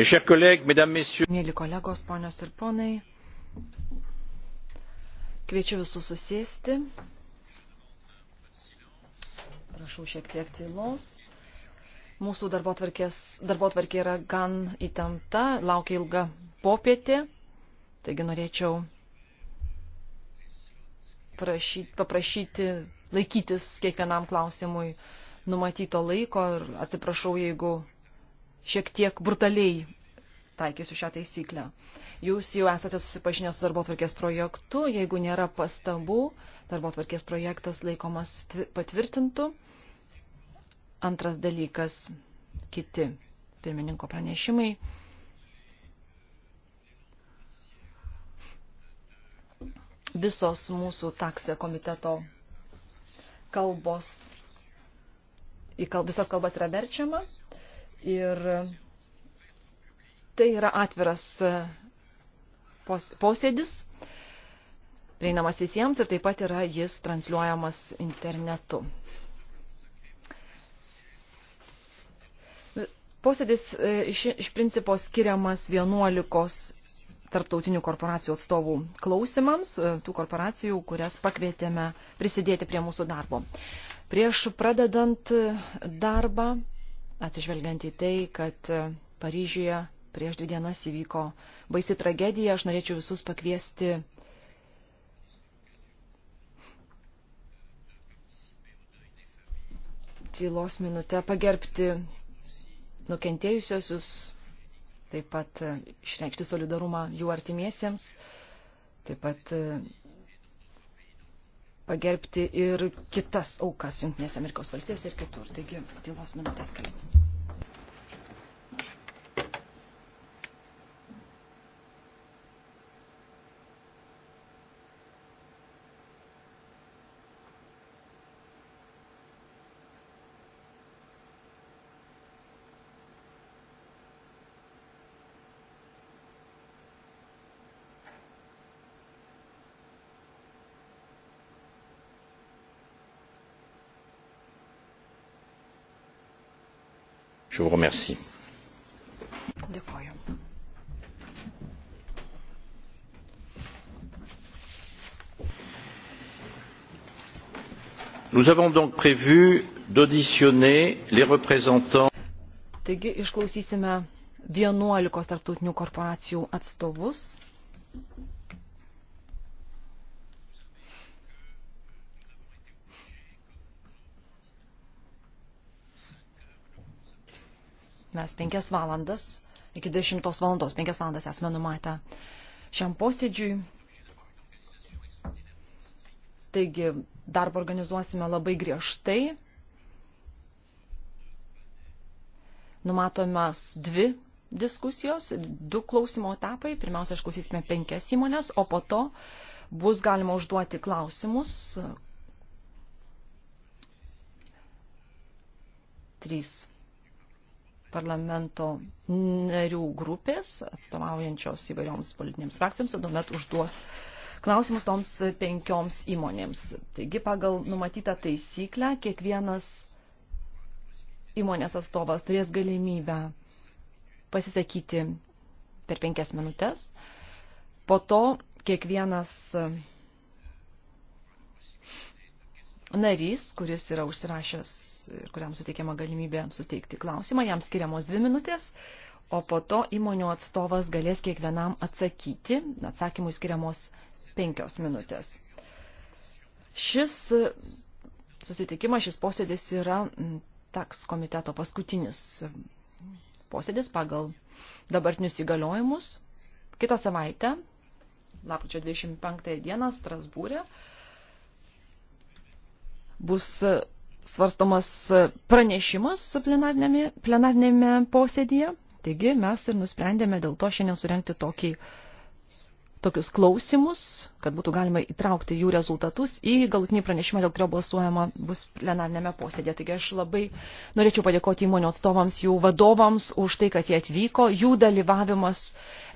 Mėly kolegos, ponios ir ponai, kviečiu visus susėsti. Prašau šiek tiek tylos. Mūsų darbo tvarkė yra gan įtempta, laukia ilga popietė, taigi norėčiau prašyti, paprašyti laikytis kiekvienam klausimui numatyto laiko ir atsiprašau, jeigu šiek tiek brutaliai taikysiu šią taisyklę. Jūs jau esate susipažinę su darbo tvarkės projektu, jeigu nėra pastabų, darbo tvarkės projektas laikomas patvirtintų. Antras dalykas - kiti pirmininko pranešimai. Visos mūsų taksė komiteto kalbos, visas kalbas yra verčiamas Ir tai yra atviras e, posėdis, prieinamas visiems ir taip pat yra jis transliuojamas internetu. Posėdis e, iš, iš principo skiriamas 11 tarptautinių korporacijų atstovų klausimams, e, tų korporacijų, kurias pakvietėme prisidėti prie mūsų darbo. Prieš pradedant darbą atsižvelgiant į tai, kad e, Paryžiuje prieš dvi dienas įvyko baisi tragedija, aš norėčiau visus pakviesti tylos minutę pagerbti nukentėjusiosius, taip pat e, išreikšti solidarumą jų artimiesiems, taip pat e, pagerbti ir kitas aukas Junktinės Amerikos valstijose ir kitur. Taigi, tylos minutės kalbėjau. Je vous remercie. Dėkuoju. Nous avons donc prévu d'auditionner les représentants. Taigi išklausysime 11 tarptautinių korporacijų atstovus. Mes penkias valandas, iki dešimtos valandos, penkias valandas esame numatę šiam posėdžiui. Taigi darbą organizuosime labai griežtai. Numatomas dvi diskusijos, du klausimo etapai. Pirmiausia, išklausysime penkias įmonės, o po to bus galima užduoti klausimus. Trys parlamento narių grupės, atstovaujančios įvairioms politinėms frakcijoms, tuomet užduos klausimus toms penkioms įmonėms. Taigi pagal numatytą taisyklę kiekvienas įmonės atstovas turės galimybę pasisakyti per penkias minutės. Po to kiekvienas narys, kuris yra užsirašęs ir kuriam suteikiama galimybė suteikti klausimą, jam skiriamos dvi minutės, o po to įmonių atstovas galės kiekvienam atsakyti, atsakymui skiriamos penkios minutės. Šis susitikimas, šis posėdis yra taks komiteto paskutinis posėdis pagal dabartinius įgaliojimus. Kitą savaitę, lapkričio 25 dieną, Strasbūrė, bus svarstomas pranešimas plenarnėme, plenarnėme posėdėje. Taigi mes ir nusprendėme dėl to šiandien surenkti tokį, tokius klausimus, kad būtų galima įtraukti jų rezultatus į galutinį pranešimą, dėl kurio balsuojama bus plenarnėme posėdėje. Taigi aš labai norėčiau padėkoti įmonių atstovams, jų vadovams už tai, kad jie atvyko. Jų dalyvavimas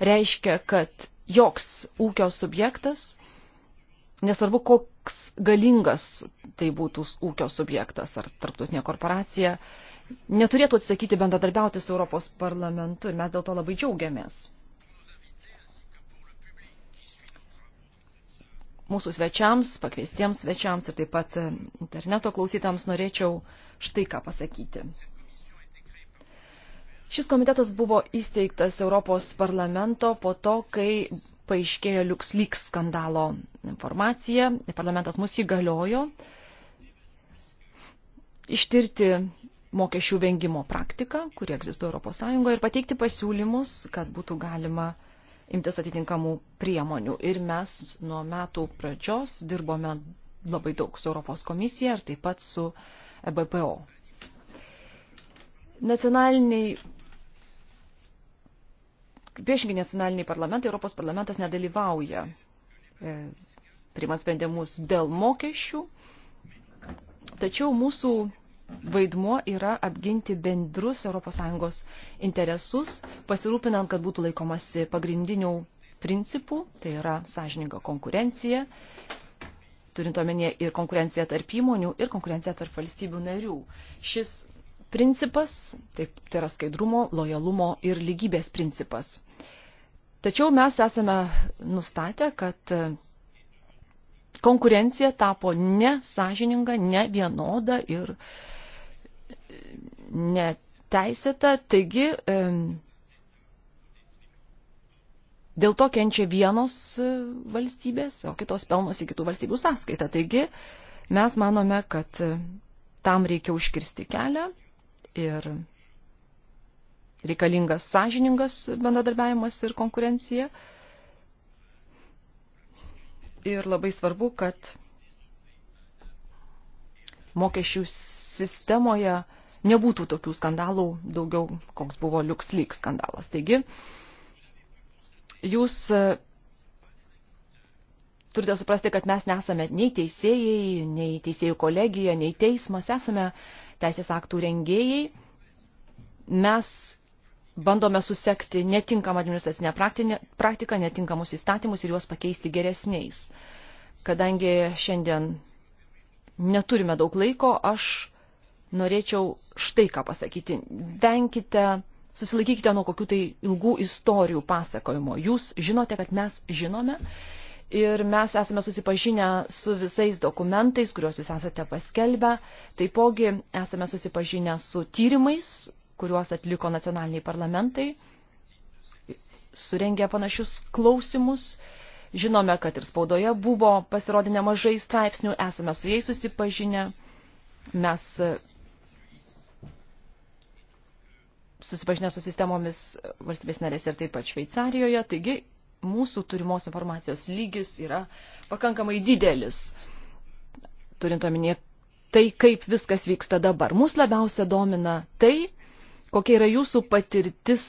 reiškia, kad joks ūkio subjektas nesvarbu, koks galingas tai būtų ūkio subjektas ar tarptautinė korporacija, neturėtų atsisakyti bendradarbiauti su Europos parlamentu ir mes dėl to labai džiaugiamės. Mūsų svečiams, pakviestiems svečiams ir taip pat e, interneto klausytams norėčiau štai ką pasakyti. Šis komitetas buvo įsteigtas Europos parlamento po to, kai paaiškėjo LuxLeaks skandalo informacija, parlamentas mus įgaliojo ištirti mokesčių vengimo praktiką, kuri egzistuoja Europos Sąjungoje, ir pateikti pasiūlymus, kad būtų galima imtis atitinkamų priemonių. Ir mes nuo metų pradžios dirbome labai daug su Europos komisija ir taip pat su EBPO. Nacionaliniai priešingai nacionaliniai parlamentai, Europos parlamentas nedalyvauja e, priimant sprendimus dėl mokesčių, tačiau mūsų vaidmuo yra apginti bendrus ES interesus, pasirūpinant, kad būtų laikomasi pagrindinių principų, tai yra sąžininga konkurencija, turint omenyje ir konkurenciją tarp įmonių, ir konkurenciją tarp valstybių narių. Šis principas, taip, tai yra skaidrumo, lojalumo ir lygybės principas. Tačiau mes esame nustatę, kad e, konkurencija tapo nesažininga, ne vienoda ir e, neteisėta, taigi e, dėl to kenčia vienos valstybės, o kitos pelnosi kitų valstybių sąskaitą. Taigi mes manome, kad tam reikia užkirsti kelią ir reikalingas sąžiningas bendradarbiavimas ir konkurencija. Ir labai svarbu, kad mokesčių sistemoje nebūtų tokių skandalų daugiau, koks buvo LuxLeaks skandalas. Taigi, jūs e, turite suprasti, kad mes nesame nei teisėjai, nei teisėjų kolegija, nei teismas, esame uh, teisės aktų rengėjai, mes bandome susekti netinkamą administracinę praktiką, netinkamus įstatymus ir juos pakeisti geresniais. Kadangi šiandien neturime daug laiko, aš norėčiau štai ką pasakyti. Venkite, susilaikykite nuo kokių tai ilgų istorijų pasakojimo. Jūs žinote, kad mes žinome ir mes esame susipažinę su visais dokumentais, kuriuos jūs esate paskelbę. Taipogi esame susipažinę su tyrimais, kuriuos atliko nacionaliniai parlamentai, surengė panašius klausimus. Žinome, kad ir spaudoje buvo pasirodę nemažai straipsnių, esame su jais susipažinę. Mes susipažinę su sistemomis valstybės narės ir taip pat Šveicarijoje, taigi mūsų turimos informacijos lygis yra pakankamai didelis, turint omenyje tai, kaip viskas vyksta dabar. Mus labiausia domina tai, kokia yra jūsų patirtis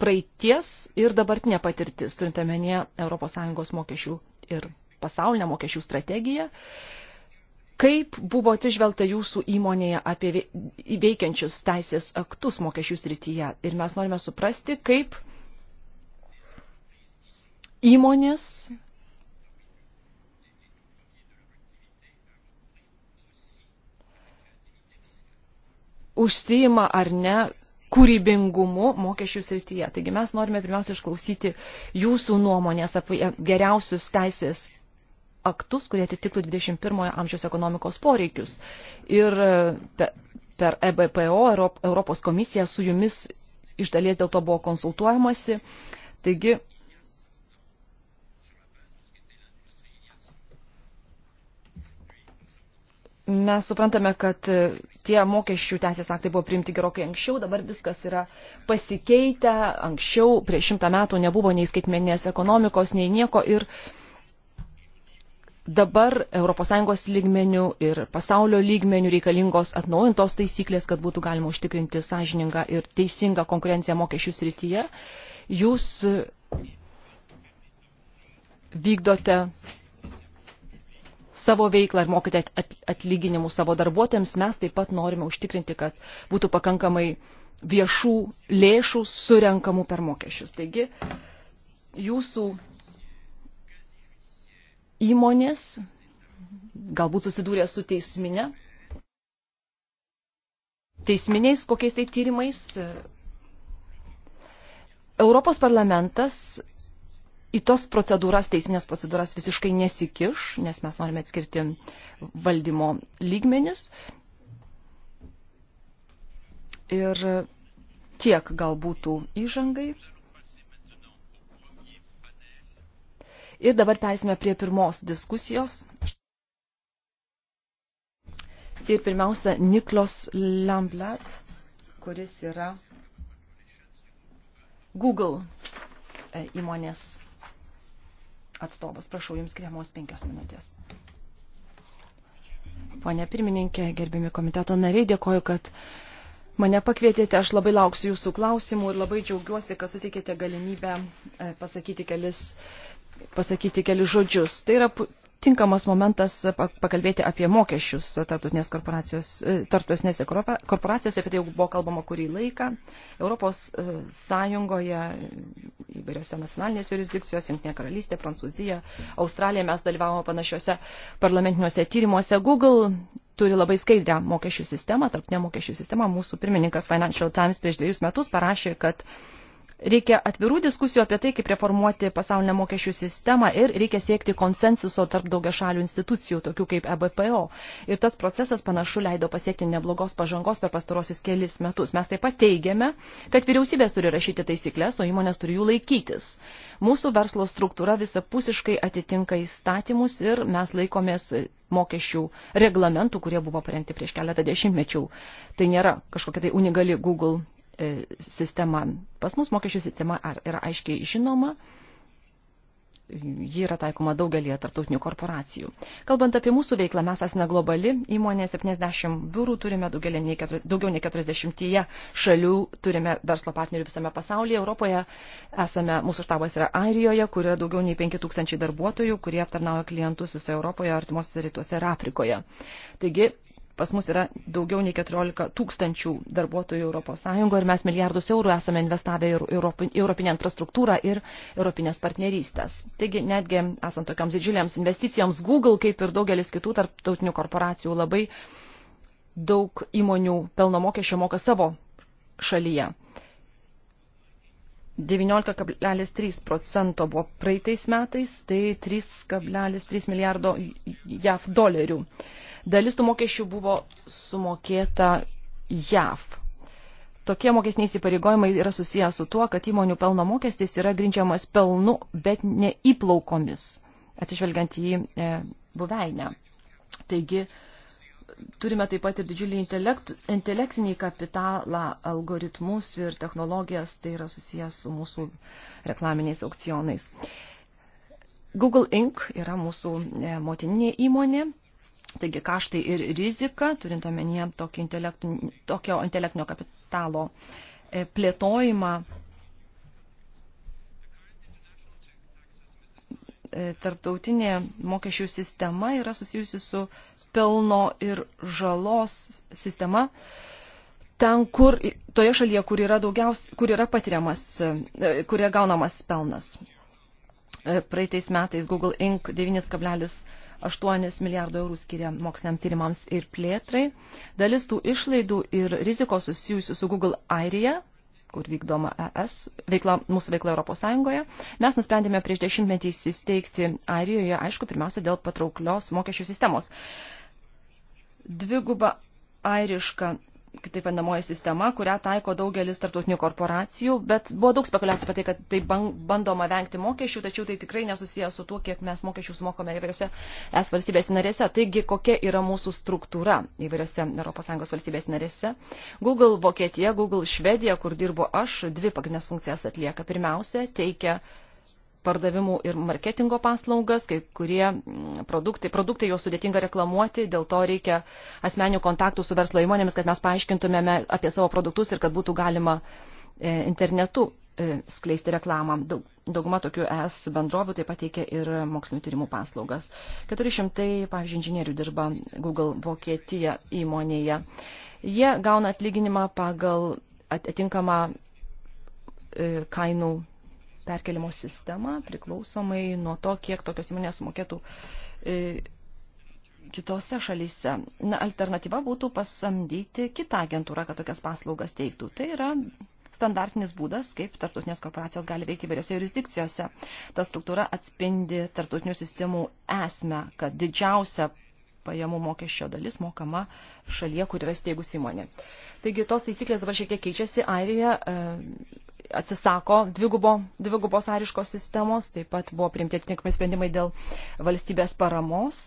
praeities ir dabartinė patirtis, turint omenyje ES mokesčių ir pasaulinę mokesčių strategiją. Kaip buvo atsižvelgta jūsų įmonėje apie veikiančius teisės aktus mokesčių srityje? Ir mes norime suprasti, kaip įmonės užsiima ar ne kūrybingumu mokesčių srityje. Taigi mes norime pirmiausia išklausyti jūsų nuomonės apie geriausius teisės aktus, kurie atitiktų 21 amžiaus ekonomikos poreikius. Ir per EBPO Europos komisiją su jumis iš dalies dėl to buvo konsultuojamasi. Taigi mes suprantame, kad e, tie mokesčių teisės aktai buvo priimti gerokai anksčiau, dabar viskas yra pasikeitę, anksčiau prieš šimtą metų nebuvo nei skaitmeninės ekonomikos, nei nieko ir dabar ES lygmenių ir pasaulio lygmenių reikalingos atnaujintos taisyklės, kad būtų galima užtikrinti sąžiningą ir teisingą konkurenciją mokesčių srityje. Jūs vykdote savo veiklą ir mokyti atlyginimų savo darbuotojams, mes taip pat norime užtikrinti, kad būtų pakankamai viešų lėšų surenkamų per mokesčius. Taigi, jūsų įmonės galbūt susidūrė su teisminė, teisminiais kokiais tai tyrimais. Europos parlamentas į tos procedūras, teisminės procedūras visiškai nesikiš, nes mes norime atskirti valdymo lygmenis. Ir tiek gal būtų įžangai. Ir dabar peisime prie pirmos diskusijos. Ir tai pirmiausia, Niklos Lamblat, kuris yra Google e, įmonės atstovas. Prašau, jums skiriamos penkios minutės. Pone pirmininkė, gerbiami komiteto nariai, dėkoju, kad mane pakvietėte. Aš labai lauksiu jūsų klausimų ir labai džiaugiuosi, kad suteikėte galimybę e, pasakyti kelis, pasakyti kelis žodžius. Tai yra tinkamas momentas pakalbėti apie mokesčius tarptautinės korporacijos, e, tarptautinėse korporacijose, apie tai jau buvo kalbama kurį laiką. Europos e, Sąjungoje, įvairiose nacionalinės jurisdikcijos, Junktinė karalystė, Prancūzija, Australija, mes dalyvavome panašiuose parlamentiniuose tyrimuose. Google turi labai skaidrę mokesčių sistemą, tarptautinę mokesčių sistemą. Mūsų pirmininkas Financial Times prieš dviejus metus parašė, kad Reikia atvirų diskusijų apie tai, kaip reformuoti pasaulinę mokesčių sistemą ir reikia siekti konsensuso tarp daugia šalių institucijų, tokių kaip EBPO. Ir tas procesas panašu leido pasiekti neblogos pažangos per pastarosius kelis metus. Mes taip pat teigiame, kad vyriausybės turi rašyti taisyklės, o įmonės turi jų laikytis. Mūsų verslo struktūra visapusiškai atitinka įstatymus ir mes laikomės mokesčių reglamentų, kurie buvo parengti prieš keletą dešimtmečių. Tai nėra kažkokia tai unikali Google E, sistema. Pas mus mokesčių sistema yra aiškiai žinoma, ji yra taikoma daugelie tarptautinių korporacijų. Kalbant apie mūsų veiklą, mes esame globali įmonė, 70 biurų turime nei, daugiau nei 40 šalių, turime verslo partnerių visame pasaulyje, Europoje esame, mūsų štabas yra Airijoje, kur yra daugiau nei 5000 darbuotojų, kurie aptarnauja klientus visoje Europoje, artimuose rytuose ir Afrikoje. Taigi Pas mus yra daugiau nei 14 tūkstančių darbuotojų ES ir mes milijardus eurų esame investavę ir Europinę infrastruktūrą ir Europinės partnerystės. Taigi netgi esant tokioms didžiuliams investicijoms, Google, kaip ir daugelis kitų tarptautinių korporacijų, labai daug įmonių pelno mokesčio moka savo šalyje. 19,3 procento buvo praeitais metais, tai 3,3 milijardo JAV dolerių dalis tų mokesčių buvo sumokėta JAV. Tokie mokesniai įsipareigojimai yra susiję su tuo, kad įmonių pelno mokestis yra grindžiamas pelnu, bet ne įplaukomis, atsižvelgiant į e, buveinę. Taigi, turime taip pat ir didžiulį intelektinį kapitalą, algoritmus ir technologijas, tai yra susiję su mūsų reklaminiais aukcionais. Google Inc. yra mūsų e, motininė įmonė, Taigi kaštai ir rizika, turint omenyje tokio intelektinio kapitalo e, plėtojimą, e, tarptautinė mokesčių sistema yra susijusi su pelno ir žalos sistema. Ten, kur, toje šalyje, kur yra, daugiaus, kur yra patiriamas, e, kur yra gaunamas pelnas. Praeitais metais Google Inc. 9,8 milijardo eurų skiria moksliniams tyrimams ir plėtrai. Dalis tų išlaidų ir rizikos susijusių su Google Airija kur vykdoma ES, veikla, mūsų veikla Europos Sąjungoje. Mes nusprendėme prieš dešimtmetį įsisteigti Airijoje, aišku, pirmiausia, dėl patrauklios mokesčių sistemos. Dviguba airiška kitaip vadinamoji sistema, kurią taiko daugelis tarptautinių korporacijų, bet buvo daug spekulacijų apie tai, kad tai bandoma vengti mokesčių, tačiau tai tikrai nesusijęs su tuo, kiek mes mokesčių sumokame įvairiose es valstybės narėse. Taigi, kokia yra mūsų struktūra įvairiose ES valstybės narėse. Google Vokietija, Google Švedija, kur dirbu aš, dvi pagrindinės funkcijas atlieka. Pirmiausia, teikia pardavimų ir marketingo paslaugas, kai kurie mm, produktai, produktai jau sudėtinga reklamuoti, dėl to reikia asmenių kontaktų su verslo įmonėmis, kad mes paaiškintumėme apie savo produktus ir kad būtų galima e, internetu e, skleisti reklamą. Daug, dauguma tokių ES bendrovių taip pat teikia ir mokslinio tyrimų paslaugas. 400, pavyzdžiui, inžinierių dirba Google Vokietija įmonėje. Jie gauna atlyginimą pagal atitinkamą e, kainų perkelimo sistemą priklausomai nuo to, kiek tokios įmonės mokėtų e, kitose šalyse. Na, alternatyva būtų pasamdyti kitą agentūrą, kad tokias paslaugas teiktų. Tai yra standartinis būdas, kaip tarptautinės korporacijos gali veikti įvairiose jurisdikcijose. Ta struktūra atspindi tarptautinių sistemų esmę, kad didžiausia pajamų mokesčio dalis mokama šalyje, kur yra steigus įmonė. Taigi tos taisyklės dabar šiek tiek keičiasi. Airija e, atsisako dvigubo, dvigubos ariškos sistemos, taip pat buvo priimti atitinkami sprendimai dėl valstybės paramos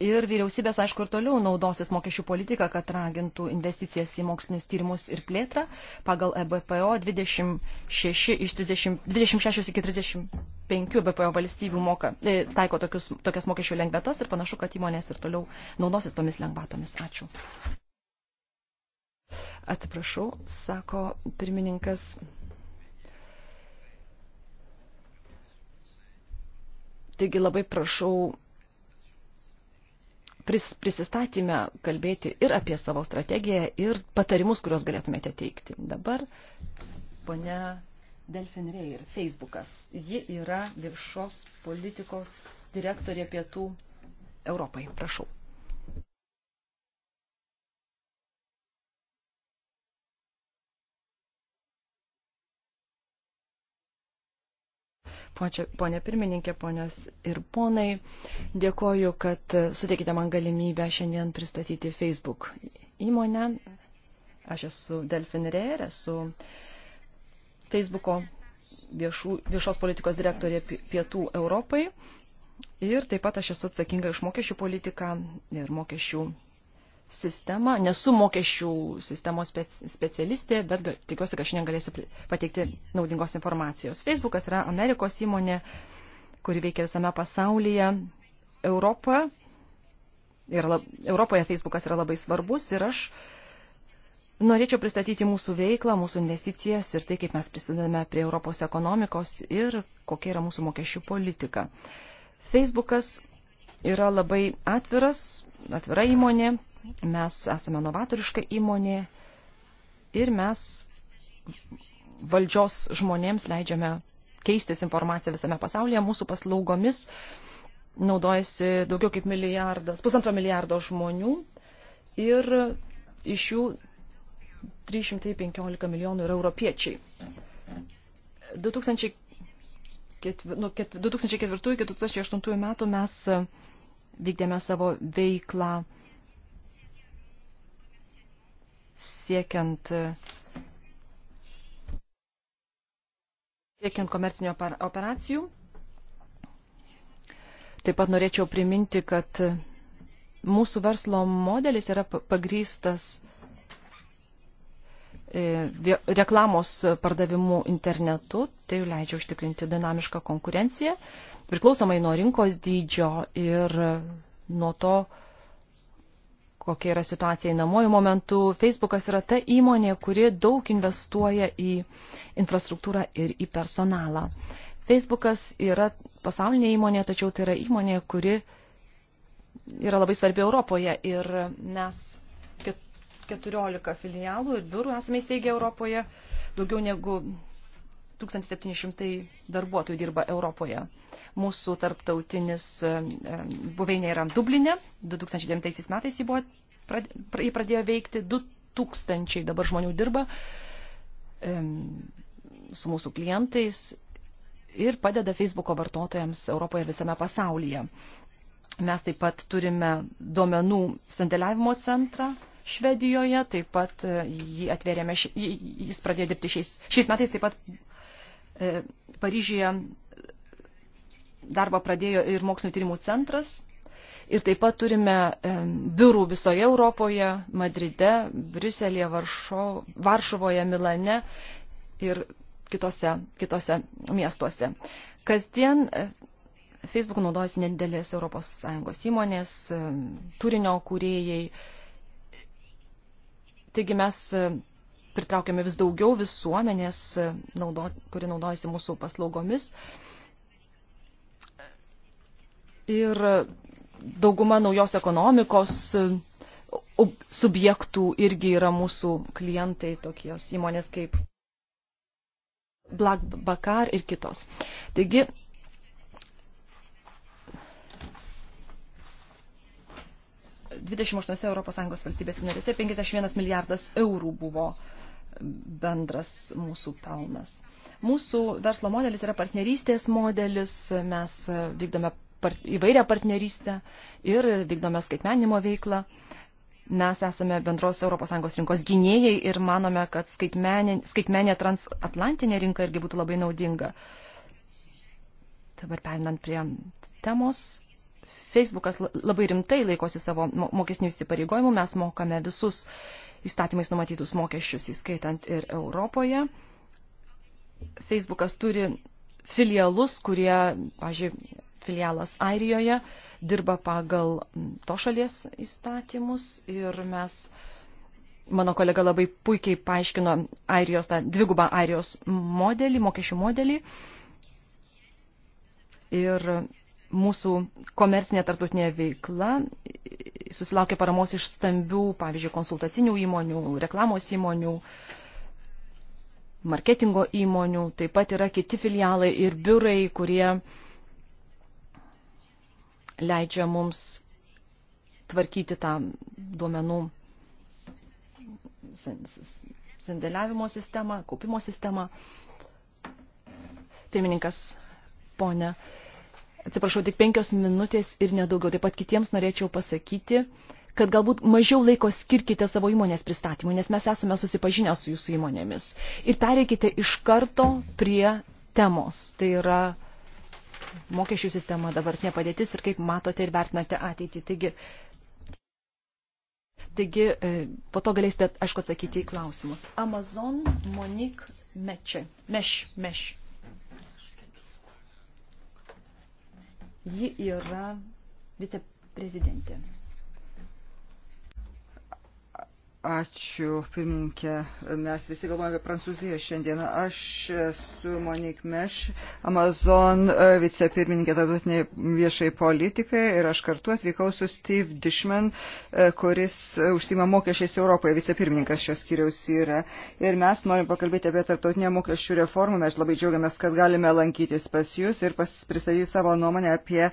Ir vyriausybės, aišku, ir toliau naudosis mokesčių politiką, kad ragintų investicijas į mokslinius tyrimus ir plėtrą. Pagal EBPO 26 iš 30, 26 iki 35 e BPO valstybių moka, e, taiko tokius, tokias mokesčių lengvetas ir panašu, kad įmonės ir toliau naudosis tomis lengvatomis. Ačiū. Atsiprašau, sako pirmininkas. Taigi labai prašau pris, prisistatymę kalbėti ir apie savo strategiją, ir patarimus, kuriuos galėtumėte teikti. Dabar ponia Delfin Reir, Facebookas. Ji yra viršos politikos direktorė pietų Europai. Prašau. Pone pirmininkė, ponės ir ponai, dėkoju, kad suteikite man galimybę šiandien pristatyti Facebook įmonę. Aš esu Delfin Reir, esu Facebooko viešų, viešos politikos direktorė Pietų Europai ir taip pat aš esu atsakinga iš mokesčių politiką ir mokesčių sistemą. Nesu mokesčių sistemos specialistė, bet tikiuosi, kad šiandien galėsiu pateikti naudingos informacijos. Facebookas yra Amerikos įmonė, kuri veikia visame pasaulyje. Europa, ir lab, Europoje Facebookas yra labai svarbus ir aš norėčiau pristatyti mūsų veiklą, mūsų investicijas ir tai, kaip mes prisidedame prie Europos ekonomikos ir kokia yra mūsų mokesčių politika. Facebookas yra labai atviras, atvira įmonė, mes esame novatoriška įmonė ir mes valdžios žmonėms leidžiame keistis informaciją visame pasaulyje, mūsų paslaugomis naudojasi daugiau kaip milijardas, pusantro milijardo žmonių ir iš jų 315 milijonų yra europiečiai. 2000 ketvi, nuo ket, 2004 iki 2008 metų mes e, vykdėme savo veiklą siekiant e, siekiant komercinio operacijų. Taip pat norėčiau priminti, kad e, mūsų verslo modelis yra pagrystas E, reklamos pardavimu internetu, tai leidžia užtikrinti dinamišką konkurenciją, priklausomai nuo rinkos dydžio ir nuo to, kokia yra situacija įnamojų momentų. Facebookas yra ta įmonė, kuri daug investuoja į infrastruktūrą ir į personalą. Facebookas yra pasaulinė įmonė, tačiau tai yra įmonė, kuri yra labai svarbi Europoje ir mes 14 filialų ir biurų esame įsteigę Europoje, daugiau negu 1700 darbuotojų dirba Europoje. Mūsų tarptautinis e, e, buveinė yra Dublinė, 2009 metais jį, buvo, jį pradėjo veikti, 2000 dabar žmonių dirba e, su mūsų klientais ir padeda Facebooko vartotojams Europoje ir visame pasaulyje. Mes taip pat turime duomenų sandėliavimo centrą, Švedijoje, taip pat e, jį atvėrėme, jis pradėjo dirbti šiais, šiais metais, taip pat e, Paryžyje e, darbą pradėjo ir mokslinio tyrimų centras. Ir taip pat turime e, biurų visoje Europoje, Madride, Briuselėje, Varšo, Varšuvoje, Milane ir kitose, kitose miestuose. Kasdien Facebook naudojasi nedidelės ES įmonės, turinio kūrėjai, Taigi mes e, pritraukiame vis daugiau visuomenės, e, naudo, kuri naudojasi mūsų paslaugomis. Ir dauguma naujos ekonomikos e, subjektų irgi yra mūsų klientai, tokios įmonės kaip Black Bakar ir kitos. Taigi 28 ES valstybės narėse 51 milijardas eurų buvo bendras mūsų pelnas. Mūsų verslo modelis yra partnerystės modelis, mes vykdome part, įvairią partnerystę ir vykdome skaitmenimo veiklą. Mes esame bendros ES rinkos gynėjai ir manome, kad skaitmenė, skaitmenė transatlantinė rinka irgi būtų labai naudinga. Dabar perinant prie temos Facebookas labai rimtai laikosi savo mokesnių įsipareigojimų, mes mokame visus įstatymais numatytus mokesčius, įskaitant ir Europoje. Facebookas turi filialus, kurie, pažiūrėjau, filialas Airijoje dirba pagal to šalies įstatymus ir mes, mano kolega labai puikiai paaiškino Airijos, tą dvigubą Airijos modelį, mokesčių modelį. Ir mūsų komercinė tarptautinė veikla susilaukia paramos iš stambių, pavyzdžiui, konsultacinių įmonių, reklamos įmonių, marketingo įmonių, taip pat yra kiti filialai ir biurai, kurie leidžia mums tvarkyti tą duomenų sandėliavimo sistemą, kaupimo sistemą. Pirmininkas, ponė, atsiprašau, tik penkios minutės ir nedaugiau. Taip pat kitiems norėčiau pasakyti, kad galbūt mažiau laiko skirkite savo įmonės pristatymui, nes mes esame susipažinę su jūsų įmonėmis. Ir pereikite iš karto prie temos. Tai yra mokesčių sistema, dabartinė padėtis ir kaip matote ir vertinate ateitį. Taigi, taigi e, po to galėsite, aišku, atsakyti į klausimus. Amazon Monique Meche. Meš, meš. Ji yra viceprezidentė. Ačiū, pirmininkė. Mes visi galvojame apie Prancūziją šiandieną. Aš esu Monik Meš, Amazon e, vicepirmininkė tarptautiniai viešai politikai ir aš kartu atvykau su Steve Dishman, e, kuris užsima mokesčiais Europoje, vicepirmininkas šios skyriaus yra. Ir mes norim pakalbėti apie tarptautinę mokesčių reformą. Mes labai džiaugiamės, kad galime lankytis pas jūs ir pristatyti savo nuomonę apie e,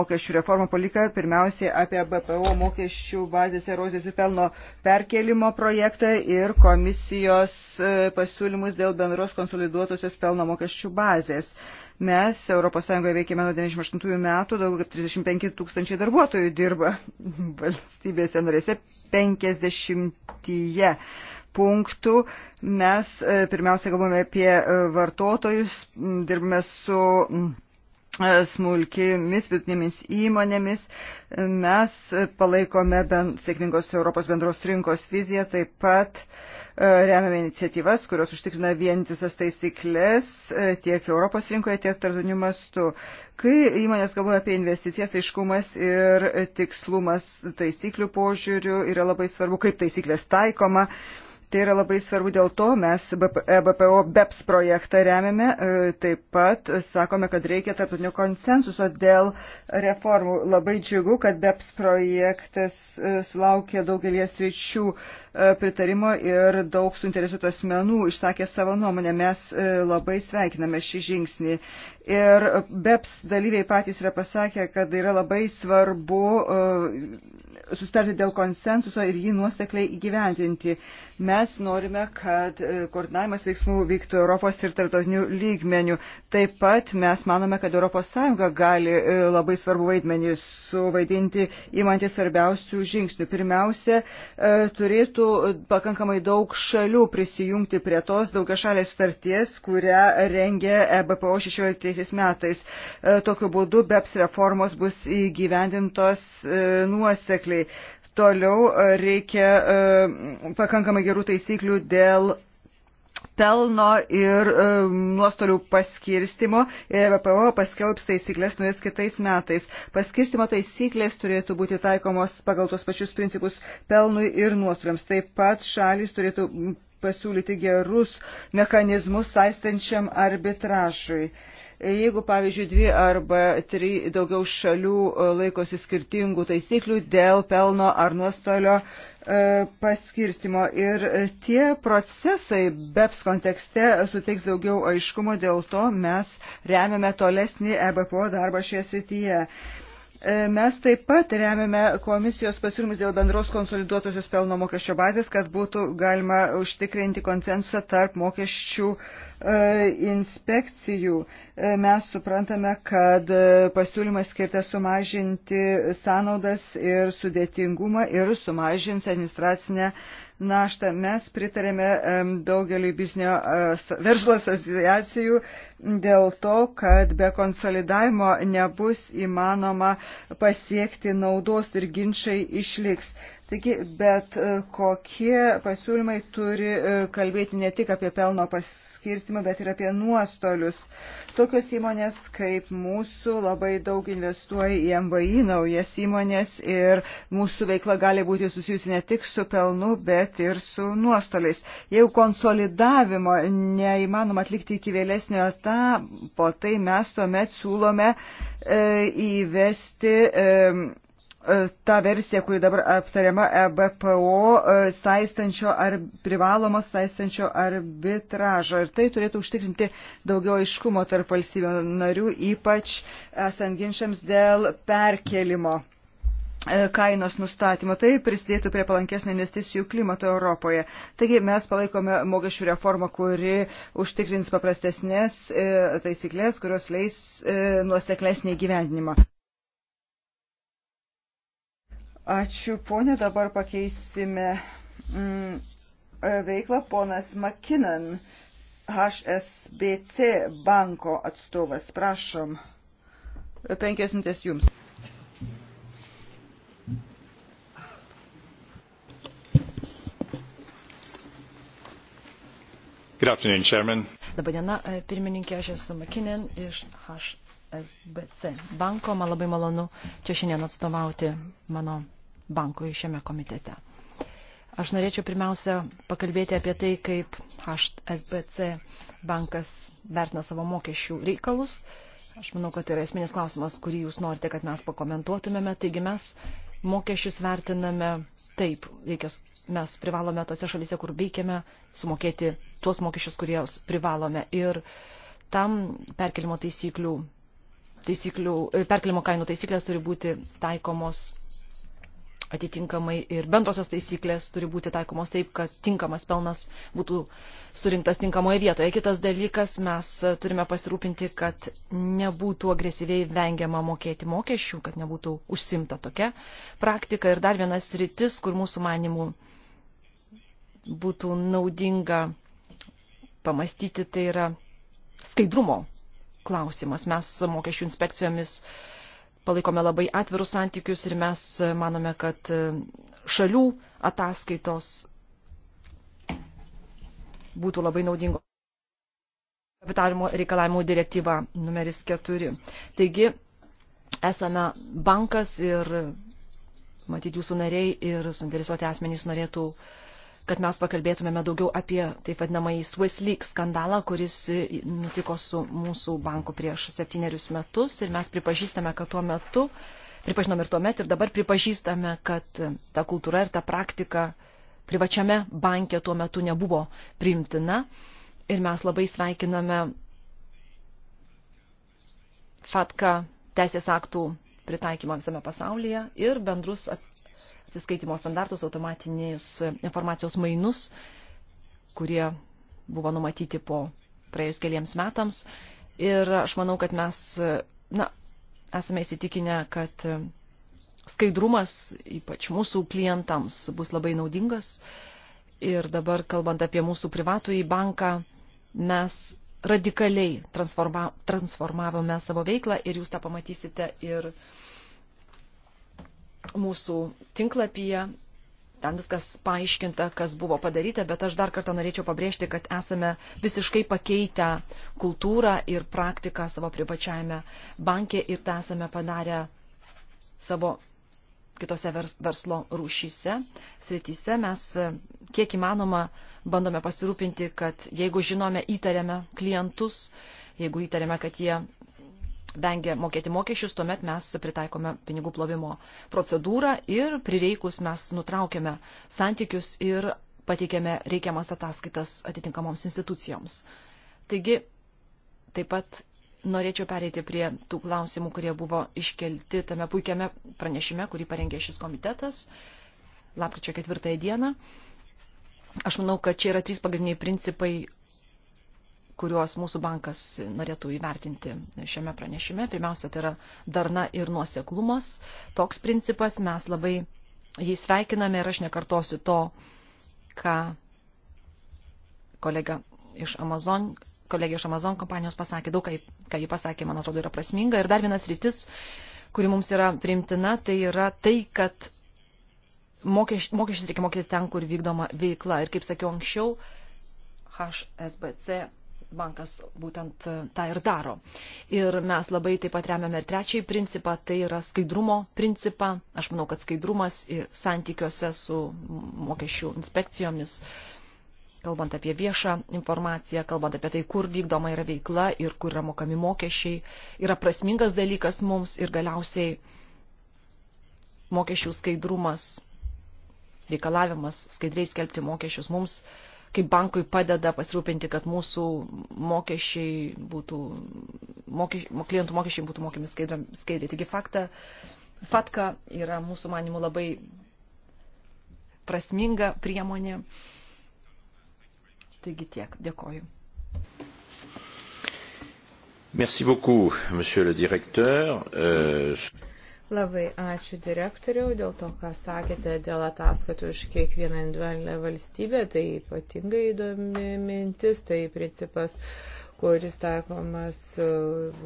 mokesčių reformą politiką, pirmiausiai apie BPO mokesčių bazės erozijos ir pelno perkėlimą perkelimo projektą ir komisijos e, pasiūlymus dėl bendros konsoliduotosios pelno mokesčių bazės. Mes ES veikėme nuo 98 metų, daugiau kaip 35 tūkstančiai darbuotojų dirba valstybėse narėse 50 punktų. Mes e, pirmiausia galvome apie e, vartotojus, dirbame su E, smulkimis vidutinėmis įmonėmis. E, mes palaikome bent sėkmingos Europos bendros rinkos viziją, taip pat e, remiame iniciatyvas, kurios užtikrina vientisas taisyklės tiek Europos rinkoje, tiek tarptautiniu mastu. Kai įmonės galvoja apie investicijas, aiškumas ir tikslumas taisyklių požiūrių yra labai svarbu, kaip taisyklės taikoma. Uh, Tai yra labai svarbu, dėl to mes BPO e, BEPS projektą remiame, e, taip pat sakome, kad reikia tarptautinio konsensuso dėl reformų. Labai džiugu, kad BEPS projektas e, sulaukė daugelį svečių E, pritarimo ir daug suinteresuotų asmenų išsakė savo nuomonę. Mes e, labai sveikiname šį žingsnį. Ir BEPS dalyviai patys yra pasakę, kad yra labai svarbu e, sustarti dėl konsensuso ir jį nuosekliai įgyvendinti. Mes norime, kad koordinavimas veiksmų vyktų Europos ir tarptautinių lygmenių. Taip pat mes manome, kad ES gali labai svarbu vaidmenį suvaidinti įmantį svarbiausių žingsnių. Pirmiausia, turėtų turėtų pakankamai daug šalių prisijungti prie tos daugiašalės starties, kurią rengė EBPO 16 metais. E, tokiu būdu BEPS reformos bus įgyvendintos e, nuosekliai. Toliau e, reikia pakankamai gerų taisyklių dėl pelno ir e, nuostolių paskirstimo ir e VPO paskelbs taisyklės nuės kitais metais. Paskirstimo taisyklės turėtų būti taikomos pagal tos pačius principus pelnui ir nuostoliams. Taip pat šalis turėtų pasiūlyti gerus mechanizmus saistančiam arbitražui. E, Jeigu, pavyzdžiui, dvi arba tri daugiau šalių e, laikosi skirtingų taisyklių dėl pelno ar nuostolio e, paskirstimo ir e, tie procesai BEPS kontekste suteiks daugiau aiškumo, dėl to mes remiame tolesnį EBPO darbą šioje srityje. Mes taip pat remiame komisijos pasiūlymus dėl bendros konsoliduotosios pelno mokesčio bazės, kad būtų galima užtikrinti konsensusą tarp mokesčių uh, E, inspekcijų. E, mes suprantame, kad e, pasiūlymas skirtas sumažinti sąnaudas ir sudėtingumą ir sumažins administracinę naštą. Mes pritarėme daugeliu biznio verslo asociacijų dėl to, kad be konsolidavimo nebus įmanoma pasiekti naudos ir ginčiai išliks. Taigi, bet e, kokie pasiūlymai turi e, kalbėti ne tik apie pelno paskirstimą, bet ir apie nuostolius. Tokios įmonės kaip mūsų labai daug investuoja į MVI naujas įmonės ir mūsų veikla gali būti susijusi ne tik su pelnu, bet ir su nuostoliais. Jeigu konsolidavimo neįmanoma atlikti iki vėlesnio etapo, tai mes tuomet siūlome e, įvesti. E, E, ta versija, kuri dabar aptariama EBPO, e, saistančio ar privalomos saistančio arbitražo. Ir tai turėtų užtikrinti daugiau aiškumo tarp valstybių narių, ypač esant ginčiams dėl perkelimo e, kainos nustatymo. Tai prisidėtų prie palankesnio investicijų klimato Europoje. Taigi mes palaikome mokesčių reformą, kuri užtikrins paprastesnės taisyklės, kurios leis nuoseklesnį gyvendinimą. Ačiū, ponė, dabar pakeisime mm, e, veiklą ponas Makinan, HSBC banko atstovas. Prašom, penkias minutės jums. Labai diena, e, pirmininkė, aš esu Makinen iš HSBC. SBC banko. Man labai malonu čia šiandien atstovauti mano bankui šiame komitete. Aš norėčiau pirmiausia pakalbėti apie tai, kaip HSBC bankas vertina savo mokesčių reikalus. Aš manau, kad tai yra esminis klausimas, kurį jūs norite, kad mes pakomentuotumėme. Taigi mes mokesčius vertiname taip, reikia, mes privalome tose šalyse, kur veikiame, sumokėti tuos mokesčius, kuriuos privalome. Ir tam perkelimo taisyklių E, perkelimo kainų taisyklės turi būti taikomos atitinkamai ir bendrosios taisyklės turi būti taikomos taip, kad tinkamas pelnas būtų surinktas tinkamoje vietoje. Kitas dalykas, mes turime pasirūpinti, kad nebūtų agresyviai vengiama mokėti mokesčių, kad nebūtų užsimta tokia praktika. Ir dar vienas rytis, kur mūsų manimų būtų naudinga pamastyti, tai yra skaidrumo klausimas. Mes mokesčių inspekcijomis palaikome labai atvirus santykius ir mes manome, kad e, šalių ataskaitos būtų labai naudingo. Kapitalimo reikalavimų direktyva numeris 4. Taigi, esame bankas ir matyti jūsų nariai ir suinteresuoti asmenys norėtų uh, kad mes pakalbėtumėme daugiau apie taip vadinamąjį Swissleak skandalą, kuris nutiko su mūsų banku prieš septynerius metus ir mes pripažįstame, kad tuo metu, pripažinom ir tuomet ir dabar pripažįstame, kad ta kultūra ir ta praktika privačiame banke tuo metu nebuvo priimtina ir mes labai sveikiname FATKA teisės aktų pritaikymą visame pasaulyje ir bendrus atsiskaitimo standartus, automatinės informacijos mainus, kurie buvo numatyti po praėjus keliems metams. Ir aš manau, kad mes na, esame įsitikinę, kad skaidrumas, ypač mūsų klientams, bus labai naudingas. Ir dabar, kalbant apie mūsų privatų į banką, mes radikaliai transforma, transformavome savo veiklą ir jūs tą pamatysite ir uh, mūsų tinklapyje. Ten viskas paaiškinta, kas buvo padaryta, bet aš dar kartą norėčiau pabrėžti, kad esame visiškai pakeitę kultūrą ir praktiką savo privačiajame bankė ir tą esame padarę savo kitose verslo rūšyse, srityse. Mes kiek įmanoma bandome pasirūpinti, kad jeigu žinome, įtariame klientus, jeigu įtariame, kad jie vengia mokėti mokesčius, tuomet mes pritaikome pinigų plovimo procedūrą ir prireikus mes nutraukiame santykius ir pateikėme reikiamas ataskaitas atitinkamoms institucijoms. Taigi, taip pat norėčiau pereiti prie tų klausimų, kurie buvo iškelti tame puikiame pranešime, kurį parengė šis komitetas lapkričio ketvirtąją dieną. Aš manau, kad čia yra trys pagrindiniai principai, kuriuos mūsų bankas norėtų įvertinti šiame pranešime. Pirmiausia, tai yra darna ir nuoseklumas. Toks principas mes labai jį sveikiname ir aš nekartosiu to, ką kolega iš Amazon kolegė iš Amazon kompanijos pasakė, daug ką, ką ji pasakė, man atrodo, yra prasminga. Ir dar vienas rytis, kuri mums yra priimtina, tai yra tai, kad mokeš, mokesčius reikia mokėti ten, kur vykdoma veikla. Ir kaip sakiau anksčiau, HSBC bankas būtent e, tą ir daro. Ir mes labai taip pat remiame ir trečiąjį principą, tai yra skaidrumo principą. Aš manau, kad skaidrumas santykiuose su mokesčių inspekcijomis, kalbant apie viešą informaciją, kalbant apie tai, kur vykdoma yra veikla ir kur yra mokami mokesčiai, yra prasmingas dalykas mums ir galiausiai mokesčių skaidrumas reikalavimas skaidriai skelbti mokesčius mums kaip bankui padeda pasirūpinti, kad mūsų mokesčiai būtų, mokeš, klientų mokesčiai būtų mokami skaidriai. Taigi faktą, fatka yra mūsų manimų labai prasminga priemonė. Taigi tiek, dėkoju. Merci beaucoup, monsieur le directeur. Euh... Labai ačiū direktoriau dėl to, ką sakėte dėl ataskaitų už kiekvieną individualią valstybę. Tai ypatingai įdomi mintis, tai principas, kuris taikomas,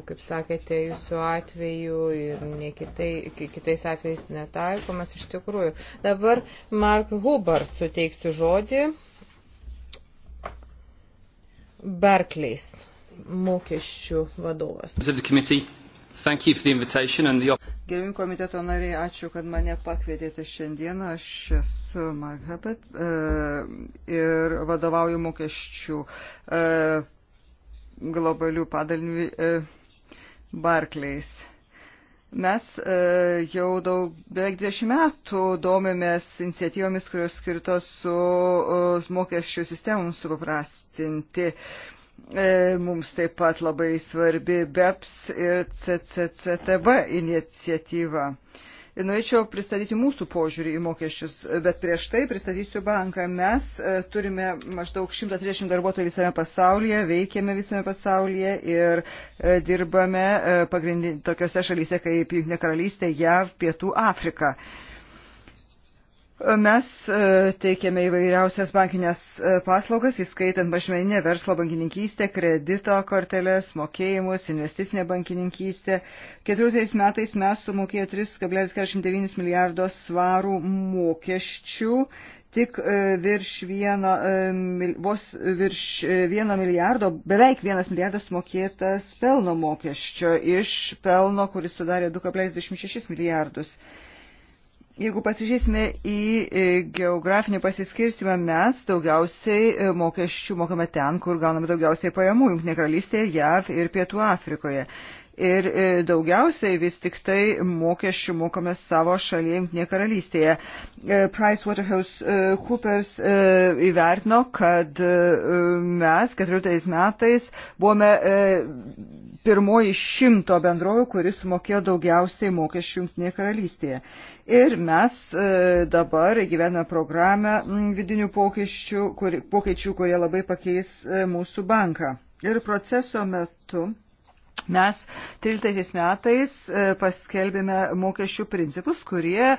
kaip sakėte, jūsų atveju ir ne kitai, kitais atvejais netaikomas iš tikrųjų. Dabar Mark Huber suteiksiu žodį. Barclays mokesčių vadovas. Thank you for the invitation and the Gerbim komiteto nariai, ačiū, kad mane pakvietėte šiandieną. Aš esu Mark Hebet e, ir vadovauju mokesčių e, globalių padalinių e, Barclays. Mes e, jau daug, beveik 20 metų domėmės iniciatyvomis, kurios skirtos su e, mokesčių sistemoms supaprastinti. E, E, mums taip pat labai svarbi BEPS ir CCCTB iniciatyva. Norėčiau pristatyti mūsų požiūrį į mokesčius, bet prieš tai pristatysiu banką. Mes e, turime maždaug 130 darbuotojų visame pasaulyje, veikiame visame pasaulyje ir e, dirbame tokiose šalyse kaip Junktinė karalystė, JAV, Pietų Afrika. Mes e, teikiame įvairiausias bankinės e, paslaugas, įskaitant mažmeninę verslo bankininkystę, kredito korteles, mokėjimus, investicinę bankininkystę. 14 metais mes sumokėjome 3,49 milijardo svarų mokesčių, tik e, virš vieno, vos virš vieno milijardo, beveik vienas milijardas mokėtas pelno mokesčio iš pelno, kuris sudarė 2,26 milijardus. Jeigu pasižiūrėsime į e, geografinį pasiskirstimą, mes daugiausiai e, mokesčių mokame ten, kur gauname daugiausiai pajamų - Junktinė karalystė, JAV ir Pietų Afrikoje ir e, daugiausiai vis tik tai mokesčių mokame savo šalyje Junktinėje karalystėje. E, PricewaterhouseCoopers e, įvertino, kad mes 14 metais buvome pirmoji šimto bendrovių, kuris sumokėjo daugiausiai mokesčių Junktinėje karalystėje. Ir mes dabar gyvename programą vidinių pokyčių, kur, pokyčių, kurie labai pakeis mūsų banką. Ir proceso metu Mes 13 metais e, paskelbėme mokesčių principus, kurie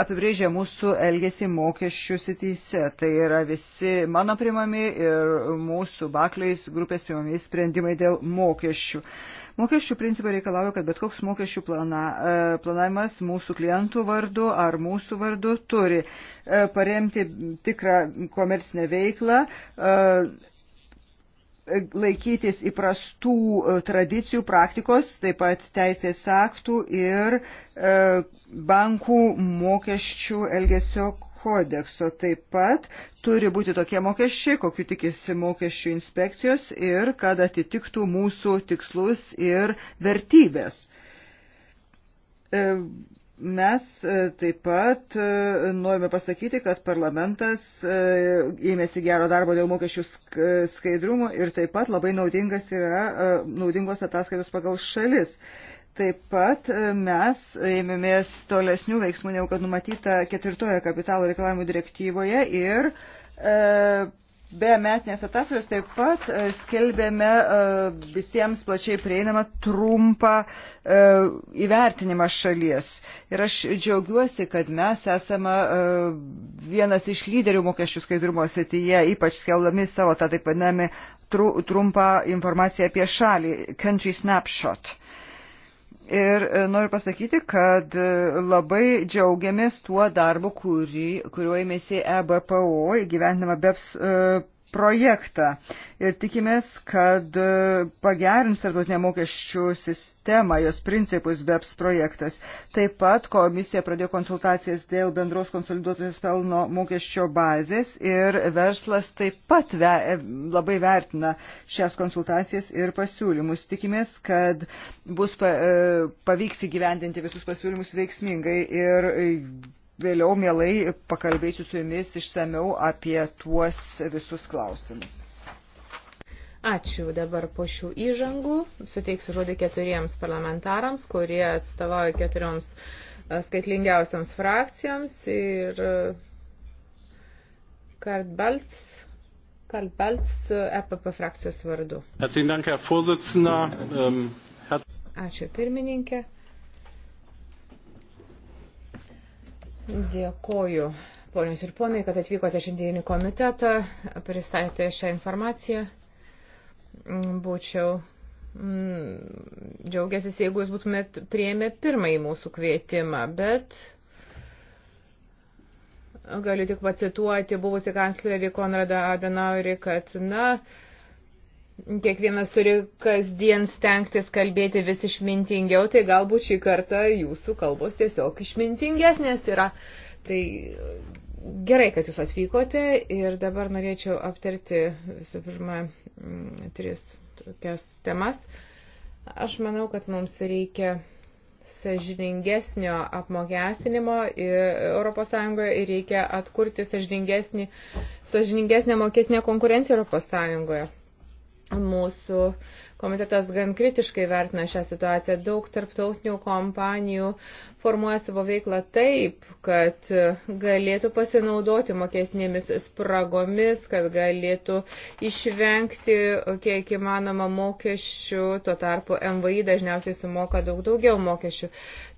apibrėžia mūsų elgesį mokesčių sityse. Tai yra visi mano primami ir mūsų bakliais grupės primami sprendimai dėl mokesčių. Mokesčių principai reikalauja, kad bet koks mokesčių plana, e, planavimas mūsų klientų vardu ar mūsų vardu turi e, paremti tikrą komercinę veiklą laikytis įprastų e, tradicijų, praktikos, taip pat teisės aktų ir e, bankų mokesčių elgesio kodekso. Taip pat turi būti tokie mokesčiai, kokiu tikisi mokesčių inspekcijos ir kad atitiktų mūsų tikslus ir vertybės e, Mes e, taip pat e, norime pasakyti, kad parlamentas e, ėmėsi gero darbo dėl mokesčių skaidrumo ir taip pat labai naudingas yra naudingos ataskaitos pagal šalis. Taip pat mes ėmėmės tolesnių veiksmų, negu kad numatyta ketvirtoje kapitalo reikalavimų direktyvoje ir e, Be metinės ataskaitos taip pat e, skelbėme e, visiems plačiai prieinamą trumpą e, įvertinimą šalies. Ir aš džiaugiuosi, kad mes esame vienas iš lyderių mokesčių skaidrumo srityje, ypač skelbdami savo tą taip vadinami trumpą informaciją apie šalį, country snapshot. Ir e, noriu pasakyti, kad e, labai džiaugiamės tuo darbu, kuriuo ėmėsi EBPO įgyvendinama BEPS e, projektą ir tikimės, kad e, pagerins tarptautinę mokesčių sistemą, jos principus BEPS projektas. Taip pat komisija pradėjo konsultacijas dėl bendros konsoliduotos pelno mokesčio bazės ir verslas taip pat ve, e, labai vertina šias konsultacijas ir pasiūlymus. Tikimės, kad bus pa, e, pavyks įgyvendinti visus pasiūlymus veiksmingai ir vėliau mielai pakalbėsiu su jumis išsameu apie tuos visus klausimus. Ačiū. Dabar po šių įžangų suteiksiu žodį keturiems parlamentarams, kurie atstovauja keturioms e, skaitlingiausiams frakcijoms ir e, Kartbalts, Kartbalts EPP e frakcijos vardu. Ähm, Ačiū pirmininkė. Dėkoju, ponios ir ponai, kad atvykote šiandienį komitetą, pristatėte šią informaciją. Būčiau mm, džiaugiasis, jeigu jūs būtumėt prieėmę pirmąjį mūsų kvietimą, bet galiu tik pacituoti buvusi kanclerį Konradą Adenauerį, kad, na, kiekvienas turi kasdien stengtis kalbėti vis išmintingiau, tai galbūt šį kartą jūsų kalbos tiesiog išmintingesnės yra. Tai e, gerai, kad jūs atvykote ir dabar norėčiau aptarti visų pirma mm, tris tokias temas. Aš manau, kad mums reikia sažiningesnio apmokestinimo ES ir reikia atkurti sažiningesnį, sažiningesnę mokesnę konkurenciją ES. Mūsų komitetas gan kritiškai vertina šią situaciją. Daug tarptautinių kompanijų formuoja savo veiklą taip, kad galėtų pasinaudoti mokesnėmis spragomis, kad galėtų išvengti kiek įmanoma mokesčių, tuo tarpu MVI dažniausiai sumoka daug daugiau mokesčių.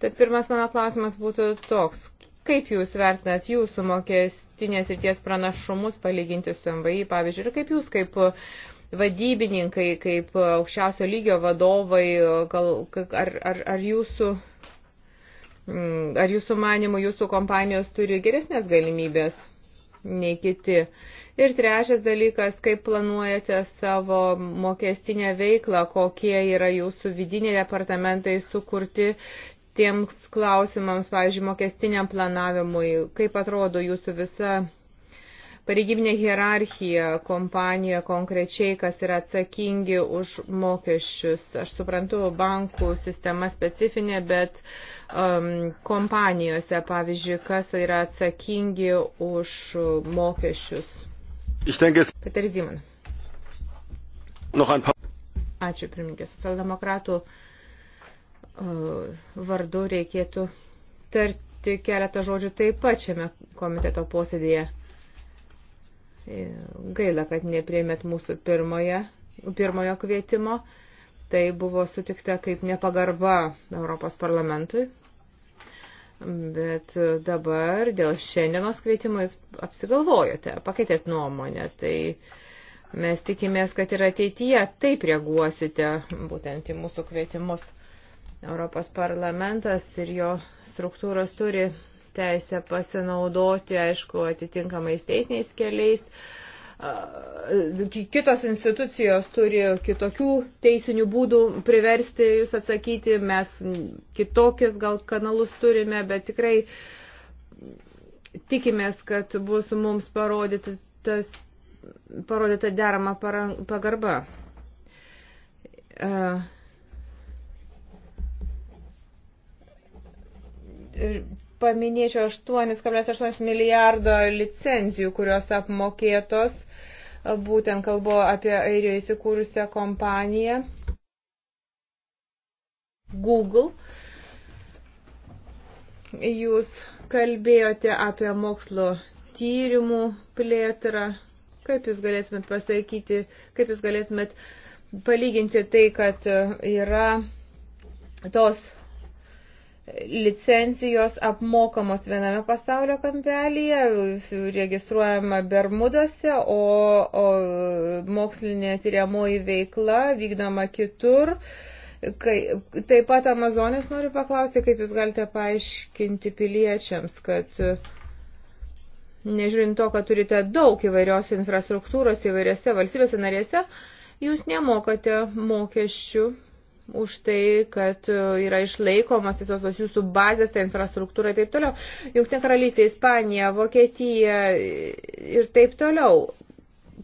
Tad pirmas mano klausimas būtų toks, Kaip Jūs vertinat Jūsų mokestinės ir ties pranašumus palyginti su MVI, pavyzdžiui, ir kaip Jūs kaip vadybininkai, kaip aukščiausio lygio vadovai, ar, ar, ar jūsų mm, Ar jūsų manimų, jūsų kompanijos turi geresnės galimybės nei kiti? Ir trečias dalykas, kaip planuojate savo mokestinę veiklą, kokie yra jūsų vidiniai departamentai sukurti tiems klausimams, pavyzdžiui, mokestiniam planavimui, kaip atrodo jūsų visa pareigybinė hierarchija kompanijoje konkrečiai, kas yra atsakingi už mokesčius. Aš suprantu, bankų sistema specifinė, bet um, kompanijose, pavyzdžiui, kas yra atsakingi už mokesčius. Peter Zimon. Ačiū, pirmininkė. Socialdemokratų uh, vardu reikėtų tarti keletą žodžių taip pat šiame komiteto posėdėje. Gaila, kad neprieimėt mūsų pirmoje, pirmojo kvietimo. Tai buvo sutikta kaip nepagarba Europos parlamentui. Bet dabar dėl šiandienos kvietimo jūs apsigalvojote, pakeitėt nuomonę. Tai mes tikimės, kad ir ateityje taip reaguosite būtent į mūsų kvietimus. Europos parlamentas ir jo struktūros turi teisę pasinaudoti, aišku, atitinkamais teisiniais keliais. Kitos institucijos turi kitokių teisinių būdų priversti jūs atsakyti, mes kitokius gal kanalus turime, bet tikrai tikimės, kad bus mums parodyti tas, parodyta derama pagarba paminėčiau 8,8 milijardo licenzijų, kurios apmokėtos, būtent kalbu apie Airijoje įsikūrusią kompaniją Google. Jūs kalbėjote apie mokslo tyrimų plėtrą. Kaip jūs galėtumėt pasakyti, kaip jūs galėtumėt palyginti tai, kad yra tos licencijos apmokamos viename pasaulio kampelyje, registruojama Bermuduose, o, o mokslinė tyriamoji veikla vykdoma kitur. Kai, taip pat Amazonės noriu paklausti, kaip jūs galite paaiškinti piliečiams, kad nežiūrint to, kad turite daug įvairios infrastruktūros įvairiose valstybėse narėse, jūs nemokate mokesčių už tai, kad e, yra išlaikomas visos tos jūsų bazės, ta infrastruktūra ir taip toliau. Jungtinė karalystė, Ispanija, Vokietija ir taip toliau.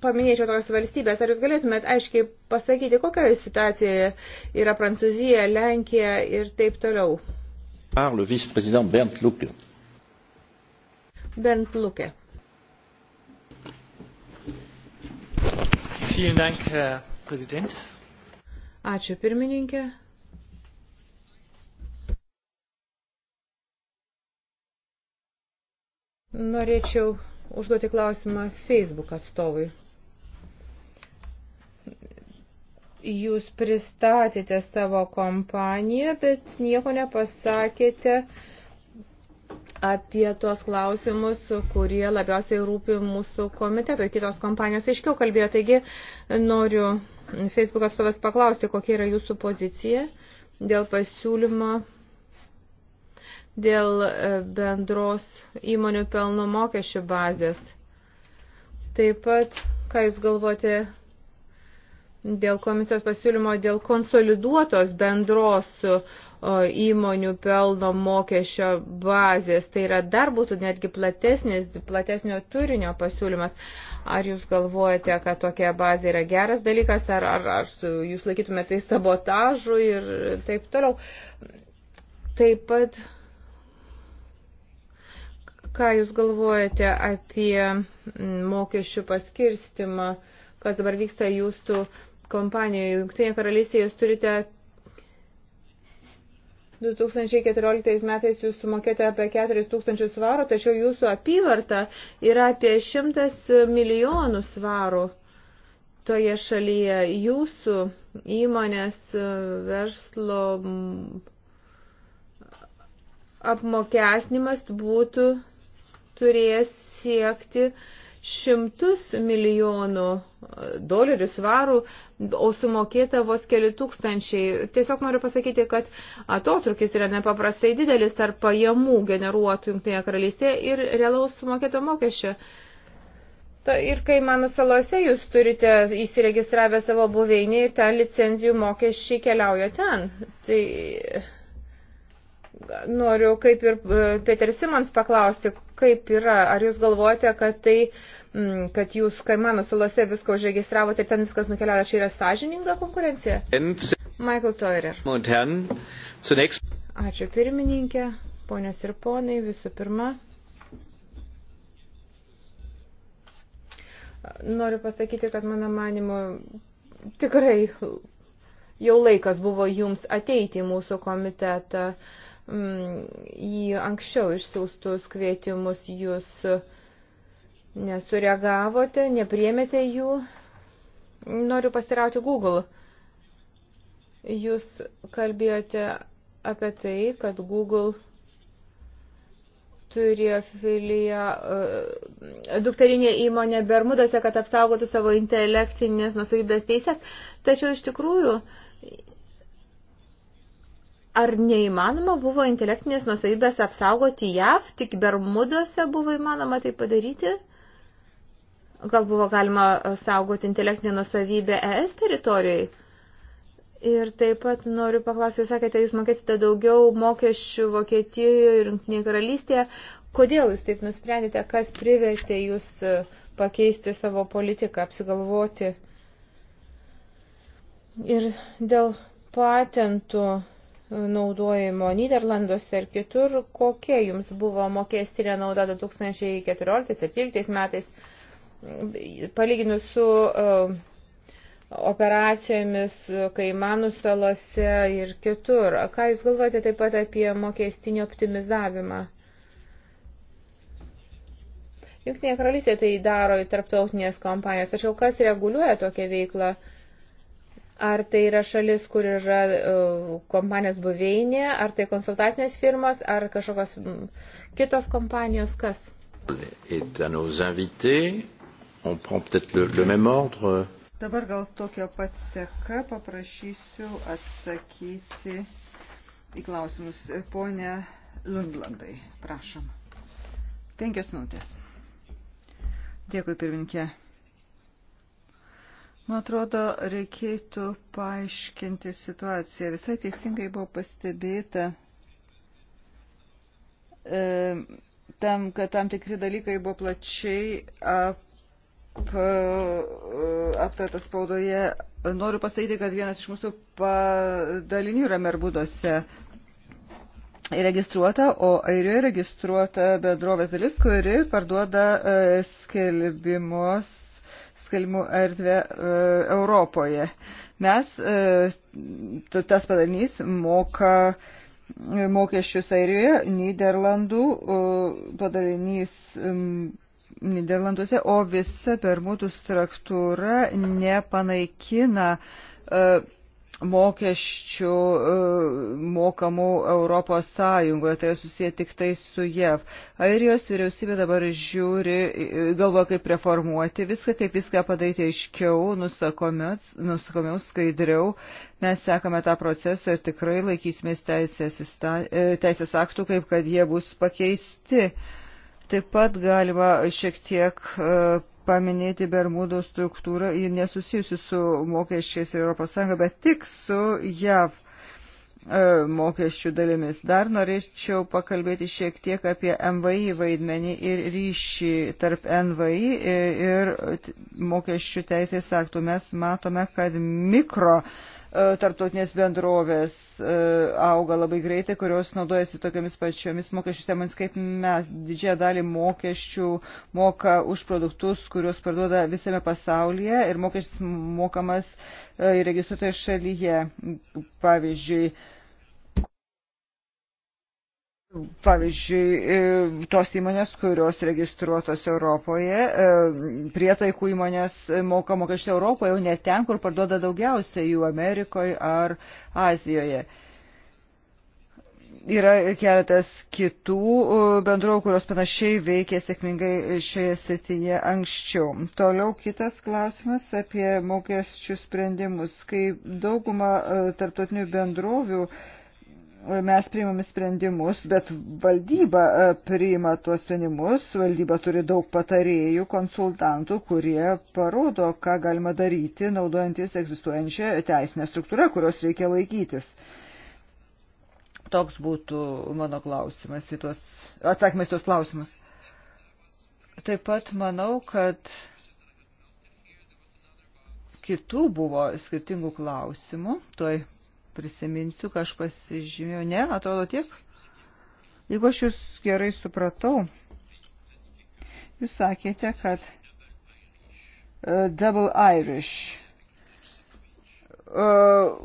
Paminėčiau tokias valstybės, ar jūs galėtumėt aiškiai pasakyti, kokioje situacijoje yra Prancūzija, Lenkija ir taip toliau. Par le vice-président Bernd Lucke. Bernd Lucke. Vielen Dank, Herr Präsident. Ačiū pirmininkė. Norėčiau užduoti klausimą Facebook atstovui. Jūs pristatėte savo kompaniją, bet nieko nepasakėte uh, apie tuos klausimus, kurie labiausiai rūpi mūsų komitetui. Kitos kompanijos aiškiau kalbėjo, taigi noriu Facebook atstovas paklausti, kokia yra jūsų pozicija dėl pasiūlymo dėl e, bendros įmonių pelno mokesčių bazės. Taip pat, ką jūs galvote dėl komisijos pasiūlymo dėl konsoliduotos bendros įmonių pelno mokesčio bazės. Tai yra dar būtų netgi platesnis, platesnio turinio pasiūlymas. Ar jūs galvojate, kad tokia bazė yra geras dalykas, ar, ar, ar jūs laikytumėte tai sabotažu ir taip toliau. Taip pat, ką jūs galvojate apie mokesčių paskirstimą, kas dabar vyksta jūsų kompanijoje. Jungtinėje karalystėje jūs turite 2014 metais jūs sumokėjote apie 4 tūkstančius svarų, tačiau jūsų apyvarta yra apie 100 milijonų svarų toje šalyje. Jūsų įmonės e, verslo apmokesnimas būtų turėjęs siekti uh, šimtus milijonų dolerių svarų, o sumokėta vos keli tūkstančiai. Tiesiog noriu pasakyti, kad atotrukis yra nepaprastai didelis tarp pajamų generuotų Junktinėje karalystėje ir realaus sumokėto mokesčio. Ta, ir kai mano salose jūs turite įsiregistravę savo buveinį ir ten licenzijų mokesčiai keliauja ten. Tai e, noriu kaip ir e, Peter Simons paklausti, kaip yra? Ar jūs galvojate, kad tai, mm, kad jūs Kaimanų salose viską užregistravote ir ten viskas nukeliavo, čia yra sąžininga konkurencija? Michael Teurer. Ačiū pirmininkė, ponios ir ponai, visų pirma. Noriu pasakyti, kad mano manimu tikrai jau laikas buvo jums ateiti į mūsų komitetą. Uh, į anksčiau išsiųstus kvietimus jūs nesureagavote, nepriemėte jų. Noriu pasirauti Google. Jūs kalbėjote apie tai, kad Google turėjo filiją, e, dukterinė įmonė Bermudose, kad apsaugotų savo intelektinės nusavybės teisės. Tačiau iš tikrųjų Ar neįmanoma buvo intelektinės nusavybės apsaugoti JAV, tik Bermuduose buvo įmanoma tai padaryti? Gal buvo galima e, saugoti intelektinę nusavybę ES teritorijai? Ir taip pat noriu paklausti, jūs sakėte, jūs mokėsite daugiau mokesčių Vokietijoje ir Junktinėje karalystėje. Kodėl jūs taip nusprendėte, kas privertė jūs e, pakeisti savo politiką, apsigalvoti? Ir dėl patentų naudojimo Niderlanduose ir kitur, kokia jums buvo mokestinė nauda 2014-2013 metais, palyginus su e, operacijomis Kaimanų salose ir kitur. Ką Jūs galvojate taip pat apie mokestinį optimizavimą? Junktinė karalystė tai daro į tarptautinės kompanijos, tačiau kas reguliuoja tokią veiklą? Uh, ar tai yra šalis, kur yra e, kompanijos buveinė, ar tai konsultacinės firmas, ar kažkokios kitos kompanijos, kas. Dabar gal tokia pat seka, paprašysiu atsakyti į klausimus. Pone Lundlandai, prašom. Penkios minutės. Dėkui, pirminkė. Man atrodo, reikėtų paaiškinti situaciją. Visai teisingai buvo pastebėta e, tam, kad tam tikri dalykai buvo plačiai ap, e, aptartas spaudoje. Noriu pasakyti, kad vienas iš mūsų padalinių yra Merbuduose registruota, o Airijoje registruota bendrovės dalis, kuri parduoda e, skelbimus kalimų erdvę e, Europoje. Mes, e, tas padalinys, moka e, mokesčius Airijoje, Niderlandų padalinys Niderlanduose, o visa per mūtų struktūra nepanaikina mokesčių e, mokamų Europos Sąjungoje, tai susiję tik tai su JEV. Airijos vyriausybė dabar žiūri, e, galvoja, kaip reformuoti viską, kaip viską padaryti aiškiau, nusakomiau, skaidriau. Mes sekame tą procesą ir tikrai laikysimės teisės, e, teisės aktų, kaip kad jie bus pakeisti. Taip pat galima šiek tiek paminėti Bermudų struktūrą, ji nesusijusi su mokesčiais ir ES, bet tik su JAV e, mokesčių dalimis. Dar norėčiau pakalbėti šiek tiek apie MVI vaidmenį ir ryšį tarp NVI ir mokesčių teisės aktų. Mes matome, kad mikro uh, E, tarptautinės bendrovės e, auga labai greitai, kurios naudojasi tokiamis pačiomis mokesčių sistemomis, kaip mes didžiąją dalį mokesčių moka už produktus, kuriuos parduoda visame pasaulyje ir mokestis mokamas įregistruotoje e, šalyje. Pavyzdžiui, Pavyzdžiui, e, tos įmonės, kurios registruotos Europoje, e, prietaikų įmonės moka mokesčių Europoje, o ne ten, kur parduoda daugiausiai jų Amerikoje ar Azijoje. Yra keletas kitų e, bendrovų, kurios panašiai veikia sėkmingai šioje srityje anksčiau. Toliau kitas klausimas apie mokesčių sprendimus. Kai dauguma tarptautinių bendrovių mes priimame sprendimus, bet valdyba e, priima tuos sprendimus, valdyba turi daug patarėjų, konsultantų, kurie parodo, ką galima daryti, naudojantis egzistuojančią teisinę struktūrą, kurios reikia laikytis. Toks būtų mano klausimas į tuos, atsakymas į tuos klausimus. Taip pat manau, kad kitų buvo skirtingų klausimų, toj prisiminsiu, ką aš pasižymėjau. Ne, atrodo tiek. Jeigu aš jūs gerai supratau, jūs sakėte, kad uh, Double Irish uh,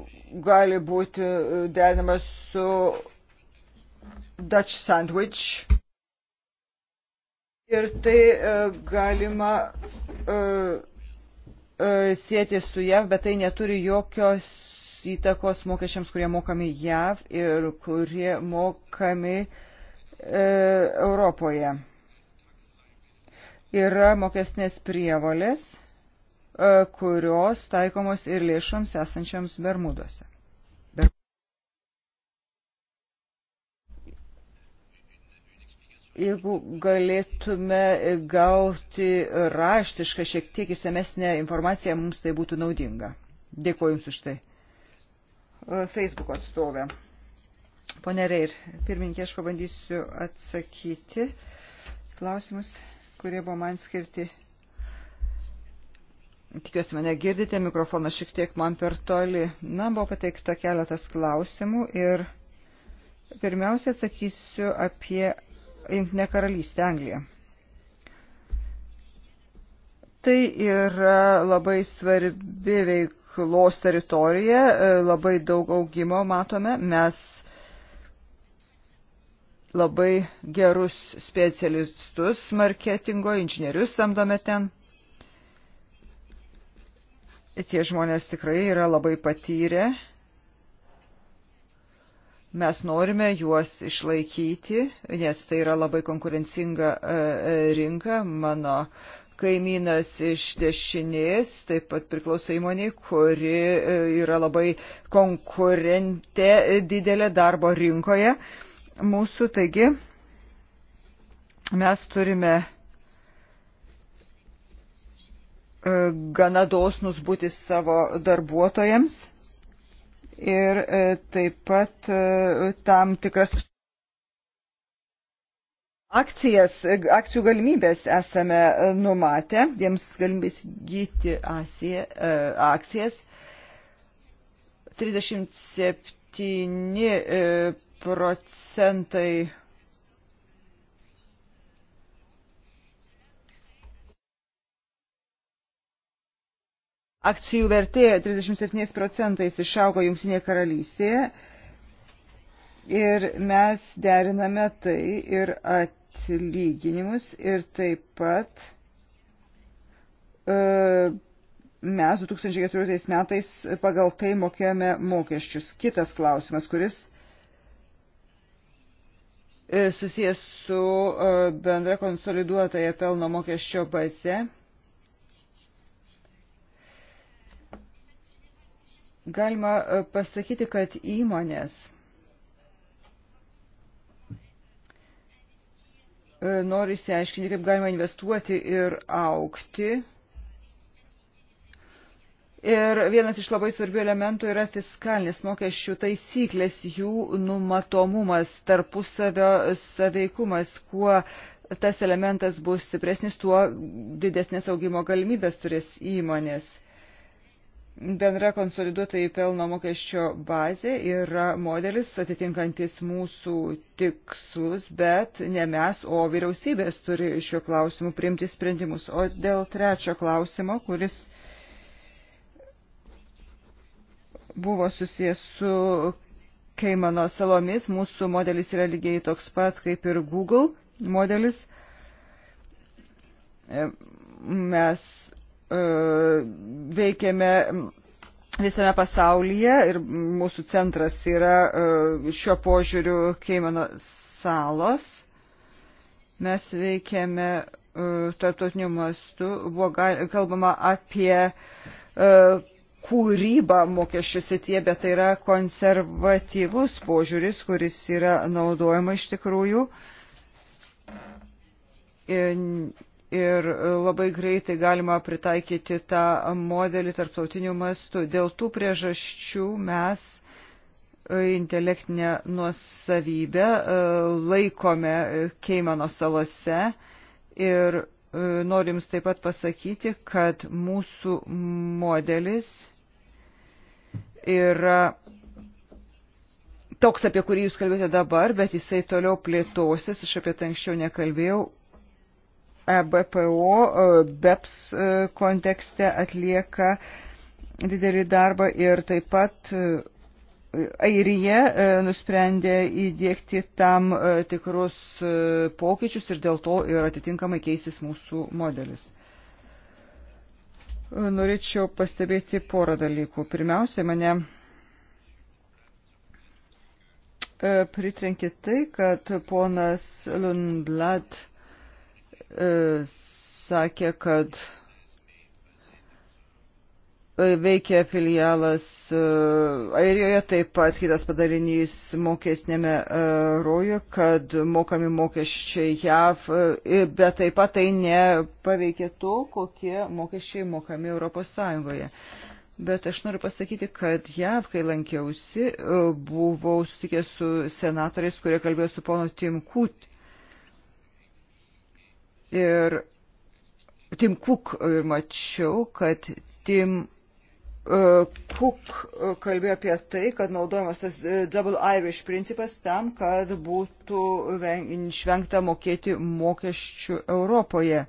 gali būti e, derinamas su Dutch sandwich. Ir tai uh, galima uh, uh, sėti su jav, bet tai neturi jokios įtakos mokesčiams, kurie mokami JAV ir kurie mokami e, Europoje. Yra mokesnės prievolės, e, kurios taikomos ir lėšoms esančiams Bermuduose. Ber... Jeigu galėtume gauti raštišką šiek tiek įsamesnę informaciją, mums tai būtų naudinga. Dėkuoju Jums už tai. E, Facebook atstovė. Pone Reir, pirmininkė, aš pabandysiu atsakyti klausimus, kurie buvo man skirti. Tikiuosi mane girdite, mikrofonas šiek tiek man per toli. Na, buvo pateikta keletas klausimų ir pirmiausia atsakysiu apie Junktinę karalystę, Angliją. Tai yra labai svarbi veikla veiklos teritoriją, e, labai daug augimo matome, mes labai gerus specialistus marketingo, inžinierius samdome ten. Tie žmonės tikrai yra labai patyrę. Mes norime juos išlaikyti, nes tai yra labai konkurencinga e, e, rinka. Mano uh, kaimynas iš dešinės, taip pat priklauso įmoniai, kuri e, yra labai konkurente didelė darbo rinkoje mūsų. Taigi mes turime e, gana dosnus būti savo darbuotojams ir e, taip pat tam tikras Akcijas, e, akcijų galimybės esame e, numatę, jiems galimybės gyti asie, akcijas. 37 e, procentai akcijų vertė 37 procentais išaugo Jungtinėje karalystėje ir mes deriname tai ir at atlyginimus ir taip pat e, mes 2014 metais pagal tai mokėjome mokesčius. Kitas klausimas, kuris e, susijęs su e, bendra konsoliduotoje pelno mokesčio baze. Galima pasakyti, kad įmonės E, nori išsiaiškinti, kaip galima investuoti ir aukti. Ir vienas iš labai svarbių elementų yra fiskalinės mokesčių taisyklės, jų numatomumas, tarpusavio saveikumas. Kuo tas elementas bus stipresnis, tuo didesnės augimo galimybės turės įmonės. Bendra konsoliduota į pelno mokesčio bazė yra modelis atitinkantis mūsų tikslus, bet ne mes, o vyriausybės turi šiuo klausimu priimti sprendimus. O dėl trečio klausimo, kuris buvo susijęs su Keimano salomis, mūsų modelis yra lygiai toks pat kaip ir Google modelis. Mes E, veikiame visame pasaulyje ir mūsų centras yra e, šiuo požiūriu Keimano salos. Mes veikiame e, tarptautiniu mastu, buvo kalbama apie kūrybą mokesčių sitie, bet tai yra konservatyvus požiūris, kuris yra naudojama iš tikrųjų ir e, labai greitai galima pritaikyti tą modelį tarptautiniu mastu. Dėl tų priežasčių mes e, intelektinę nuosavybę e, laikome Keimano salose ir noriu Jums taip pat pasakyti, kad mūsų modelis yra toks, apie kurį Jūs kalbėjote dabar, bet jisai toliau plėtosis, aš apie tai anksčiau nekalbėjau, EBPO e, BEPS e, kontekste atlieka didelį darbą ir taip pat e, Airija nusprendė įdėkti tam tikrus pokyčius ir dėl to ir atitinkamai keisis mūsų modelis. Norėčiau pastebėti porą dalykų. Pirmiausia, mane pritrenkė tai, kad ponas Lundblad E, sakė, kad e, veikia filialas e, Airijoje, taip pat kitas padalinys mokesnėme rojuje, kad mokami mokesčiai JAV, bet taip pat tai nepaveikia to, kokie mokesčiai mokami Europos Sąjungoje. Bet aš noriu pasakyti, kad JAV, kai lankiausi, buvau susitikęs su senatoriais, kurie kalbėjo su pono Tim Kut Ir Tim Cook e, ir mačiau, kad Tim e, Cook e, kalbėjo apie tai, kad naudojamas tas Double Irish principas tam, kad būtų išvengta mokėti mokesčių Europoje.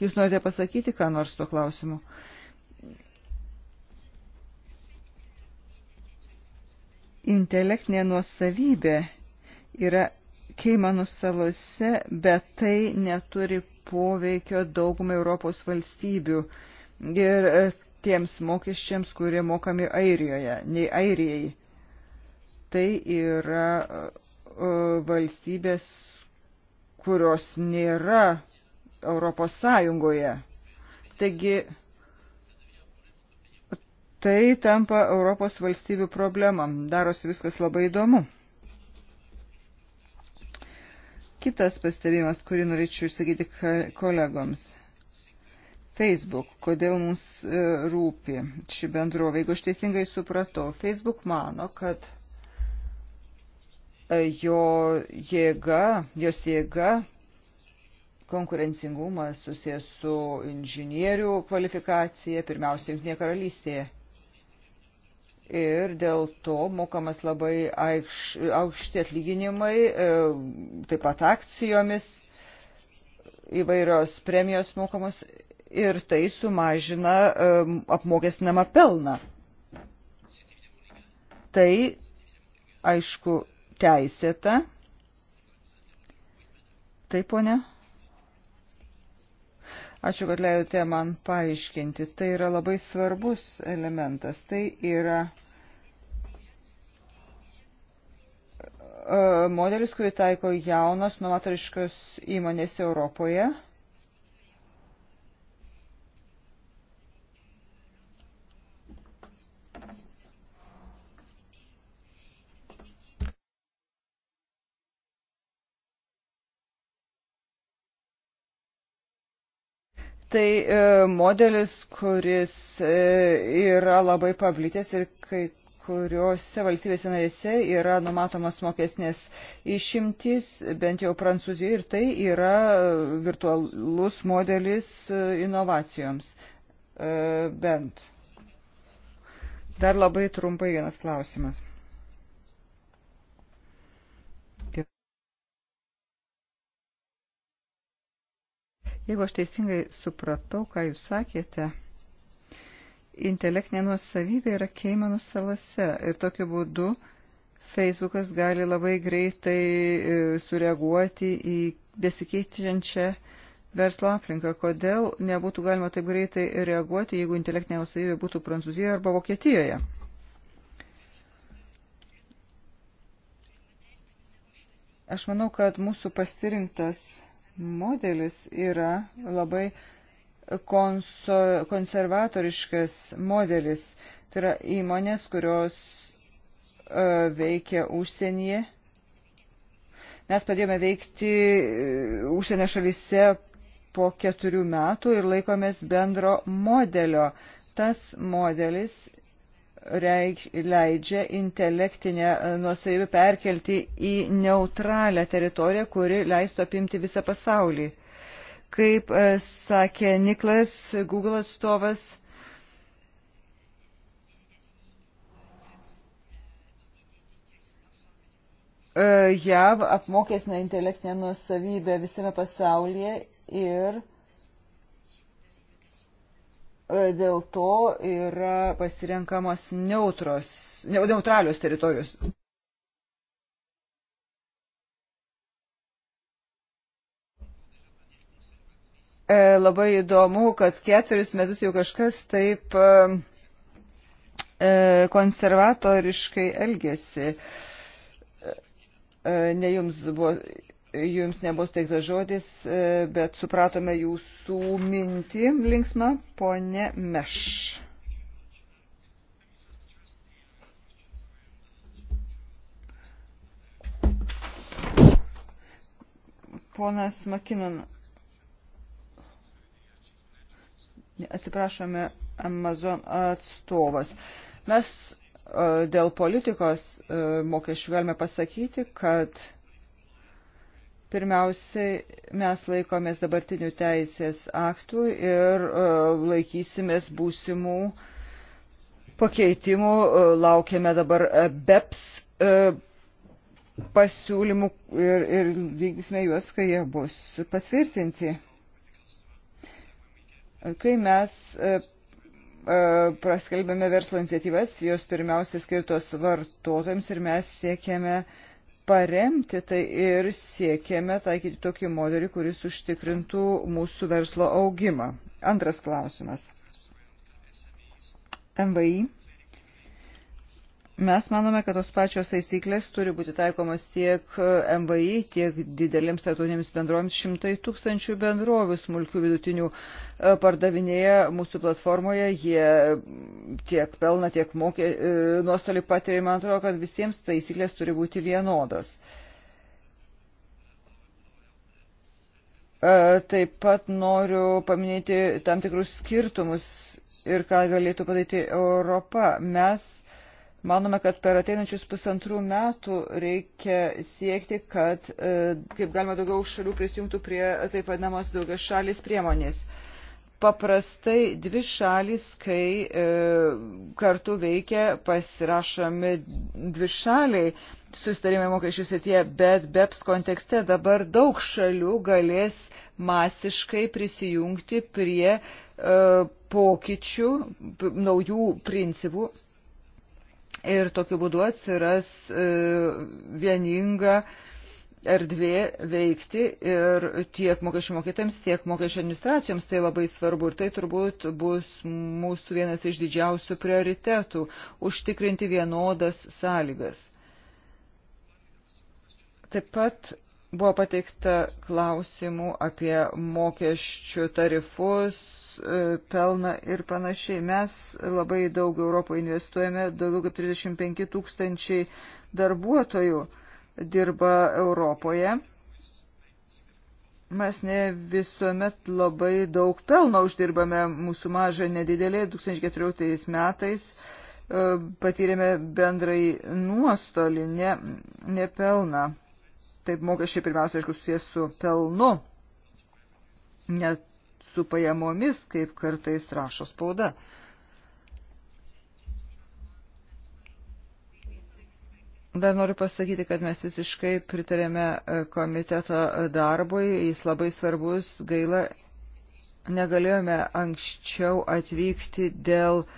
Jūs norite pasakyti, ką nors tuo klausimu? Intelektinė nuosavybė yra Keimanų salose, bet tai neturi poveikio daugumai Europos valstybių ir e, tiems mokesčiams, kurie mokami Airijoje, nei Airijai. Tai yra e, valstybės, kurios nėra Europos Sąjungoje. Taigi, tai tampa Europos valstybių problemam. Daros viskas labai įdomu. Kitas pastebėjimas, kurį norėčiau išsakyti kolegoms. Facebook, kodėl mums e, rūpi ši bendrovė. Jeigu aš teisingai supratau, Facebook mano, kad e, jo jėga, jos jėga, konkurencingumas susijęs su inžinierių kvalifikacija, pirmiausia, Junktinėje karalystėje ir dėl to mokamas labai aukšti atlyginimai, e, taip pat akcijomis įvairios premijos mokamos ir tai sumažina e, apmokestinamą pelną. Tai, aišku, teisėta. Taip, ponia? Ačiū, kad leidote man paaiškinti. Tai yra labai svarbus elementas. Tai yra e, modelis, kurį taiko jaunos novatoriškos įmonės Europoje. Tai e, modelis, kuris e, yra labai paplitęs ir kai kuriuose valstybėse narėse yra numatomas mokesnės išimtis, bent jau Prancūzijoje, ir tai yra virtualus modelis e, inovacijoms. Bent. Dar labai trumpai vienas klausimas. Jeigu aš teisingai supratau, ką jūs sakėte, intelektinė nuosavybė yra Keimanų salose ir tokiu būdu Facebookas gali labai greitai e, sureaguoti į besikeičiančią verslo aplinką. Kodėl nebūtų galima taip greitai reaguoti, jeigu intelektinė nuosavybė būtų Prancūzijoje arba Vokietijoje? Aš manau, kad mūsų pasirinktas modelis yra labai konso, konservatoriškas modelis. Tai yra įmonės, kurios uh, veikia užsienyje. Mes padėjome veikti e, užsienio šalyse po keturių metų ir laikomės bendro modelio. Tas modelis reikš, leidžia intelektinę nuosavybę perkelti į neutralią teritoriją, kuri leistų apimti visą pasaulį. Kaip e, sakė Niklas, Google atstovas, e, JAV apmokestina intelektinę nuosavybę visame pasaulyje ir uh, E, dėl to yra pasirenkamos neutros, neutralios teritorijos. E, labai įdomu, kad ketverius metus jau kažkas taip e, konservatoriškai elgėsi. Ne jums buvo jums nebus teiktas žodis, e, bet supratome jūsų mintį linksmą, ponė Meš. Ponas Makinon, atsiprašome, Amazon atstovas. Mes e, dėl politikos e, mokesčių galime pasakyti, kad Pirmiausiai, mes laikomės dabartinių teisės aktų ir e, laikysimės būsimų pakeitimų. E, laukiame dabar e, BEPS pasiūlymų ir, ir vykdysime juos, kai jie bus patvirtinti. Kai mes praskelbėme verslo iniciatyvas, jos pirmiausia skirtos vartotojams ir mes siekiame uh, paremti tai ir siekėme taikyti tokį modelį, kuris užtikrintų mūsų verslo augimą. Antras klausimas. MVI Mes manome, kad tos pačios taisyklės turi būti taikomos tiek e, MVI, tiek didelėms tarptautinėms bendrovėms. Šimtai tūkstančių bendrovių smulkių vidutinių e, pardavinėja mūsų platformoje. Jie tiek pelna, tiek mokė, e, nuostolį patiria. Man atrodo, kad visiems taisyklės turi būti vienodos. Taip pat noriu paminėti tam tikrus skirtumus ir ką galėtų padaryti Europa. Mes Manome, kad per ateinančius pusantrų metų reikia siekti, kad e, kaip galima daugiau šalių prisijungtų prie taip vadinamos daugia šalis priemonės. Paprastai dvi šalis, kai e, kartu veikia, pasirašomi dvi šaliai susitarimai mokesčių srityje, bet BEPS kontekste dabar daug šalių galės masiškai prisijungti prie e, pokyčių, naujų principų ir tokiu būdu atsiras e, vieninga erdvė veikti ir tiek mokesčių mokėtams, tiek mokesčių administracijoms tai labai svarbu ir tai turbūt bus mūsų vienas iš didžiausių prioritetų - užtikrinti vienodas sąlygas. Taip pat buvo pateikta klausimų apie mokesčių tarifus, E, pelną ir panašiai. Mes labai daug Europoje investuojame, daugiau kaip 35 tūkstančiai darbuotojų dirba Europoje. Mes ne visuomet labai daug pelno uždirbame, mūsų maža nedidelė, 2014 metais e, patyrėme bendrai nuostolį, ne, ne pelną. Taip mokesčiai pirmiausia, aišku, susijęs su pelnu, net su pajamomis, kaip kartais rašo spauda. Dar noriu pasakyti, kad mes visiškai pritarėme e, komiteto darbui, jis labai svarbus, gaila, negalėjome anksčiau atvykti dėl uh,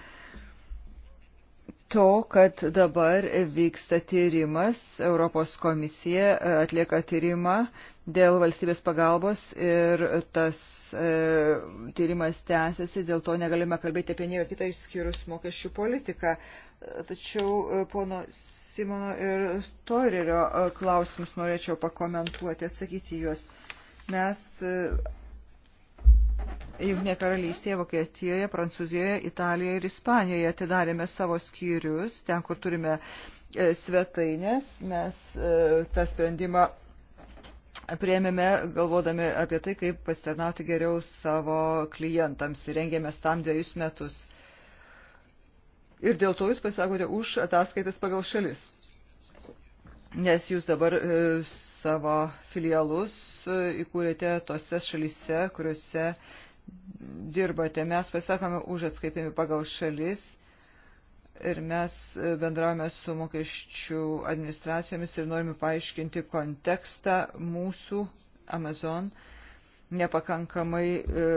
to, kad dabar vyksta tyrimas, Europos komisija e, atlieka tyrimą dėl valstybės pagalbos ir tas e, tyrimas tęsiasi, dėl to negalime kalbėti apie nieką kitą išskyrus mokesčių politiką. E, tačiau e, pono Simono ir Toirerio klausimus norėčiau pakomentuoti, atsakyti juos. Mes Junknėje karalystėje, Vokietijoje, Prancūzijoje, Italijoje ir Ispanijoje atidarėme savo skyrius, ten, kur turime e, svetainės, mes e, tą sprendimą prieimėme galvodami apie tai, kaip pasitarnauti geriau savo klientams. Rengėmės tam dviejus metus. Ir dėl to jūs pasakote už ataskaitas pagal šalis. Nes jūs dabar e, savo filialus e, įkūrėte tose šalise, kuriuose e, dirbate. Mes pasakome už atskaitami pagal šalis ir mes bendravome su mokesčių administracijomis ir norime paaiškinti kontekstą mūsų Amazon. Nepakankamai e,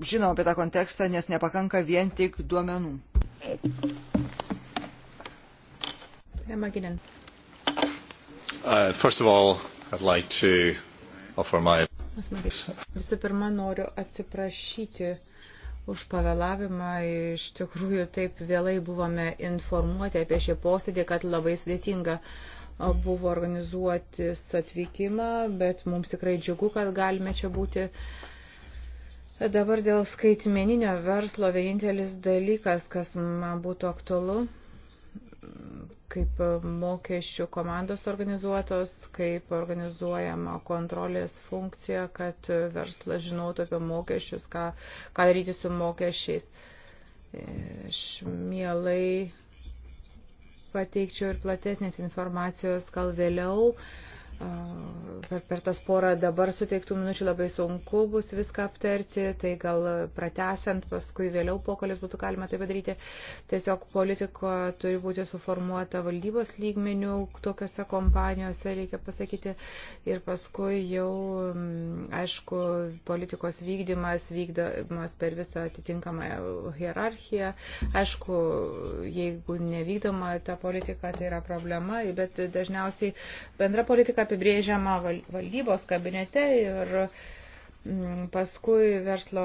žinom apie tą kontekstą, nes nepakanka vien tik duomenų. Uh, first of all, I'd like to offer my Visų pirma, noriu atsiprašyti už pavėlavimą. Iš tikrųjų, taip vėlai buvome informuoti apie šį posėdį, kad labai sudėtinga buvo organizuotis atvykimą, bet mums tikrai džiugu, kad galime čia būti. Dabar dėl skaitmeninio verslo vienintelis dalykas, kas man būtų aktualu, kaip mokesčių komandos organizuotos, kaip organizuojama kontrolės funkcija, kad verslas žinotų apie mokesčius, ką, ką daryti su mokesčiais. Aš mielai pateikčiau ir platesnės informacijos, gal vėliau. Uh, per, per tas porą dabar suteiktų minučių labai sunku bus viską aptarti, tai gal pratesiant paskui vėliau pokalis būtų galima tai padaryti. Tiesiog politiko turi būti suformuota valdybos lygmenių, tokiuose kompanijose reikia pasakyti. Ir paskui jau, aišku, politikos vykdymas vykdomas per visą atitinkamą hierarchiją. Aišku, jeigu nevykdoma ta politika, tai yra problema, bet dažniausiai bendra politika apibrėžiama valdybos kabinete ir mm, paskui verslo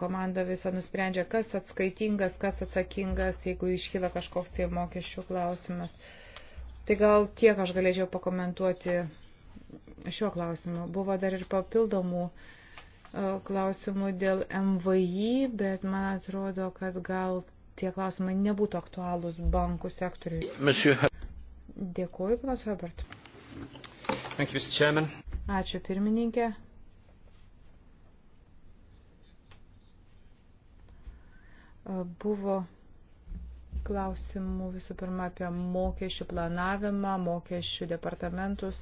komanda visą nusprendžia, kas atskaitingas, kas atsakingas, jeigu iškyla kažkoks tai mokesčių klausimas. Tai gal tiek aš galėčiau pakomentuoti šiuo klausimu. Buvo dar ir papildomų e, klausimų dėl MVI, bet man atrodo, kad gal tie klausimai nebūtų aktualūs bankų sektoriui. Monsieur. Dėkuoju, panas Robert. Thank you, Mr. Chairman. Ačiū pirmininkė. Buvo klausimų visų pirma apie mokesčių planavimą, mokesčių departamentus,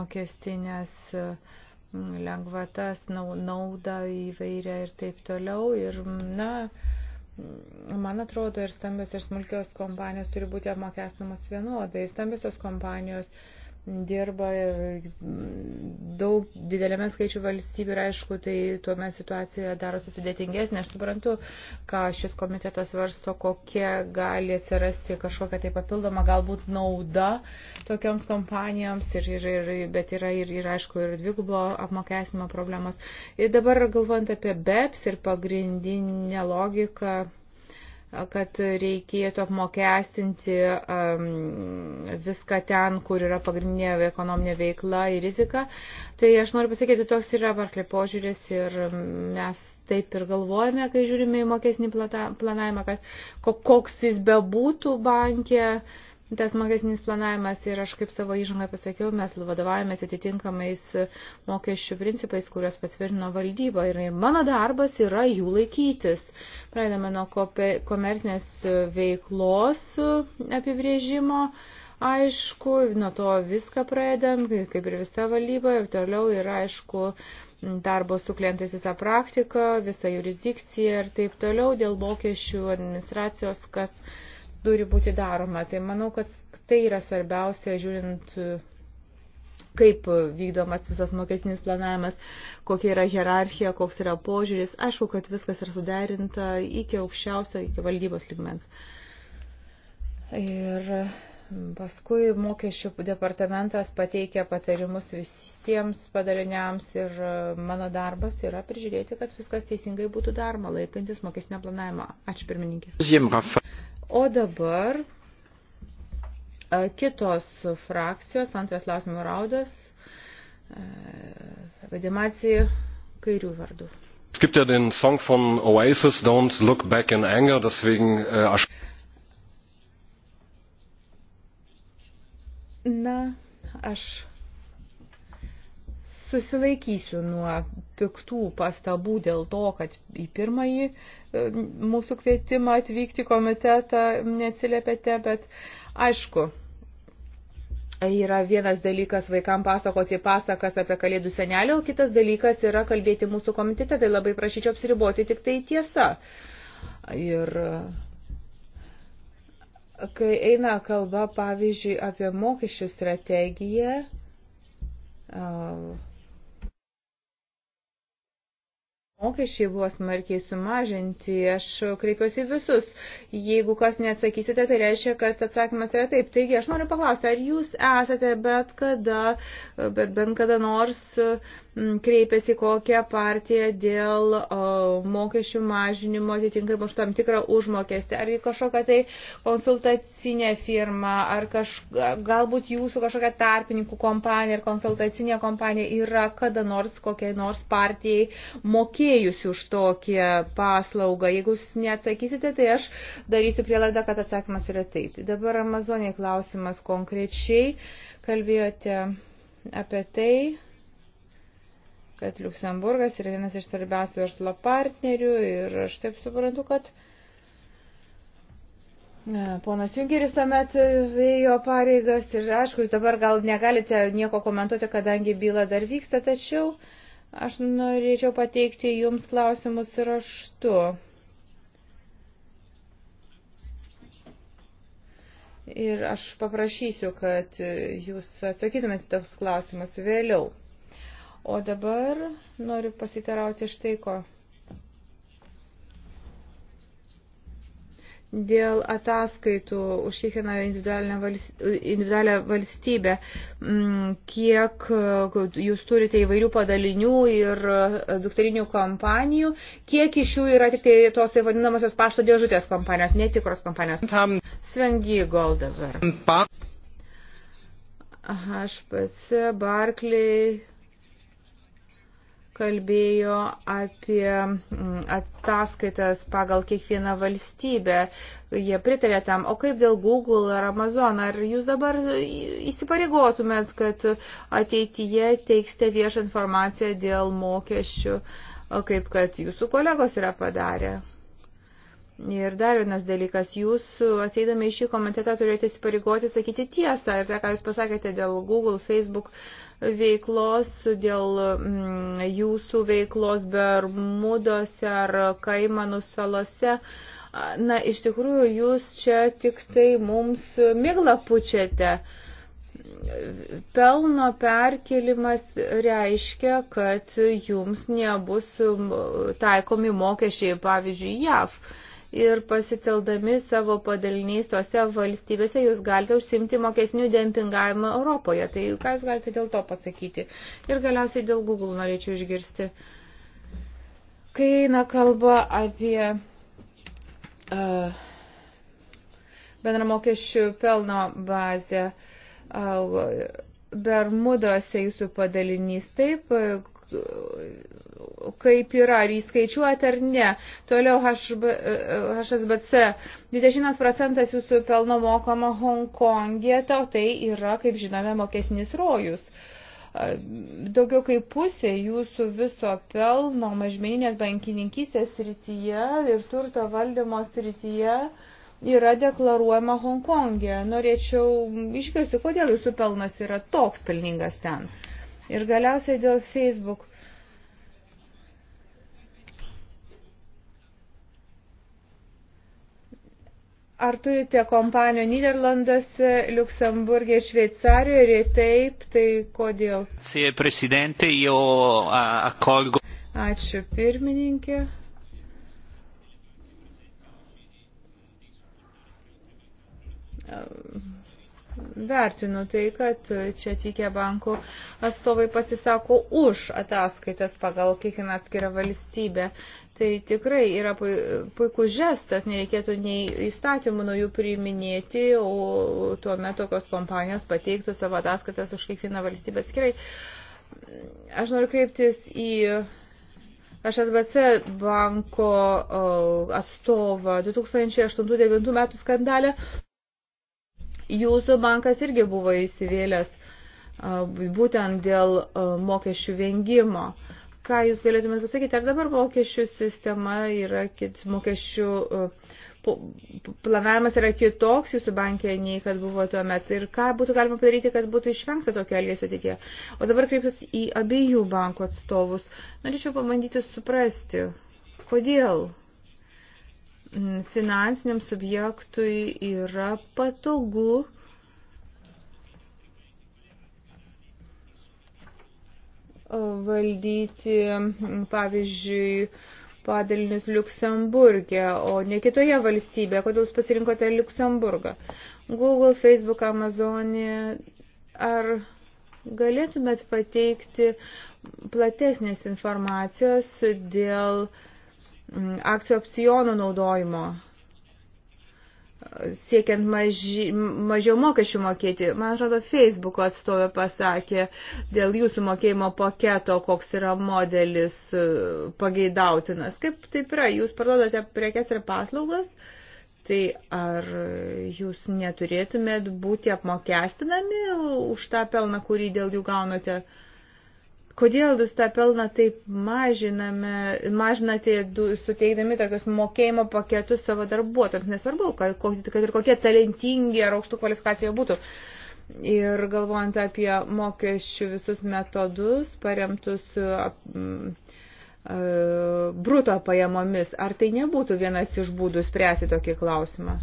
mokestinės lengvatas, naudą įvairią ir taip toliau. Ir, na, man atrodo, ir stambios ir smulkios kompanijos turi būti apmokestinamos vienodai. Stambiosios kompanijos uh, dirba daug didelėme skaičių valstybių ir aišku, tai tuomet situacija darosi sudėtingesnė. Aš suprantu, ką šis komitetas varsto, kokia gali atsirasti kažkokia tai papildoma galbūt nauda tokioms kompanijoms, ir, ir, ir, bet yra ir, ir aišku, ir dvigubo apmokestinimo problemos. Ir dabar galvojant apie BEPS ir pagrindinę logiką kad reikėtų apmokestinti um, viską ten, kur yra pagrindinė ekonominė veikla ir rizika. Tai aš noriu pasakyti, toks yra Barklė požiūris ir mes taip ir galvojame, kai žiūrime į mokesnį planavimą, kad koks jis bebūtų bankė. Uh, tas mokestinis planavimas ir aš kaip savo įžangą pasakiau, mes vadovavomės atitinkamais mokesčių principais, kuriuos patvirtino valdyba ir mano darbas yra jų laikytis. Pradedame nuo komercinės veiklos apibrėžimo. Aišku, nuo to viską pradedam, kaip ir visa valdyba, ir toliau yra aišku darbo su klientais visą praktiką, visą jurisdikciją ir taip toliau dėl mokesčių administracijos, kas uh, turi būti daroma. Tai manau, kad tai yra svarbiausia, žiūrint, kaip vykdomas visas mokestinis planavimas, kokia yra hierarchija, koks yra požiūris. Aišku, kad viskas yra suderinta iki aukščiausio, iki valdybos ligmens. Ir paskui mokesčių departamentas pateikia patarimus visiems padaliniams ir mano darbas yra prižiūrėti, kad viskas teisingai būtų daroma, laikantis mokesnio planavimo. Ačiū pirmininkė. O dabar kitos frakcijos, antras klausimų raudas, vadimacija kairių vardu. Es gibt ja den Song von Oasis, Don't Look Back in Anger, deswegen äh, aš... Na, aš susilaikysiu nuo piktų pastabų dėl to, kad į pirmąjį e, mūsų kvietimą atvykti komitetą neatsiliepėte, bet aišku, yra vienas dalykas vaikams pasakoti pasakas apie kalėdų senelį, o kitas dalykas yra kalbėti mūsų komitete, tai labai prašyčiau apsiriboti tik tai tiesa. Ir e, kai eina kalba, pavyzdžiui, apie mokesčių strategiją, e, Mokesčiai buvo smarkiai sumažinti. Aš kreipiuosi visus. Jeigu kas neatsakysite, tai reiškia, kad atsakymas yra taip. Taigi aš noriu paklausti, ar jūs esate bet kada, bet bent kada nors kreipėsi kokią partiją dėl o, mokesčių mažinimo atitinkamai už tam tikrą užmokestį, ar į kažkokią tai konsultacinę firmą, ar kaž, galbūt jūsų kažkokia tarpininkų kompanija ar konsultacinė kompanija yra kada nors kokiai nors partijai mokėti mokėjusių už tokią paslaugą. Jeigu jūs neatsakysite, tai aš darysiu prielaidą, kad atsakymas yra taip. Dabar Amazonė klausimas konkrečiai. Kalbėjote apie tai, kad Luksemburgas yra vienas iš svarbiausių verslo partnerių ir aš taip suprantu, kad e, Ponas Junkeris tuomet vėjo pareigas ir aišku, jūs dabar gal negalite nieko komentuoti, kadangi byla dar vyksta, tačiau uh, Aš norėčiau pateikti Jums klausimus raštu. Ir aš paprašysiu, kad Jūs atsakytumėte toks klausimus vėliau. O dabar noriu pasitarauti štai ko. dėl ataskaitų už kiekvieną individualią valstybę, mm, kiek jūs turite įvairių padalinių ir e, dukterinių kompanijų, kiek iš jų yra tik tai tos tai vadinamosios pašto dėžutės kompanijos, netikros kompanijos. Svengi Goldaver. Aš pats, Barkley kalbėjo apie mm, ataskaitas pagal kiekvieną valstybę. Jie pritarė tam, o kaip dėl Google ar Amazon, ar jūs dabar įsipareigotumėt, kad ateityje teiksite viešą informaciją dėl mokesčių, kaip kad jūsų kolegos yra padarę? Ir dar vienas dalykas, jūs ateidami į šį komitetą turėjote įsipareigoti sakyti tiesą ir tai, ką jūs pasakėte dėl Google, Facebook, uh, veiklos, dėl mm, jūsų veiklos Bermudose ar Kaimanų salose. Na, iš tikrųjų, jūs čia tik tai mums miglą pučiate pelno perkelimas reiškia, kad jums nebus taikomi mokesčiai, pavyzdžiui, JAV ir pasiteldami savo padaliniais tuose valstybėse jūs galite užsimti mokesnių dempingavimą Europoje. Tai ką jūs galite dėl to pasakyti? Ir galiausiai dėl Google norėčiau išgirsti. Kai eina kalba apie uh, e, bendramokesčių pelno bazę, uh, Bermuduose jūsų padalinys taip, kaip yra, ar įskaičiuojate ar ne. Toliau HB, HSBC. 20 procentas jūsų pelno mokama Hongkongė, to tai yra, kaip žinome, mokesnis rojus daugiau kaip pusė jūsų viso pelno mažmeninės bankininkystės srityje ir turto valdymo srityje yra deklaruojama Hongkongė. E. Norėčiau išgirsti, kodėl jūsų pelnas yra toks pelningas ten. Ir galiausiai dėl Facebook Ar turite kompanijų Niderlanduose, Luksemburgė, Šveicarijoje ir jei taip, tai kodėl? Ačiū pirmininkė. Uh, Vertinu tai, kad čia atvykę bankų atstovai pasisako už ataskaitas pagal kiekvieną atskirą valstybę. Tai tikrai yra puikus žestas, nereikėtų nei įstatymų naujų priiminėti, o tuo metu tokios kompanijos pateiktų savo ataskaitas už kiekvieną valstybę atskirai. Aš noriu kreiptis į HSBC banko atstovą 2008-2009 metų skandalę jūsų bankas irgi buvo įsivėlęs būtent dėl mokesčių vengimo. Ką jūs galėtumėte pasakyti, ar dabar mokesčių sistema yra, mokesčių planavimas yra kitoks jūsų bankė nei kad buvo tuo metu ir ką būtų galima padaryti, kad būtų išvengta tokio elgesio ateityje. O dabar kreipsiuosi į abiejų bankų atstovus. Norėčiau pabandyti suprasti, kodėl Mm, finansiniam subjektui yra patogu valdyti, mm, pavyzdžiui, padalinius Luksemburgė, o ne kitoje valstybėje. Kodėl jūs pasirinkote Luksemburgą? Google, Facebook, Amazon. Ar galėtumėt pateikti platesnės informacijos dėl uh, Mm, akcijų opcionų naudojimo, siekiant maži, mažiau mokesčių mokėti. Man atrodo, Facebook atstovė pasakė dėl jūsų mokėjimo paketo, koks yra modelis e, pageidautinas. Kaip taip yra, jūs parduodate prekes ir paslaugas, tai ar jūs neturėtumėt būti apmokestinami už tą pelną, kurį dėl jų gaunate? Uh, Kodėl jūs tą pelną taip mažinate, suteikdami tokius mokėjimo paketus savo darbuotojams? Nesvarbu, kad, kad ir kokie talentingi ar aukštų kvalifikacijų būtų. Ir galvojant apie mokesčių visus metodus, paremtus bruto pajamomis, ar tai nebūtų vienas iš būdų spręsti tokį klausimą?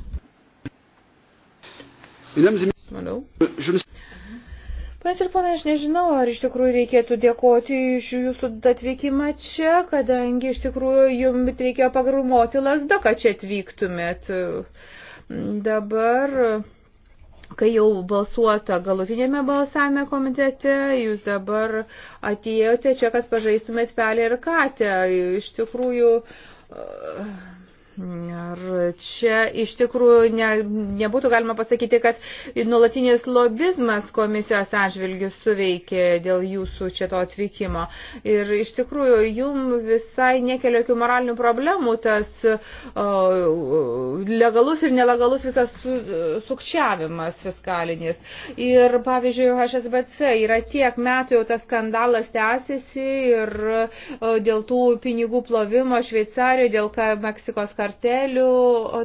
Manau. Panas ir ponai, aš nežinau, ar iš tikrųjų reikėtų dėkoti iš jūsų atvykimą čia, kadangi iš tikrųjų jums reikėjo pagrumoti lasdą, kad čia atvyktumėt. Dabar kai jau balsuota galutinėme balsavime komitete, jūs dabar atėjote čia, kad pažaistumėt pelę ir katę. Iš tikrųjų, Ar čia iš tikrųjų ne, nebūtų galima pasakyti, kad nuolatinis lobizmas komisijos atžvilgių suveikė dėl jūsų čia to atvykimo. Ir iš tikrųjų jums visai nekelia jokių moralinių problemų tas o, legalus ir nelegalus visas su, sukčiavimas fiskalinis. Ir pavyzdžiui, HSBC yra tiek metų jau tas skandalas tęsiasi ir o, dėl tų pinigų plovimo Šveicarijoje, dėl Meksikos kartelių,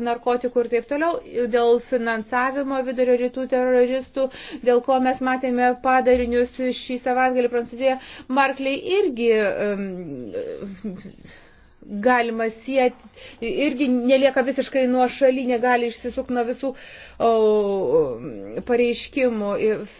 narkotikų ir taip toliau, dėl finansavimo vidurio rytų teroristų, dėl ko mes matėme padarinius šį savaitgalį Prancūzijoje. Markliai irgi. Um, galima sieti, irgi nelieka visiškai nuo šaly, negali išsisukti nuo visų uh, pareiškimų.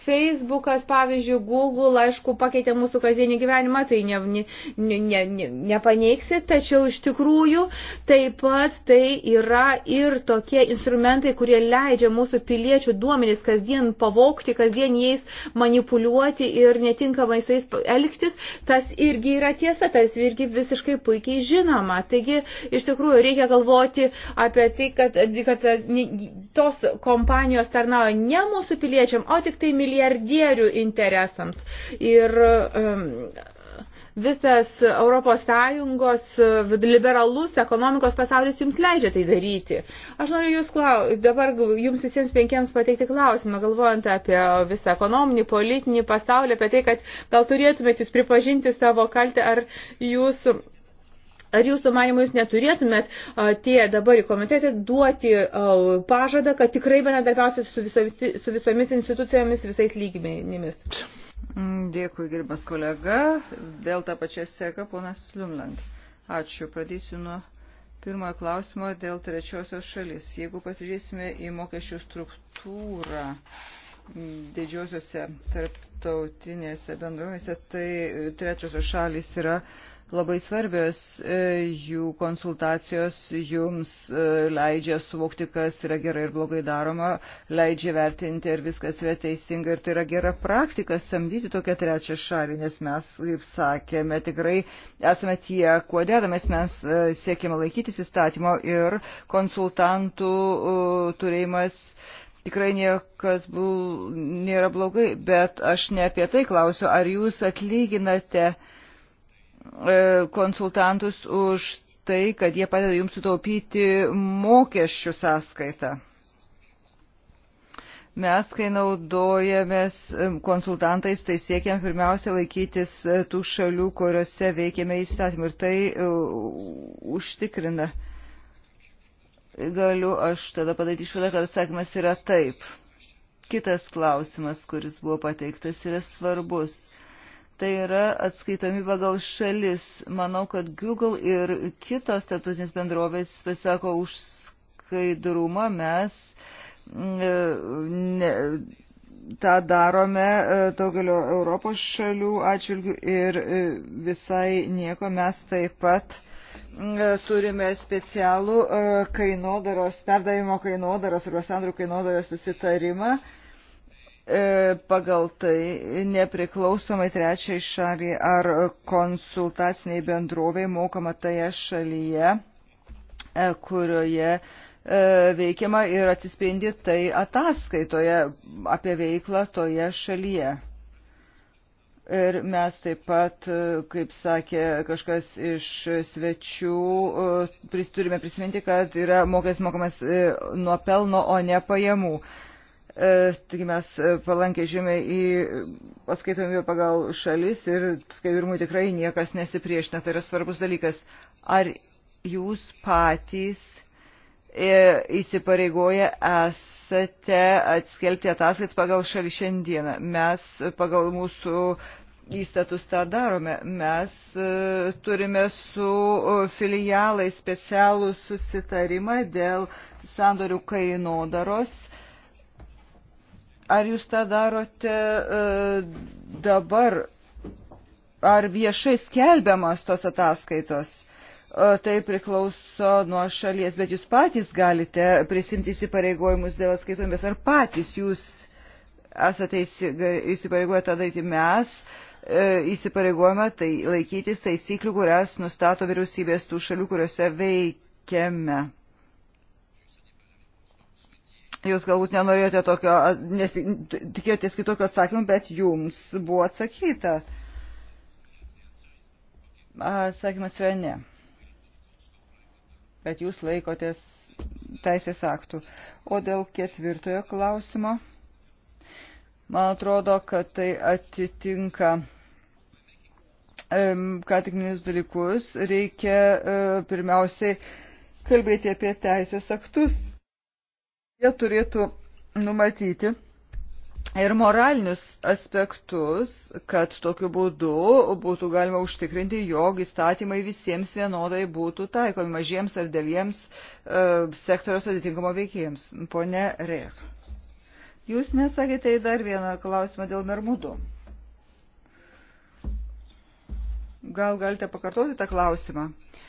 Facebookas, pavyzdžiui, Google, aišku, pakeitė mūsų kasdienį gyvenimą, tai ne, ne, ne, ne, nepaneiksi, tačiau iš tikrųjų taip pat tai yra ir tokie instrumentai, kurie leidžia mūsų piliečių duomenys kasdien pavokti, kasdien jais manipuliuoti ir netinkamai su jais elgtis. Tas irgi yra tiesa, tas irgi visiškai puikiai žinoma. Taigi, iš tikrųjų, reikia galvoti apie tai, kad, kad tos kompanijos tarnauja ne mūsų piliečiam, o tik tai milijardierių interesams. Ir visas ES liberalus ekonomikos pasaulis jums leidžia tai daryti. Aš noriu jūs klau... dabar jums visiems penkiems pateikti klausimą, galvojant apie visą ekonominį, politinį pasaulį, apie tai, kad gal turėtumėte jūs pripažinti savo kaltę, ar jūs Ar jūsų manimu jūs neturėtumėt tie dabar į komitetą duoti pažadą, kad tikrai bendradarbiausit su, visomis, su visomis institucijomis visais lygmenimis? Mm, dėkui, gerbimas kolega. Vėl tą pačią seką, ponas Liumland. Ačiū. Pradėsiu nuo pirmojo klausimo dėl trečiosios šalis. Jeigu pasižiūrėsime į mokesčių struktūrą mm, didžiosiuose tarptautinėse bendrovėse, tai trečiosios šalis yra uh, labai svarbios, e, jų konsultacijos jums e, leidžia suvokti, kas yra gerai ir blogai daroma, leidžia vertinti, ar viskas yra teisinga ir tai yra gera praktika samdyti tokią trečią šalį, nes mes, kaip sakėme, tikrai esame tie, kuo dedamės, mes e, siekime laikytis įstatymo ir konsultantų turėjimas tikrai niekas bul, nėra blogai, bet aš ne apie tai klausiu, ar jūs atlyginate uh, E, konsultantus už tai, kad jie padeda jums sutaupyti mokesčių sąskaitą. Mes, kai naudojamės e, konsultantais, tai siekiam pirmiausia laikytis e, tų šalių, kuriuose veikiame įstatymą ir tai užtikrina. Galiu aš tada padaryti išvadą, kad atsakymas yra taip. Kitas klausimas, kuris buvo pateiktas, yra svarbus tai yra atskaitomi pagal šalis. Manau, kad Google ir kitos tarptautinės bendrovės pasisako už skaidrumą, mes mm, ne, tą darome e, daugelio Europos šalių atžvilgių ir e, visai nieko mes taip pat mm, e, turime specialų kainodaros, perdavimo kainodaros arba sandrų kainodaros susitarimą E, pagal tai nepriklausomai trečiai šaliai ar konsultaciniai bendroviai mokama toje šalyje, e, kurioje e, veikiama ir atsispindi tai ataskaitoje apie veiklą toje šalyje. Ir mes taip pat, kaip sakė kažkas iš svečių, turime prisiminti, kad yra mokestis mokamas nuo pelno, o ne pajamų. E, taigi mes e, palankiai žiūrime į atskaitomybę pagal šalis ir skaidrumui tikrai niekas nesipriešina. Tai yra svarbus dalykas. Ar jūs patys e, įsipareigoja esate atskelbti ataskait pagal šalį šiandieną. Mes pagal mūsų įstatus tą darome. Mes turime su filialai specialų susitarimą dėl sandorių kainodaros. daros Ar jūs tą darote e, dabar? Ar viešai skelbiamas tos ataskaitos? E, tai priklauso nuo šalies, bet jūs patys galite prisimti įsipareigojimus dėl atskaitomės, ar patys jūs esate įsipareigoję tą daryti mes, e, įsipareigojame tai laikytis taisyklių, kurias nustato vyriausybės tų šalių, kuriuose veikiame. Jūs galbūt nenorėjote tokio, nes tikėjotės kitokio atsakymų, bet jums buvo atsakyta. Atsakymas yra ne. Bet jūs laikotės teisės aktų. O dėl ketvirtojo klausimo, man atrodo, kad tai atitinka ką tik minėjus dalykus. Reikia e, pirmiausiai kalbėti apie teisės aktus Jie turėtų numatyti ir moralinius aspektus, kad tokiu būdu būtų galima užtikrinti, jog įstatymai visiems vienodai būtų taikomi mažiems ar dėliems e, sektoriaus atitinkamo veikėjams. Pone Reich, jūs nesakėte į dar vieną klausimą dėl mermudų. Gal galite pakartoti tą klausimą? E,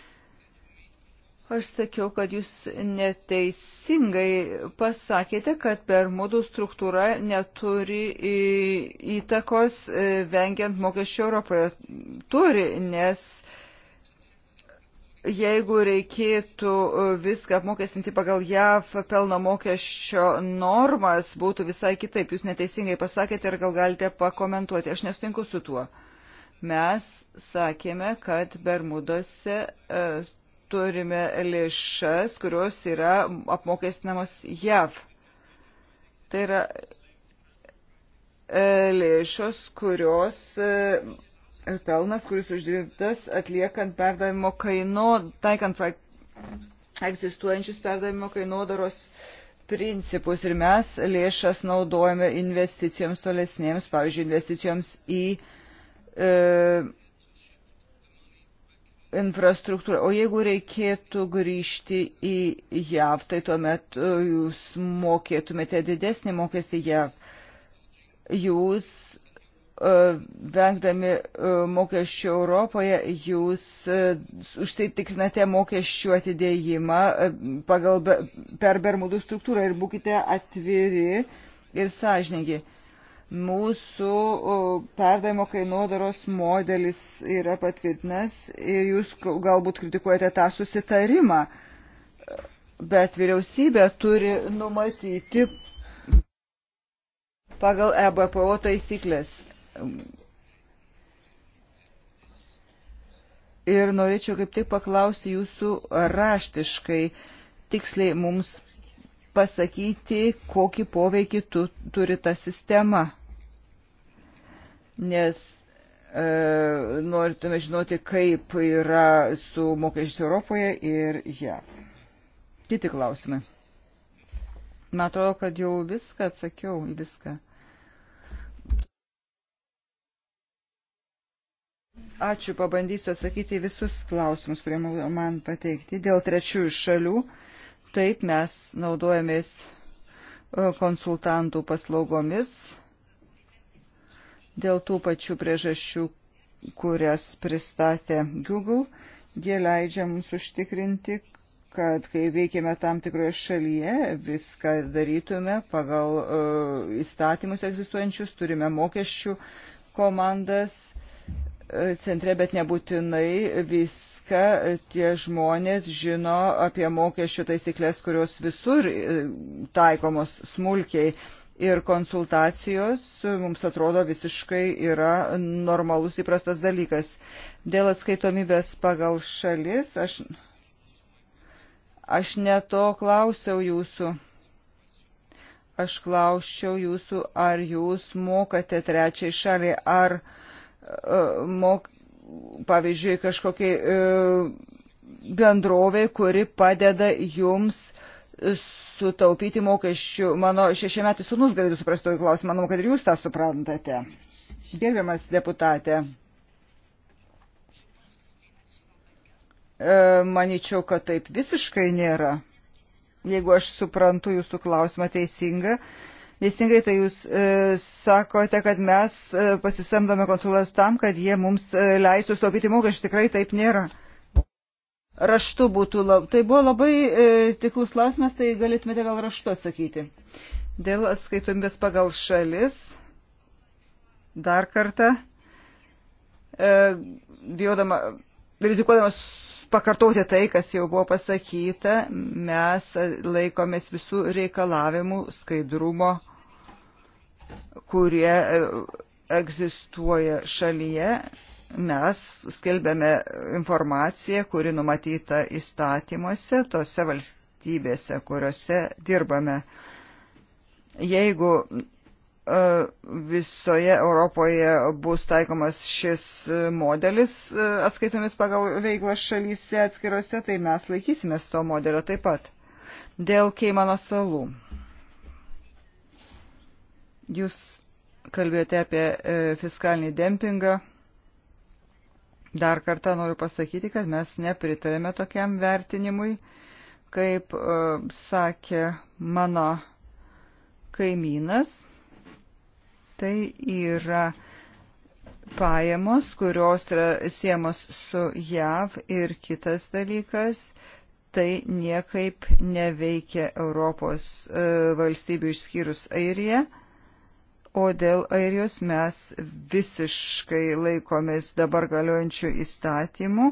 Aš sakiau, kad jūs neteisingai pasakėte, kad permudų struktūra neturi įtakos e, vengiant mokesčių Europoje. Turi, nes jeigu reikėtų e, viską apmokestinti pagal JAV pelno mokesčio normas, būtų visai kitaip. Jūs neteisingai pasakėte ir gal galite pakomentuoti. Aš nesutinku su tuo. Mes sakėme, kad Bermudose. E, turime lėšas, kurios yra apmokestinamos JAV. Tai yra e, lėšos, kurios ir e, pelnas, kuris uždirbtas atliekant perdavimo kaino, taikant egzistuojančius perdavimo kainodaros principus ir mes lėšas naudojame investicijoms tolesnėms, pavyzdžiui, investicijoms į e, infrastruktūrą. O jeigu reikėtų grįžti į JAV, tai tuomet e, jūs mokėtumėte didesnį mokestį JAV. Jūs e, vengdami e, mokesčių Europoje, jūs užsitikrinate mokesčių atidėjimą pagal per bermudų struktūrą ir būkite atviri ir sąžininkai. Mūsų perdavimo kainodaros modelis yra patvirtinęs ir jūs galbūt kritikuojate tą susitarimą, bet vyriausybė turi numatyti pagal EBPO taisyklės. Ir norėčiau kaip tik paklausti jūsų raštiškai, tiksliai mums pasakyti, kokį poveikį tu, turi ta sistema. Nes e, noritume žinoti, kaip yra su mokesčiais Europoje ir JAV. Kiti klausimai. Man atrodo, kad jau viską atsakiau į viską. Ačiū, pabandysiu atsakyti visus klausimus, kurie man pateikti dėl trečiųjų šalių. E, Taip mes naudojamės e, konsultantų paslaugomis dėl tų pačių priežasčių, kurias pristatė Google. Jie leidžia mums užtikrinti, kad kai veikiame tam tikroje šalyje, viską darytume pagal uh, įstatymus egzistuojančius, turime mokesčių komandas, centre, bet nebūtinai viską tie žmonės žino apie mokesčių taisyklės, kurios visur e, taikomos smulkiai. Ir konsultacijos e, mums atrodo visiškai yra normalus įprastas dalykas. Dėl atskaitomybės pagal šalis, aš, aš neto klausiau jūsų aš klausčiau jūsų, ar jūs mokate trečiai šaliai, ar mok, pavyzdžiui, kažkokiai e, bendrovė, kuri padeda jums sutaupyti mokesčių. Mano šešiametis sunus galėtų suprasti tokį klausimą, manau, kad ir jūs tą suprantate. Gerbiamas deputatė, e, manyčiau, kad taip visiškai nėra. Jeigu aš suprantu jūsų klausimą teisingai, Teisingai tai jūs e, sakote, kad mes e, pasisamdome konsulus tam, kad jie mums e, leistų slopyti mokesčius. Tikrai taip nėra. Raštu būtų labai. Tai buvo labai e, tiklus klausimas, tai galėtumėte gal raštu atsakyti. Dėl atskaitomybės pagal šalis. Dar kartą. E, bijodama, rizikuodama pakartoti tai, kas jau buvo pasakyta. Mes laikomės visų reikalavimų skaidrumo, kurie e, egzistuoja šalyje. Mes skelbėme informaciją, kuri numatyta įstatymuose tose valstybėse, kuriuose dirbame. Jeigu visoje Europoje bus taikomas šis modelis e, atskaitomis pagal veiklą šalyse atskiruose, tai mes laikysime to modelio taip pat. Dėl Keimano salų. Jūs kalbėjote apie e, fiskalinį dempingą. Dar kartą noriu pasakyti, kad mes nepritarėme tokiam vertinimui, kaip uh, sakė mano kaimynas tai yra pajamos, kurios yra siemos su JAV ir kitas dalykas, tai niekaip neveikia Europos e, valstybių išskyrus Airiją, o dėl Airijos mes visiškai laikomės dabar galiojančių įstatymų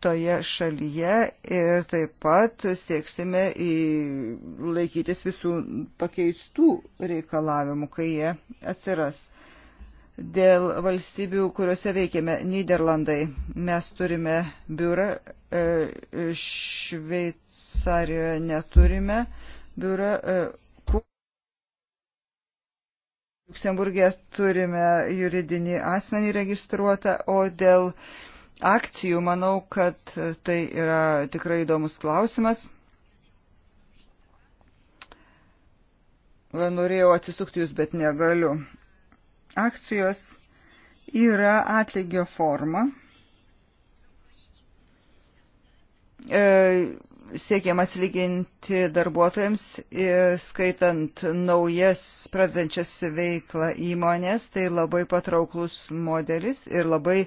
toje šalyje ir taip pat sieksime laikytis visų pakeistų reikalavimų, kai jie atsiras. Dėl valstybių, kuriuose veikiame Niderlandai, mes turime biurą, e, Šveicarijoje neturime biurą, e, Luksemburgė turime juridinį asmenį registruotą, o dėl uh, akcijų, manau, kad tai yra tikrai įdomus klausimas. Norėjau atsisukti jūs, bet negaliu. Akcijos yra atlygio forma. E, siekiam atlyginti darbuotojams, e, skaitant naujas pradedančias veiklą įmonės, tai labai patrauklus modelis ir labai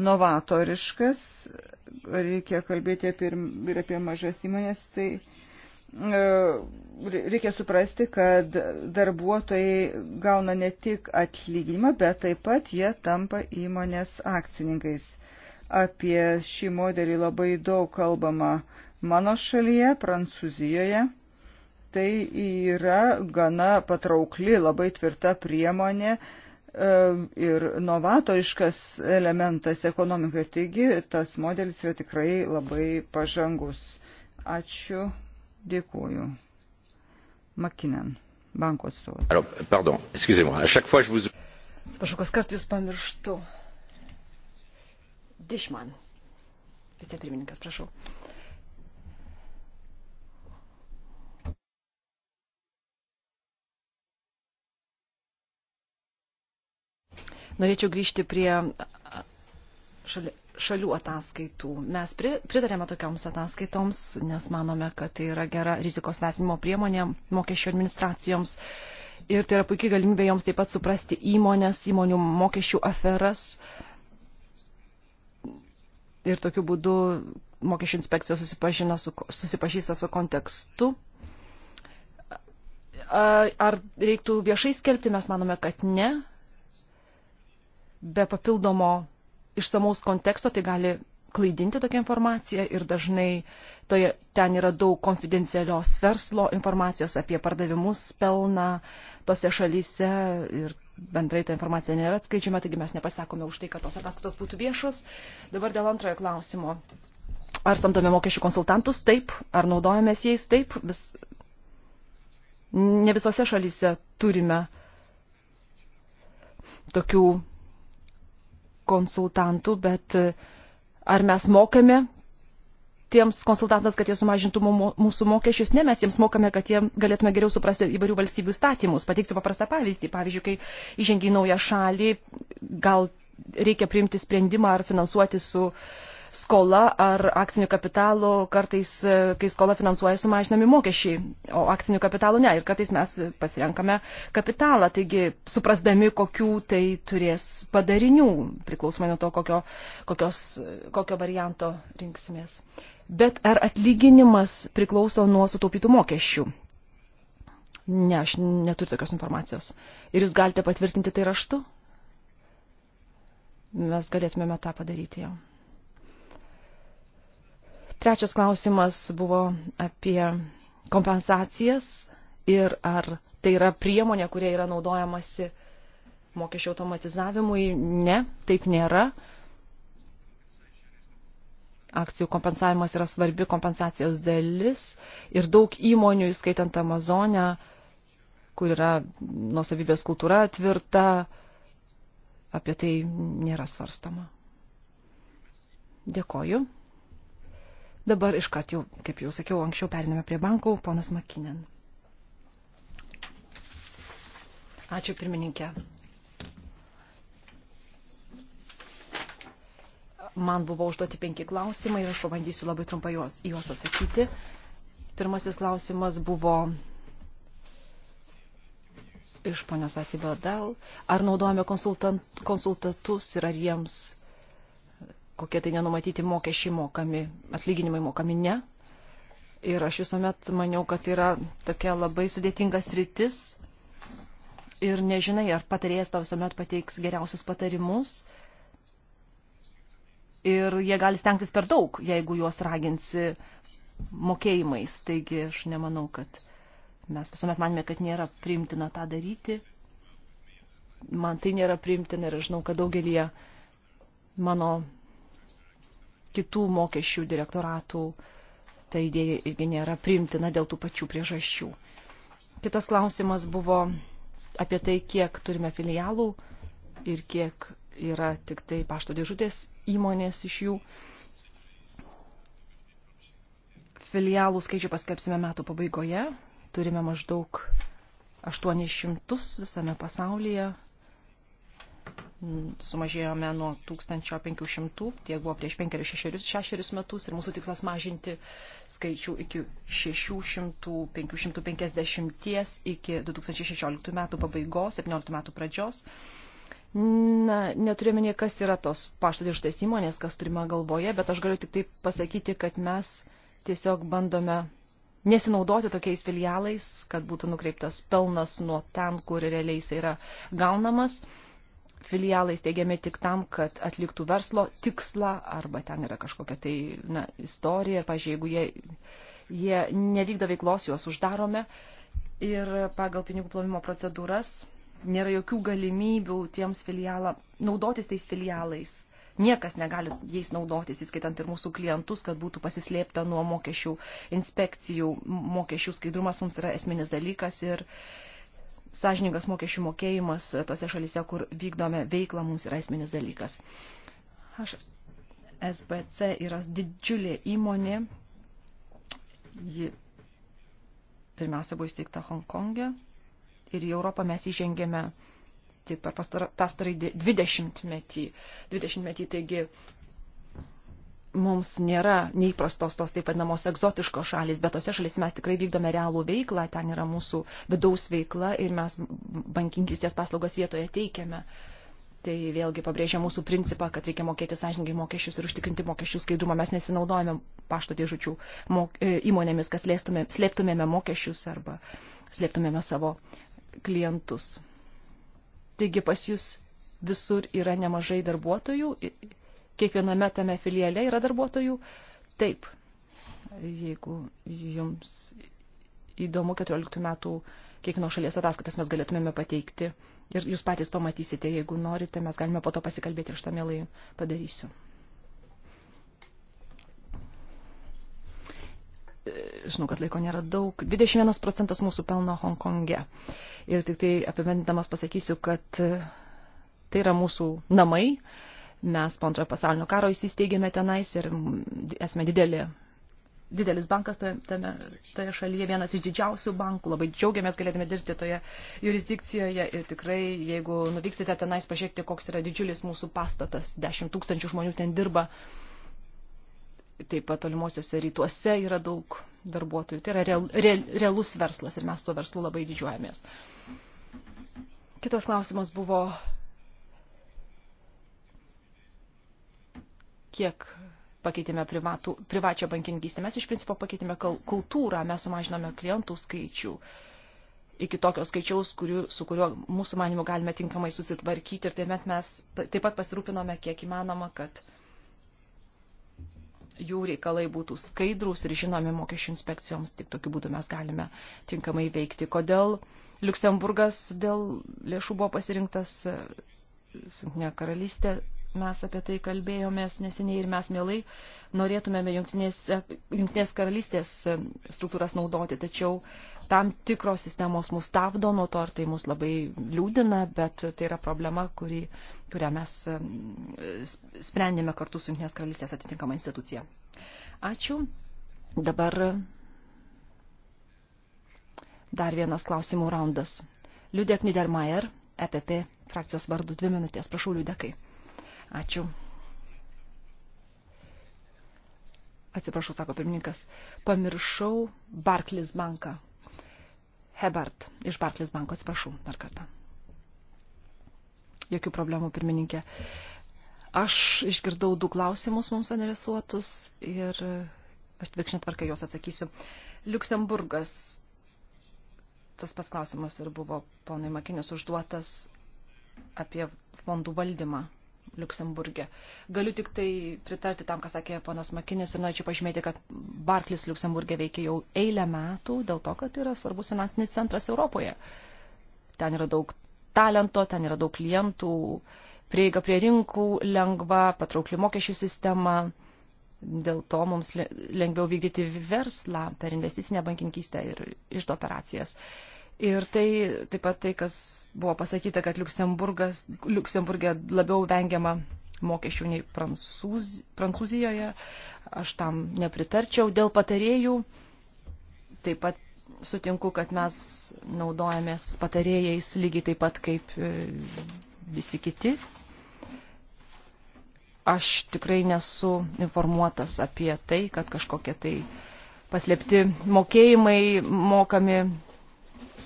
novatoriškas, reikia kalbėti apie, ir apie mažas įmonės, tai e, reikia suprasti, kad darbuotojai gauna ne tik atlyginimą, bet taip pat jie tampa įmonės akcininkais. Apie šį modelį labai daug kalbama mano šalyje, Prancūzijoje. Tai yra gana patraukli, labai tvirta priemonė, uh, ir novatoriškas elementas ekonomikai. Taigi tas modelis yra tikrai labai pažangus. Ačiū, dėkuoju. Makinen, banko atstovas. Pardon, excusez-moi, à chaque fois je vous... Atsiprašau, kas kart jūs pamirštu. Dišman, vicepirmininkas, prašau. Norėčiau grįžti prie šalių ataskaitų. Mes pridarėme tokioms ataskaitoms, nes manome, kad tai yra gera rizikos vertinimo priemonė mokesčių administracijoms. Ir tai yra puikiai galimybė joms taip pat suprasti įmonės, įmonių mokesčių aferas. Ir tokiu būdu mokesčių inspekcija susipažįsta su, susipažįsta su kontekstu ar reiktų viešai skelbti, mes manome, kad ne be papildomo išsamaus konteksto, tai gali klaidinti tokią informaciją ir dažnai toje, ten yra daug konfidencialios verslo informacijos apie pardavimus, pelną tose šalyse ir bendrai ta informacija nėra atskleidžiama, taigi mes nepasakome už tai, kad tos ataskaitos būtų viešos. Dabar dėl antrojo klausimo. Ar samdome mokesčių konsultantus? Taip. Ar naudojamės jais? Taip. Vis... Ne visose šalyse turime tokių konsultantų, bet e, ar mes mokame tiems konsultantams, kad jie sumažintų mūsų mokesčius. Ne, mes jiems mokame, kad jie galėtume geriau suprasti įvairių valstybių statymus. Pateiksiu paprastą pavyzdį. Pavyzdžiui, kai įžengiai naują šalį, gal reikia priimti sprendimą ar finansuoti su uh, skola ar akcinių kapitalų, kartais, e, kai skola finansuoja, sumažinami mokesčiai, o akcinių kapitalų ne. Ir kartais mes pasirenkame kapitalą, taigi suprasdami, kokių tai turės padarinių, priklausomai nuo to, kokio, kokios, kokio varianto rinksimės. Bet ar atlyginimas priklauso nuo sutaupytų mokesčių? Ne, aš neturiu tokios informacijos. Ir jūs galite patvirtinti tai raštu? Mes galėtumėme tą padaryti jau. Trečias klausimas buvo apie kompensacijas ir ar tai yra priemonė, kuria yra naudojamasi mokesčio automatizavimui. Ne, taip nėra. Akcijų kompensavimas yra svarbi kompensacijos dalis ir daug įmonių, įskaitant Amazonę, kur yra nuosavybės kultūra tvirta, apie tai nėra svarstama. Dėkoju. Dabar iškart jau, kaip jau sakiau, anksčiau periname prie bankų, ponas Makinen. Ačiū pirmininkė. Man buvo užduoti penki klausimai ir aš pabandysiu labai trumpai juos, juos atsakyti. Pirmasis klausimas buvo iš ponios Asibadal. Ar naudojame konsultantus ir ar jiems kokie tai nenumatyti mokesčiai mokami, atlyginimai mokami ne. Ir aš visuomet maniau, kad yra tokia labai sudėtingas rytis ir nežinai, ar patarėjas tau visuomet pateiks geriausius patarimus. Ir jie gali stengtis per daug, jeigu juos raginsi mokėjimais. Taigi aš nemanau, kad mes visuomet manime, kad nėra priimtina tą daryti. Man tai nėra priimtina ir aš žinau, kad daugelie mano kitų mokesčių direktoratų, ta idėja irgi nėra priimtina dėl tų pačių priežasčių. Kitas klausimas buvo apie tai, kiek turime filialų ir kiek yra tik tai pašto dėžutės įmonės iš jų. Filialų skaičių paskelbsime metų pabaigoje. Turime maždaug 800 visame pasaulyje sumažėjome nuo 1500, tiek buvo prieš 5-6 metus ir mūsų tikslas mažinti skaičių iki 600-550 iki 2016 metų pabaigos, 17 metų pradžios. Na, neturime nie kas yra tos pašto dėžutės įmonės, kas turime galvoje, bet aš galiu tik taip pasakyti, kad mes tiesiog bandome nesinaudoti tokiais filialais, kad būtų nukreiptas pelnas nuo ten, kur realiai jis yra gaunamas. Uh, filialai steigiami tik tam, kad atliktų verslo tikslą arba ten yra kažkokia tai na, istorija. Pavyzdžiui, jeigu jie, jie nevykdo veiklos, juos uždarome ir pagal pinigų plovimo procedūras nėra jokių galimybių tiems filialą, naudotis tais filialais. Niekas negali jais naudotis, įskaitant ir mūsų klientus, kad būtų pasislėpta nuo mokesčių inspekcijų. Mokesčių skaidrumas mums yra esminis dalykas ir uh, sąžiningas mokesčių mokėjimas tose šalyse, kur vykdome veiklą, mums yra esminis dalykas. Aš, SBC yra didžiulė įmonė. Ji pirmiausia buvo įsteigta Hongkonge ir į Europą mes įžengėme tik per pastarąjį 20 metį. 20 metį, taigi mums nėra neįprastos tos taip vadinamos egzotiškos šalis, bet tose šalis mes tikrai vykdome realų veiklą, ten yra mūsų vidaus veikla ir mes bankinkistės paslaugas vietoje teikiame. Tai vėlgi pabrėžia mūsų principą, kad reikia mokėti sąžininkai mokesčius ir užtikrinti mokesčių skaidrumą. Mes nesinaudojame pašto dėžučių mok, e, įmonėmis, kas lėstume, slėptumėme mokesčius arba slėptumėme savo klientus. Taigi pas jūs visur yra nemažai darbuotojų kiekviename tame filiale yra darbuotojų? Taip. Jeigu jums įdomu 14 metų kiekvienos šalies ataskaitas mes galėtumėme pateikti ir jūs patys pamatysite, jeigu norite, mes galime po to pasikalbėti ir aš tą mielai padarysiu. žinau, kad laiko nėra daug, 21 procentas mūsų pelno Hongkonge. Ir tik tai apibendinamas pasakysiu, kad tai yra mūsų namai, Mes po antrojo pasaulinio karo įsisteigėme tenais ir esame didelė, didelis bankas toje, tame, toje šalyje, vienas iš didžiausių bankų. Labai džiaugiamės galėdami dirbti toje jurisdikcijoje ir tikrai, jeigu nuvyksite tenais pažiūrėkti, koks yra didžiulis mūsų pastatas, 10 tūkstančių žmonių ten dirba taip pat tolimuosiuose rytuose yra daug darbuotojų. Tai yra real, real, realus verslas ir mes tuo verslu labai didžiuojamės. Kitas klausimas buvo kiek pakeitėme privatų, privačią bankininkystę. Mes iš principo pakeitėme kultūrą, mes sumažinome klientų skaičių iki tokio skaičiaus, kuriu, su kuriuo mūsų manimu galime tinkamai susitvarkyti ir taip mes taip pat pasirūpinome kiek įmanoma, kad jų reikalai būtų skaidrūs ir žinomi mokesčių inspekcijoms, tik tokiu būdu mes galime tinkamai veikti. Kodėl Luksemburgas dėl lėšų buvo pasirinktas Sunkinė karalystė, Mes apie tai kalbėjomės neseniai ir mes mielai norėtumėme jungtinės, jungtinės karalystės struktūras naudoti, tačiau tam tikros sistemos mus stabdo nuo to, ar tai mus labai liūdina, bet tai yra problema, kuri, kurią mes sprendėme kartu su jungtinės karalystės atitinkama institucija. Ačiū. Dabar dar vienas klausimų raundas. Liudek Niedermayer, EPP frakcijos vardu dvi minutės. Prašau, Liudekai. Ačiū. Atsiprašau, sako pirmininkas, pamiršau Barclays banką. Hebert iš Barclays banko, atsiprašau dar kartą. Jokių problemų, pirmininkė. Aš išgirdau du klausimus mums adresuotus ir aš atvirkšnė tvarka juos atsakysiu. Liuksemburgas, tas pats klausimas ir buvo ponui Makinės užduotas apie fondų valdymą Luksemburgė. Galiu tik tai pritarti tam, ką sakė ponas Makinis ir norėčiau pažymėti, kad Barklis Luksemburgė veikia jau eilę metų dėl to, kad yra svarbus finansinis centras Europoje. Ten yra daug talento, ten yra daug klientų, prieiga prie rinkų lengva, patraukli mokesčių sistema. Dėl to mums lengviau vykdyti verslą per investicinę bankininkystę ir išdo operacijas. Uh, Ir tai taip pat tai, kas buvo pasakyta, kad Luksemburgė labiau vengiama mokesčių nei Prancūz, Prancūzijoje. Aš tam nepritarčiau. Dėl patarėjų taip pat sutinku, kad mes naudojamės patarėjais lygiai taip pat kaip e, visi kiti. Aš tikrai nesu informuotas apie tai, kad kažkokie tai paslėpti mokėjimai mokami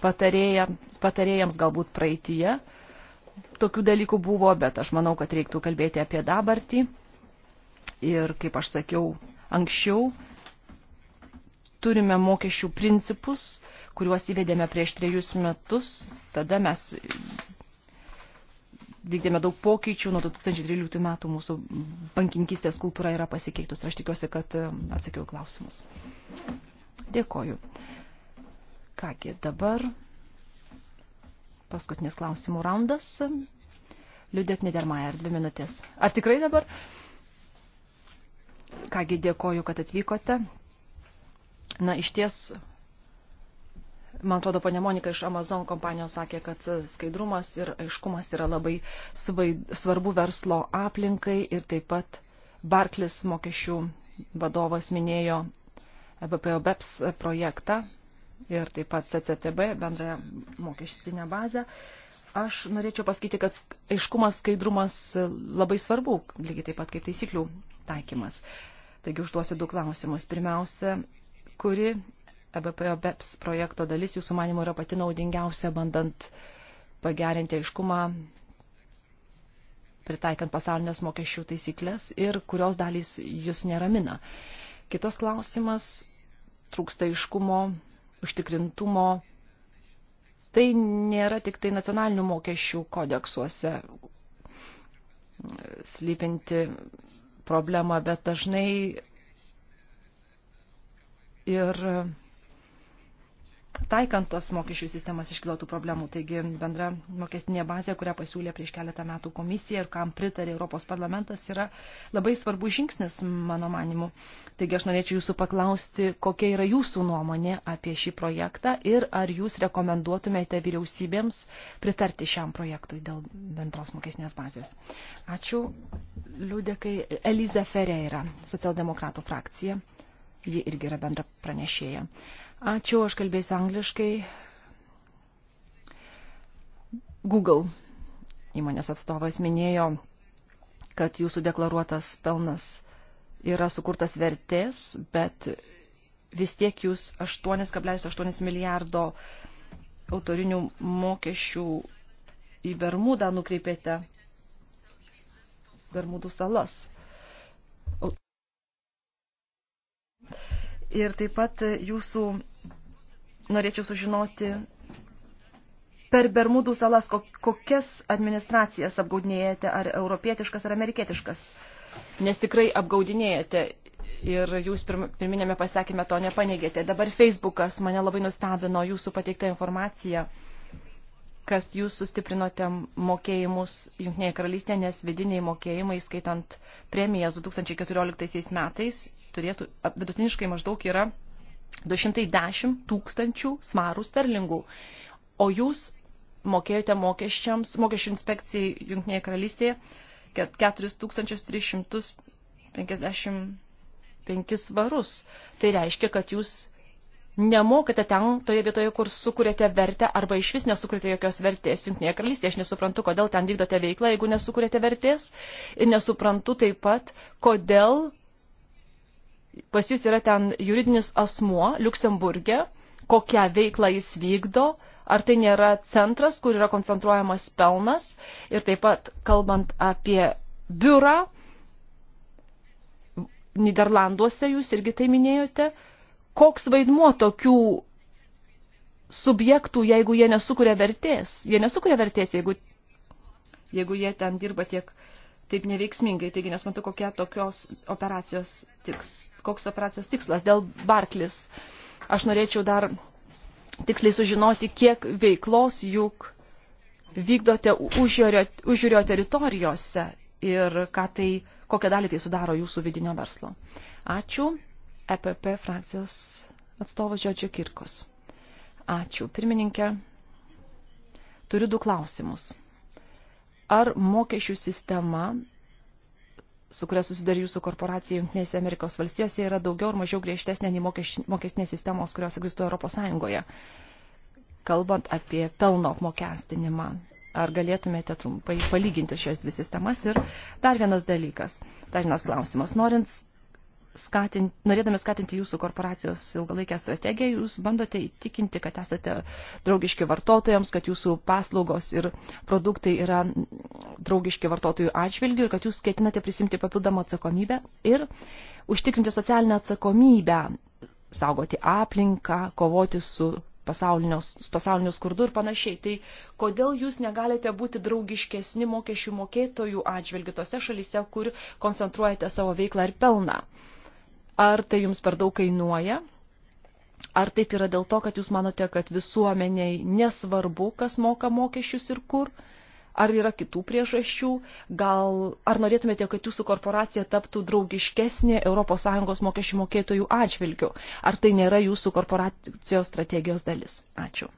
patarėja, patarėjams galbūt praeitie. Tokių dalykų buvo, bet aš manau, kad reiktų kalbėti apie dabartį. Ir kaip aš sakiau anksčiau, turime mokesčių principus, kuriuos įvedėme prieš trejus metus. Tada mes vykdėme daug pokyčių. Nuo 2013 metų mūsų bankininkistės kultūra yra pasikeitus. Aš tikiuosi, kad atsakiau klausimus. Dėkoju. Kągi, dabar paskutinis klausimų raundas. Liudek Niedermayer, dvi minutės. Ar tikrai dabar? Kągi, dėkoju, kad atvykote. Na, iš ties, man atrodo, ponė Monika iš Amazon kompanijos sakė, kad skaidrumas ir aiškumas yra labai svarbu verslo aplinkai ir taip pat Barklis mokesčių vadovas minėjo BPO e BEPS projektą ir taip pat CCTB, bendrąją mokestinę bazę. Aš norėčiau pasakyti, kad aiškumas, skaidrumas labai svarbu, lygiai taip pat kaip taisyklių taikymas. Taigi užduosiu du klausimus. Pirmiausia, kuri EBPO BEPS projekto dalis jūsų manimo yra pati naudingiausia, bandant pagerinti aiškumą, pritaikant pasaulinės mokesčių taisyklės ir kurios dalys jūs neramina. Kitas klausimas, trūksta aiškumo užtikrintumo. Tai nėra tik tai nacionalinių mokesčių kodeksuose slypinti problema, bet dažnai ir taikant tos mokesčių sistemas iškilo tų problemų. Taigi bendra mokestinė bazė, kurią pasiūlė prieš keletą metų komisija ir kam pritarė Europos parlamentas, yra labai svarbus žingsnis, mano manimu. Taigi aš norėčiau jūsų paklausti, kokia yra jūsų nuomonė apie šį projektą ir ar jūs rekomenduotumėte vyriausybėms pritarti šiam projektui dėl bendros mokestinės bazės. Ačiū, Liudekai. Eliza Ferreira, socialdemokratų frakcija. Ji irgi yra bendra pranešėja. Ačiū, aš kalbėsiu angliškai. Google įmonės atstovas minėjo, kad jūsų deklaruotas pelnas yra sukurtas vertės, bet vis tiek jūs 8,8 milijardo autorinių mokesčių į Bermudą nukreipėte Bermudų salas. Ir taip pat jūsų norėčiau sužinoti per Bermudų salas, kokias administracijas apgaudinėjate, ar europietiškas, ar amerikietiškas. Nes tikrai apgaudinėjate ir jūs pirminėme pasakymė to nepaneigėte. Dabar Facebookas mane labai nustebino jūsų pateiktą informaciją kas jūs sustiprinote mokėjimus Junktinėje karalystėje, nes vidiniai mokėjimai, skaitant premijas 2014 metais, turėtų vidutiniškai maždaug yra 210 tūkstančių svarų sterlingų. O jūs mokėjote mokesčiams, mokesčių inspekcijai Junktinėje karalystėje 4355 svarus. Tai reiškia, kad jūs nemokate ten toje vietoje, kur sukūrėte vertę arba iš vis nesukūrėte jokios vertės. Junktinėje karalystėje aš nesuprantu, kodėl ten vykdote veiklą, jeigu nesukūrėte vertės. Ir nesuprantu taip pat, kodėl pas jūs yra ten juridinis asmuo Luksemburgė, kokią veiklą jis vykdo, ar tai nėra centras, kur yra koncentruojamas pelnas. Ir taip pat kalbant apie biurą, Niderlanduose jūs irgi tai minėjote koks vaidmuo tokių subjektų, jeigu jie nesukuria vertės. Jie nesukuria vertės, jeigu, jeigu jie ten dirba tiek taip neveiksmingai. Taigi nesmantu, kokia tokios operacijos tiks, koks operacijos tikslas. Dėl Barklis aš norėčiau dar tiksliai sužinoti, kiek veiklos juk vykdote užjūrio, užjūrio teritorijose ir ką tai, kokią dalį tai sudaro jūsų vidinio verslo. Ačiū. EPP frakcijos atstovas Džodžio Kirkos. Ačiū. Pirmininkė, turiu du klausimus. Ar mokesčių sistema, su kuria susidarė jūsų korporacija Junktinėse Amerikos valstijose, yra daugiau ar mažiau griežtesnė nei mokestinės sistemos, kurios egzistuoja Europos Sąjungoje? Kalbant apie pelno apmokestinimą, ar galėtumėte trumpai palyginti šias dvi sistemas? Ir dar vienas dalykas, dar vienas klausimas. Norint skatint, norėdami skatinti jūsų korporacijos ilgalaikę strategiją, jūs bandote įtikinti, kad esate draugiški vartotojams, kad jūsų paslaugos ir produktai yra draugiški vartotojų atžvilgių ir kad jūs ketinate prisimti papildomą atsakomybę ir užtikrinti socialinę atsakomybę, saugoti aplinką, kovoti su pasauliniu skurdu ir panašiai. Tai kodėl jūs negalite būti draugiškesni mokesčių mokėtojų atžvilgiu tose šalyse, kur koncentruojate savo veiklą ir pelną? Ar tai jums per daug kainuoja? Ar taip yra dėl to, kad jūs manote, kad visuomeniai nesvarbu, kas moka mokesčius ir kur? Ar yra kitų priežasčių? Gal, ar norėtumėte, kad jūsų korporacija taptų draugiškesnė ES mokesčių mokėtojų atžvilgių? Ar tai nėra jūsų korporacijos strategijos dalis? Ačiū.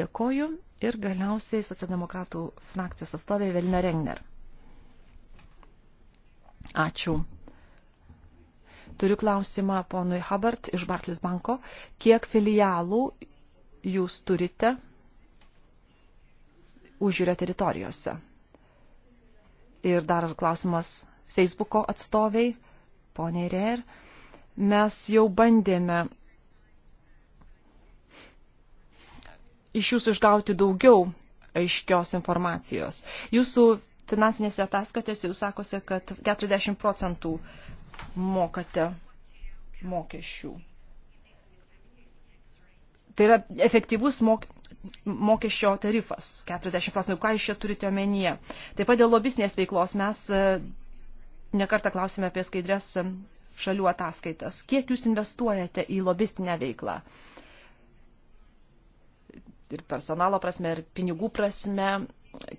Dėkoju ir galiausiai socialdemokratų frakcijos atstovė Velina Regner. Ačiū, Turiu klausimą ponui Habart iš Barclays banko. Kiek filialų jūs turite užjūrio teritorijose? Ir dar klausimas Facebooko atstoviai, poniai Reir. Mes jau bandėme iš jūsų išgauti daugiau aiškios informacijos. Jūsų finansinėse ataskaitėse jūs sakote, kad 40 procentų mokate mokesčių. Tai yra efektyvus mok mokesčio tarifas, 40 procentų, ką iš čia turite omenyje. Taip pat dėl lobisnės veiklos mes e, nekartą klausime apie skaidrės e, šalių ataskaitas. Kiek jūs investuojate į lobistinę veiklą? Ir personalo prasme, ir pinigų prasme,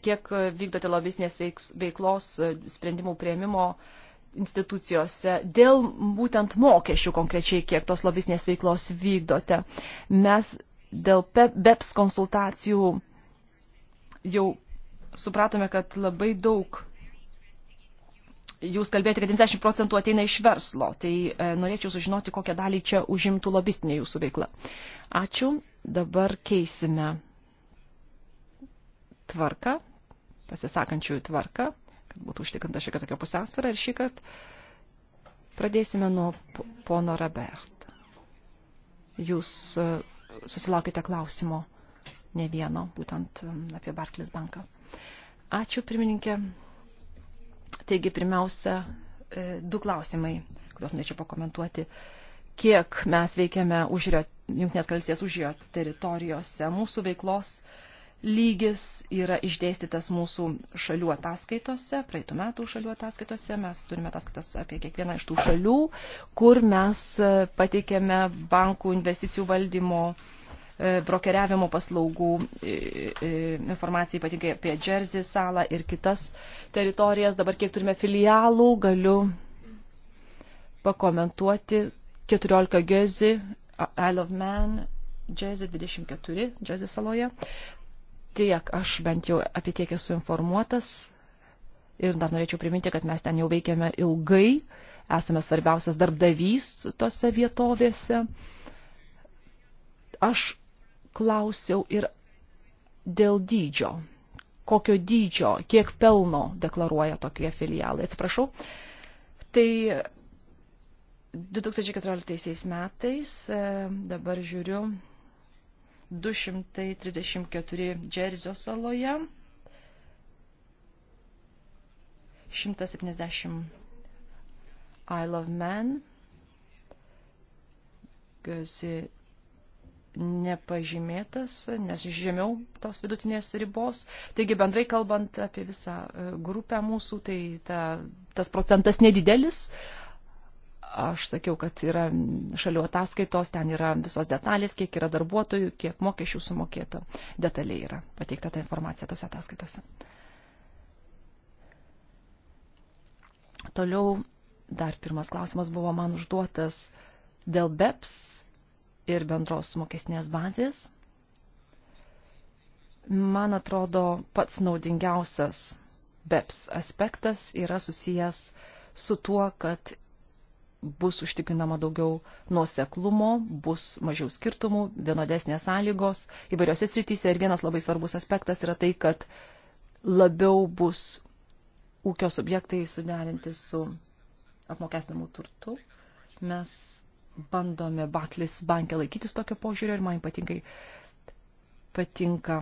kiek vykdote lobistinės veiklos e, sprendimų prieimimo uh, institucijose dėl būtent mokesčių konkrečiai, kiek tos lobisnės veiklos vykdote. Mes dėl BEPS konsultacijų jau supratome, kad labai daug jūs kalbėjote, kad 90 procentų ateina iš verslo. Tai e, norėčiau sužinoti, kokią dalį čia užimtų lobistinė jūsų veikla. Ačiū. Dabar keisime tvarką, pasisakančiųjų tvarką kad būtų užtikrinta šiokia tokia pusiausvėra. Ir šį kartą pradėsime nuo pono Robert. Jūs e, susilaukite klausimo ne vieno, būtent apie Barclays banką. Ačiū, pirmininkė. Taigi, pirmiausia, e, du klausimai, kuriuos norėčiau pakomentuoti kiek mes veikiame užrio, Junktinės karalystės užrio teritorijose. Mūsų veiklos lygis yra išdėstytas mūsų šalių ataskaitose, praeitų metų šalių ataskaitose. Mes turime ataskaitas apie kiekvieną iš tų šalių, kur mes e, pateikėme bankų investicijų valdymo e, brokeriavimo paslaugų e, informaciją, ypatingai apie Džersį salą ir kitas teritorijas. Dabar kiek turime filialų, galiu pakomentuoti. 14 Gezi, Isle of Man, Džezi 24, Džezi saloje tiek, aš bent jau apie tiek esu informuotas. Ir dar norėčiau priminti, kad mes ten jau veikiame ilgai, esame svarbiausias darbdavys tose vietovėse. Aš klausiau ir dėl dydžio, kokio dydžio, kiek pelno deklaruoja tokie filialai. Atsiprašau. Tai 2014 metais, e, dabar žiūriu, 234 Džerzio saloje, 170 Isle of Man, Gazi nepažymėtas, nes žemiau tos vidutinės ribos. Taigi bendrai kalbant apie visą e, grupę mūsų, tai ta, tas procentas nedidelis, Aš sakiau, kad yra šalių ataskaitos, ten yra visos detalės, kiek yra darbuotojų, kiek mokesčių sumokėta. Detaliai yra pateikta ta informacija tose ataskaitose. Toliau dar pirmas klausimas buvo man užduotas dėl BEPS ir bendros mokestinės bazės. Man atrodo, pats naudingiausias BEPS aspektas yra susijęs su tuo, kad bus užtikrinama daugiau nuoseklumo, bus mažiau skirtumų, vienodesnės sąlygos įvairiose srityse. Ir vienas labai svarbus aspektas yra tai, kad labiau bus ūkio subjektai suderinti su apmokestinamu turtu. Mes bandome Batlis bankę laikytis tokio požiūrio ir man ypatingai patinka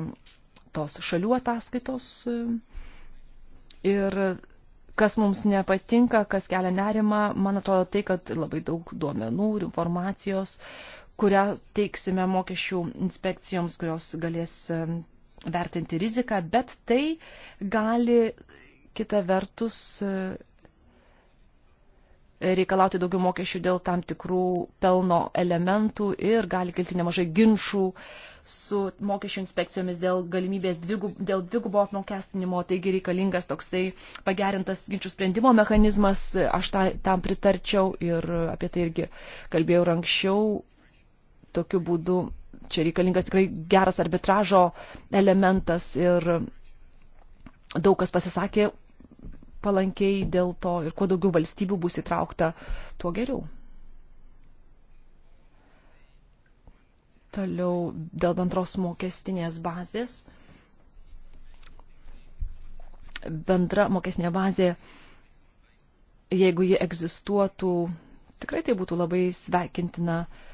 tos šalių ataskaitos. Ir kas mums nepatinka, kas kelia nerima, man atrodo tai, kad labai daug duomenų ir informacijos, kurią teiksime mokesčių inspekcijoms, kurios galės vertinti riziką, bet tai gali kita vertus reikalauti daugiau mokesčių dėl tam tikrų pelno elementų ir gali kilti nemažai ginčių su mokesčių inspekcijomis dėl galimybės dvigub, dėl dvigubo apmokestinimo, taigi reikalingas toksai pagerintas ginčių sprendimo mechanizmas, aš ta, tam pritarčiau ir apie tai irgi kalbėjau ir anksčiau, tokiu būdu čia reikalingas tikrai geras arbitražo elementas ir daug kas pasisakė palankiai dėl to ir kuo daugiau valstybių bus įtraukta, tuo geriau. Toliau dėl bendros mokestinės bazės. Bendra mokestinė bazė, jeigu ji egzistuotų, tikrai tai būtų labai sveikintina uh,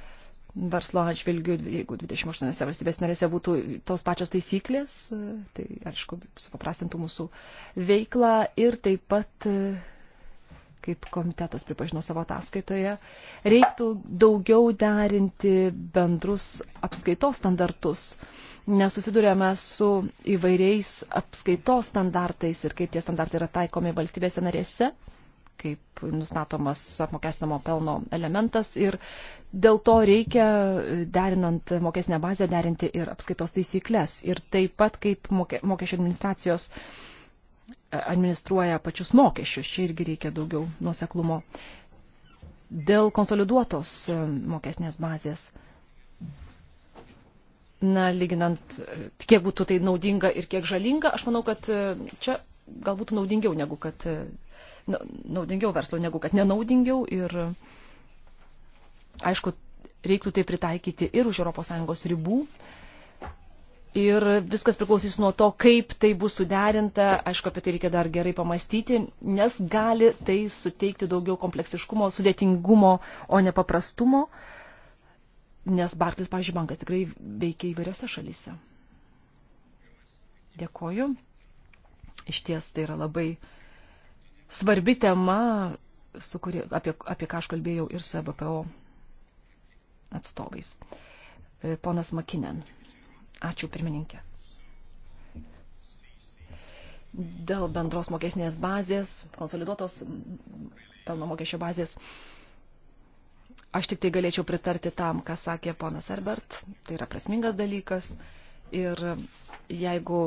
verslo atžvilgių, jeigu 28 valstybės narėse būtų tos pačios taisyklės, tai aišku, supaprastintų mūsų veiklą ir taip pat, kaip komitetas pripažino savo ataskaitoje, reiktų daugiau derinti bendrus apskaitos standartus. Nesusidurėme su įvairiais apskaitos standartais ir kaip tie standartai yra taikomi valstybėse narėse kaip nustatomas apmokestinamo pelno elementas ir dėl to reikia, e, derinant mokesnę bazę, derinti ir apskaitos taisyklės. Ir taip pat, kaip mokesčio administracijos e, administruoja pačius mokesčius, čia irgi reikia daugiau nuoseklumo. Dėl konsoliduotos e, mokesnės bazės na, lyginant, kiek būtų tai naudinga ir kiek žalinga, aš manau, kad čia galbūt naudingiau negu kad naudingiau verslui negu kad nenaudingiau ir aišku, reiktų tai pritaikyti ir už ES ribų. Ir viskas priklausys nuo to, kaip tai bus suderinta. Aišku, apie tai reikia dar gerai pamastyti, nes gali tai suteikti daugiau kompleksiškumo, sudėtingumo, o ne paprastumo. Nes Barclays, pavyzdžiui, bankas tikrai veikia įvairiose šalyse. Dėkoju. Iš ties tai yra labai svarbi tema, kuri, apie, apie ką aš kalbėjau ir su EBPO atstovais. E, ponas Makinen. Ačiū pirmininkė. Dėl bendros mokesnės bazės, konsoliduotos pelno mokesčio bazės, aš tik tai galėčiau pritarti tam, ką sakė ponas Herbert. Tai yra prasmingas dalykas. Ir jeigu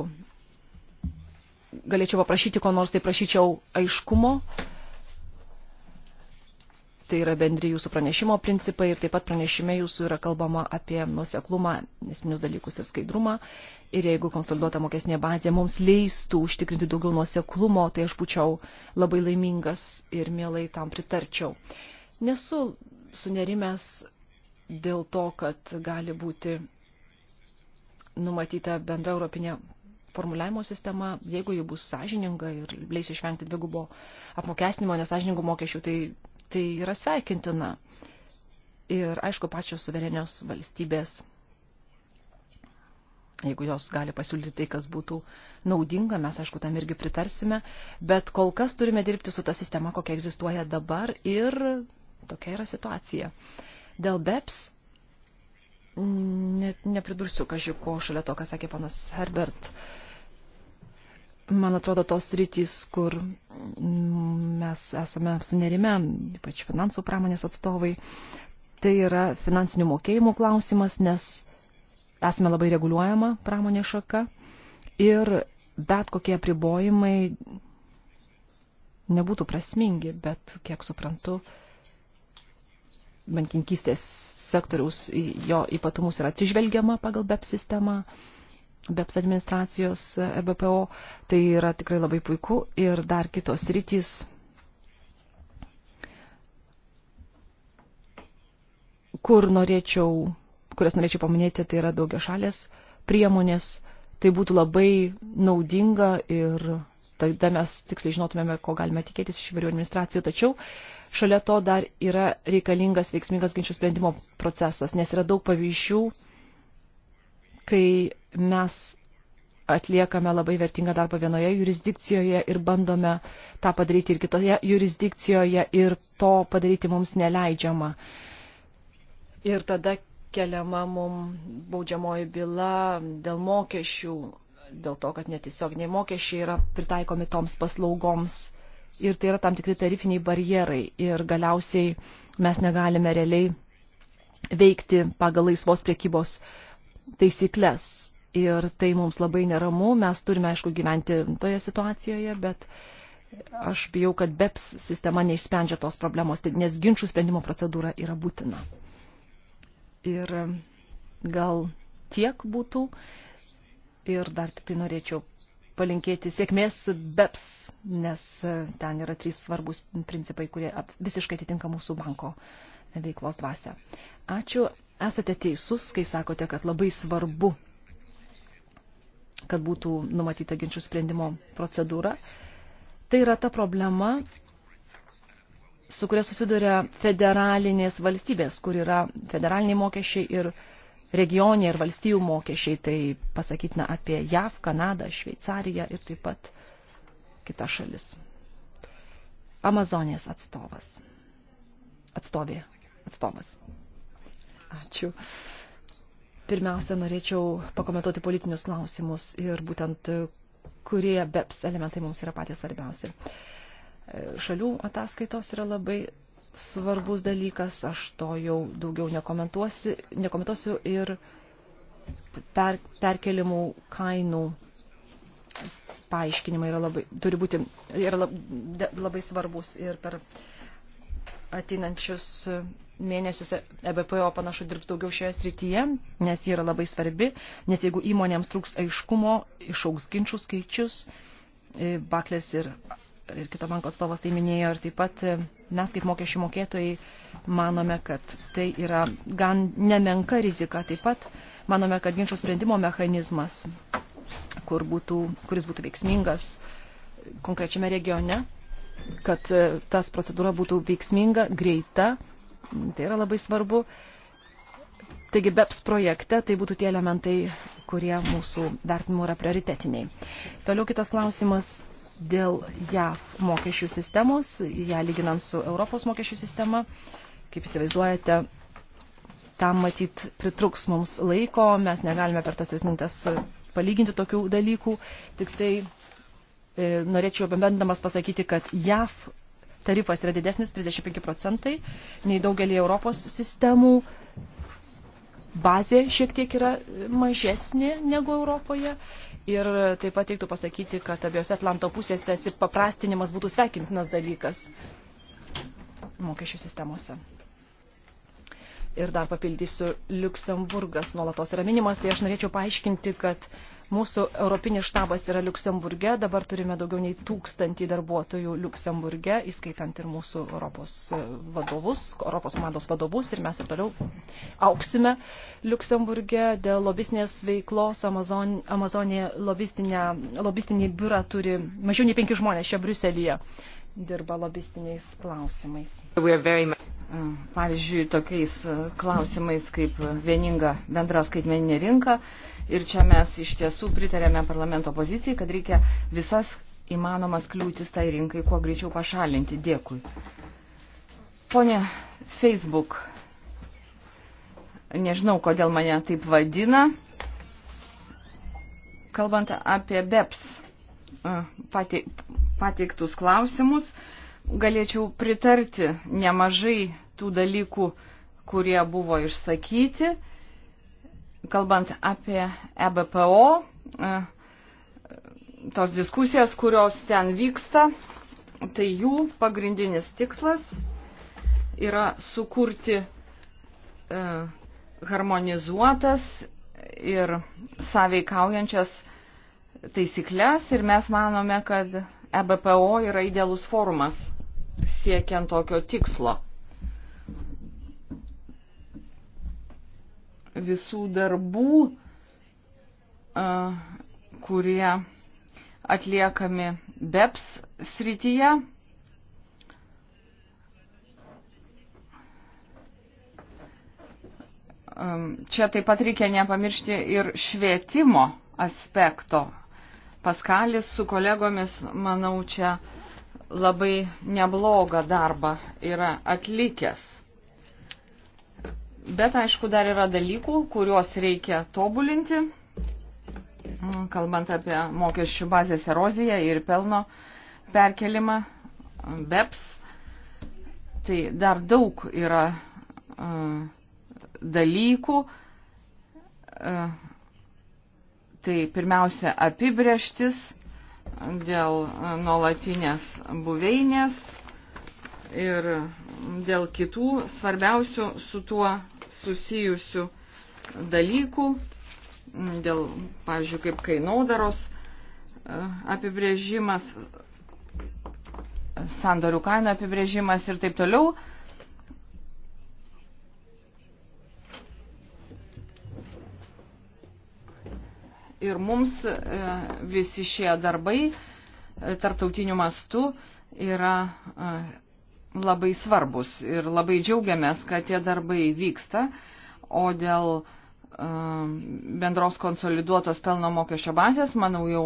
galėčiau paprašyti, ko nors tai prašyčiau aiškumo. Tai yra bendri jūsų pranešimo principai ir taip pat pranešime jūsų yra kalbama apie nuseklumą, esminius dalykus ir skaidrumą. Ir jeigu konsoliduota mokesnė bazė mums leistų užtikrinti daugiau nuseklumo, tai aš būčiau labai laimingas ir mielai tam pritarčiau. Nesu sunerimęs dėl to, kad gali būti numatyta bendra europinė formuliavimo sistema, jeigu ji bus sąžininga ir leis išvengti dvigubo apmokestinimo, nesąžiningų mokesčių, tai, tai yra sveikintina. Ir aišku, pačios suverenios valstybės, jeigu jos gali pasiūlyti tai, kas būtų naudinga, mes aišku tam irgi pritarsime, bet kol kas turime dirbti su ta sistema, kokia egzistuoja dabar ir tokia yra situacija. Dėl BEPS net nepridursiu kažko šalia to, ką sakė panas Herbert. Uh, man atrodo, tos rytys, kur mes esame sunerime, ypač finansų pramonės atstovai, tai yra finansinių mokėjimų klausimas, nes esame labai reguliuojama pramonė šaka ir bet kokie apribojimai nebūtų prasmingi, bet, kiek suprantu, bankinkystės sektoriaus jo ypatumus yra atsižvelgiama pagal BEP sistemą. BEPS administracijos e, BPO, tai yra tikrai labai puiku ir dar kitos rytys. Kur norėčiau, kurias norėčiau paminėti, tai yra daugia šalės priemonės. Tai būtų labai naudinga ir tada mes tiksliai žinotumėme, ko galime tikėtis iš įvairių administracijų, tačiau šalia to dar yra reikalingas veiksmingas ginčių sprendimo procesas, nes yra daug pavyzdžių, kai mes atliekame labai vertingą darbą vienoje jurisdikcijoje ir bandome tą padaryti ir kitoje jurisdikcijoje ir to padaryti mums neleidžiama. Ir tada keliama mums baudžiamoji byla dėl mokesčių, dėl to, kad netiesioginiai mokesčiai yra pritaikomi toms paslaugoms. Ir tai yra tam tikri tarifiniai barjerai. Ir galiausiai mes negalime realiai veikti pagal laisvos priekybos uh, taisyklės. Ir tai mums labai neramu, mes turime, aišku, gyventi toje situacijoje, bet aš bijau, kad BEPS sistema neišsprendžia tos problemos, nes ginčių sprendimo procedūra yra būtina. Ir gal tiek būtų. Ir dar tik tai norėčiau palinkėti sėkmės BEPS, nes ten yra trys svarbus principai, kurie visiškai atitinka mūsų banko veiklos dvasę. Ačiū esate teisus, kai sakote, kad labai svarbu, kad būtų numatyta ginčių sprendimo procedūra. Tai yra ta problema, su kuria susiduria federalinės valstybės, kur yra federaliniai mokesčiai ir regioniai ir valstybių mokesčiai, tai pasakytina apie JAV, Kanadą, Šveicariją ir taip pat kitas šalis. Amazonės atstovas. Atstovė. Atstovas. Ačiū. Pirmiausia, norėčiau pakomentuoti politinius klausimus ir būtent kurie BEPS elementai mums yra patys svarbiausi. Šalių ataskaitos yra labai svarbus dalykas, aš to jau daugiau nekomentuosiu, nekomentuosiu ir per, perkelimų kainų paaiškinimai yra labai, turi būti, yra labai svarbus ir per uh, ateinančius mėnesius EBPO panašu dirbs daugiau šioje srityje, nes ji yra labai svarbi, nes jeigu įmonėms trūks aiškumo, išaugs ginčių skaičius, e, Baklės ir, ir kito banko atstovas tai minėjo, ir taip pat e, mes kaip mokesčių mokėtojai manome, kad tai yra gan nemenka rizika, taip pat manome, kad ginčių sprendimo mechanizmas, kur būtų, kuris būtų veiksmingas konkrečiame regione, kad e, tas procedūra būtų veiksminga, greita, tai yra labai svarbu. Taigi BEPS projekte tai būtų tie elementai, kurie mūsų vertinimu yra prioritetiniai. Toliau kitas klausimas dėl JAV mokesčių sistemos, ją lyginant su Europos mokesčių sistema. Kaip įsivaizduojate, tam matyt pritruks mums laiko, mes negalime per tas tris minutės palyginti tokių dalykų, tik tai E, norėčiau bendamas pasakyti, kad JAV tarifas yra didesnis 35 procentai nei daugelį Europos sistemų. Bazė šiek tiek yra mažesnė negu Europoje ir taip pat reiktų pasakyti, kad abiejose Atlanto pusėse paprastinimas būtų sveikintinas dalykas mokesčių sistemose. Ir dar papildysiu, Luxemburgas nuolatos yra minimas, tai aš norėčiau paaiškinti, kad uh, Mūsų europinis štabas yra Luksemburge, dabar turime daugiau nei tūkstantį darbuotojų Luksemburge, įskaitant ir mūsų Europos e, vadovus, Europos komandos vadovus ir mes ir toliau auksime Luksemburge dėl lobistinės veiklos. Amazon, Amazonė lobistinį biurą turi mažiau nei penki žmonės čia Briuselyje dirba lobistiniais klausimais. E, pavyzdžiui, tokiais klausimais kaip vieninga bendra skaitmeninė rinka Ir čia mes iš tiesų pritarėme parlamento pozicijai, kad reikia visas įmanomas kliūtis tai rinkai kuo greičiau pašalinti. Dėkui. Pone Facebook, nežinau, kodėl mane taip vadina. Kalbant apie BEPS pateiktus klausimus, galėčiau pritarti nemažai tų dalykų, kurie buvo išsakyti kalbant apie EBPO, e, tos diskusijas, kurios ten vyksta, tai jų pagrindinis tikslas yra sukurti e, harmonizuotas ir sąveikaujančias taisyklės ir mes manome, kad EBPO yra idealus forumas siekiant tokio tikslo. visų darbų, kurie atliekami BEPS srityje. Čia taip pat reikia nepamiršti ir švietimo aspekto. Paskalis su kolegomis, manau, čia labai neblogą darbą yra atlikęs. Bet aišku, dar yra dalykų, kuriuos reikia tobulinti, mm, kalbant apie mokesčių bazės eroziją ir pelno perkelimą BEPS. Tai dar daug yra uh, dalykų. Uh, tai pirmiausia apibrieštis dėl nuolatinės buveinės ir dėl kitų svarbiausių su tuo susijusių dalykų, dėl, pavyzdžiui, kaip kainodaros e, apibrėžimas, sandorių kainų apibrėžimas ir taip toliau. Ir mums e, visi šie darbai e, tarptautiniu mastu yra labai svarbus ir labai džiaugiamės, kad tie darbai vyksta, o dėl um, bendros konsoliduotos pelno mokesčio bazės, manau, jau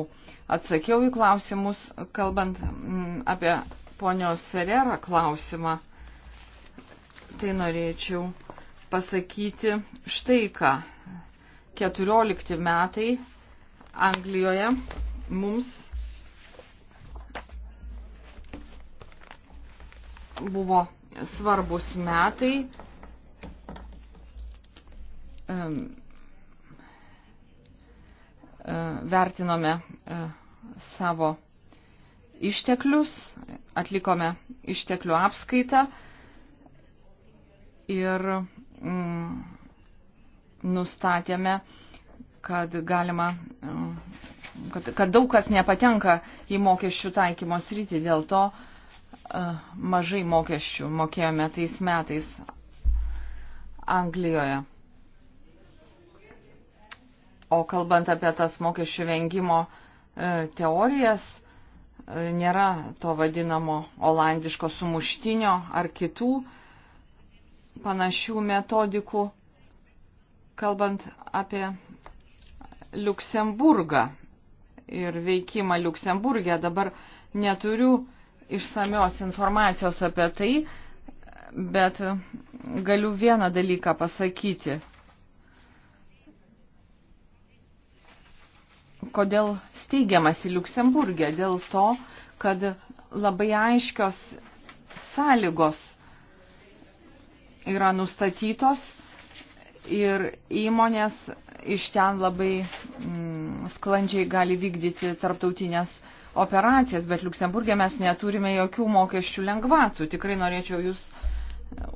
atsakiau į klausimus, kalbant mm, apie ponios Ferrerą klausimą. Tai norėčiau pasakyti štai ką. 14 metai Anglijoje mums buvo svarbus metai. E, vertinome e, savo išteklius, atlikome išteklių apskaitą ir mm, nustatėme, kad galima, e, kad, kad daug kas nepatenka į mokesčių taikymo sritį, dėl to uh, mažai mokesčių mokėjome tais metais Anglijoje. O kalbant apie tas mokesčių vengimo e, teorijas, e, nėra to vadinamo olandiško sumuštinio ar kitų panašių metodikų. Kalbant apie Luksemburgą ir veikimą Luksemburgė, dabar neturiu uh, išsamios informacijos apie tai, bet galiu vieną dalyką pasakyti. Kodėl steigiamasi Luksemburgė? Dėl to, kad labai aiškios sąlygos yra nustatytos ir įmonės iš ten labai mm, sklandžiai gali vykdyti tarptautinės mm, operacijas, bet Luksemburgė mes neturime jokių mokesčių lengvatų. Tikrai norėčiau jūs e,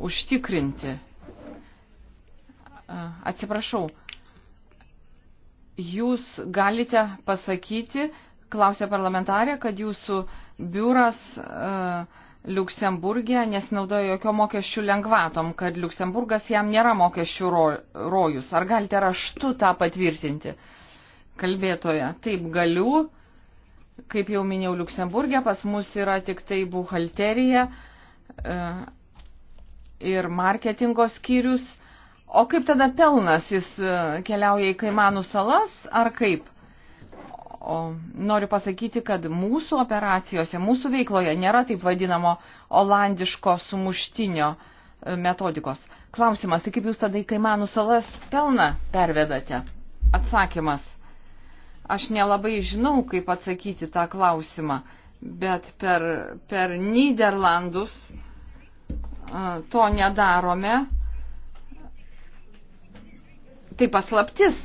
užtikrinti. E, atsiprašau, jūs galite pasakyti, klausė parlamentarė, kad jūsų biuras uh, e, Liuksemburgė nesinaudoja jokio mokesčių lengvatom, kad Liuksemburgas jam nėra mokesčių rojus. Ar galite raštu tą patvirtinti? Kalbėtoja, taip galiu. Uh, Kaip jau minėjau, Luksemburgė pas mus yra tik tai buhalterija e, ir marketingo skyrius. O kaip tada pelnas, jis e, keliauja į Kaimanų salas ar kaip? O noriu pasakyti, kad mūsų operacijose, mūsų veikloje nėra taip vadinamo olandiško sumuštinio e, metodikos. Klausimas, tai kaip jūs tada į Kaimanų salas pelną pervedate? Atsakymas. Aš nelabai žinau, kaip atsakyti tą klausimą, bet per, per Niderlandus to nedarome. Tai paslaptis.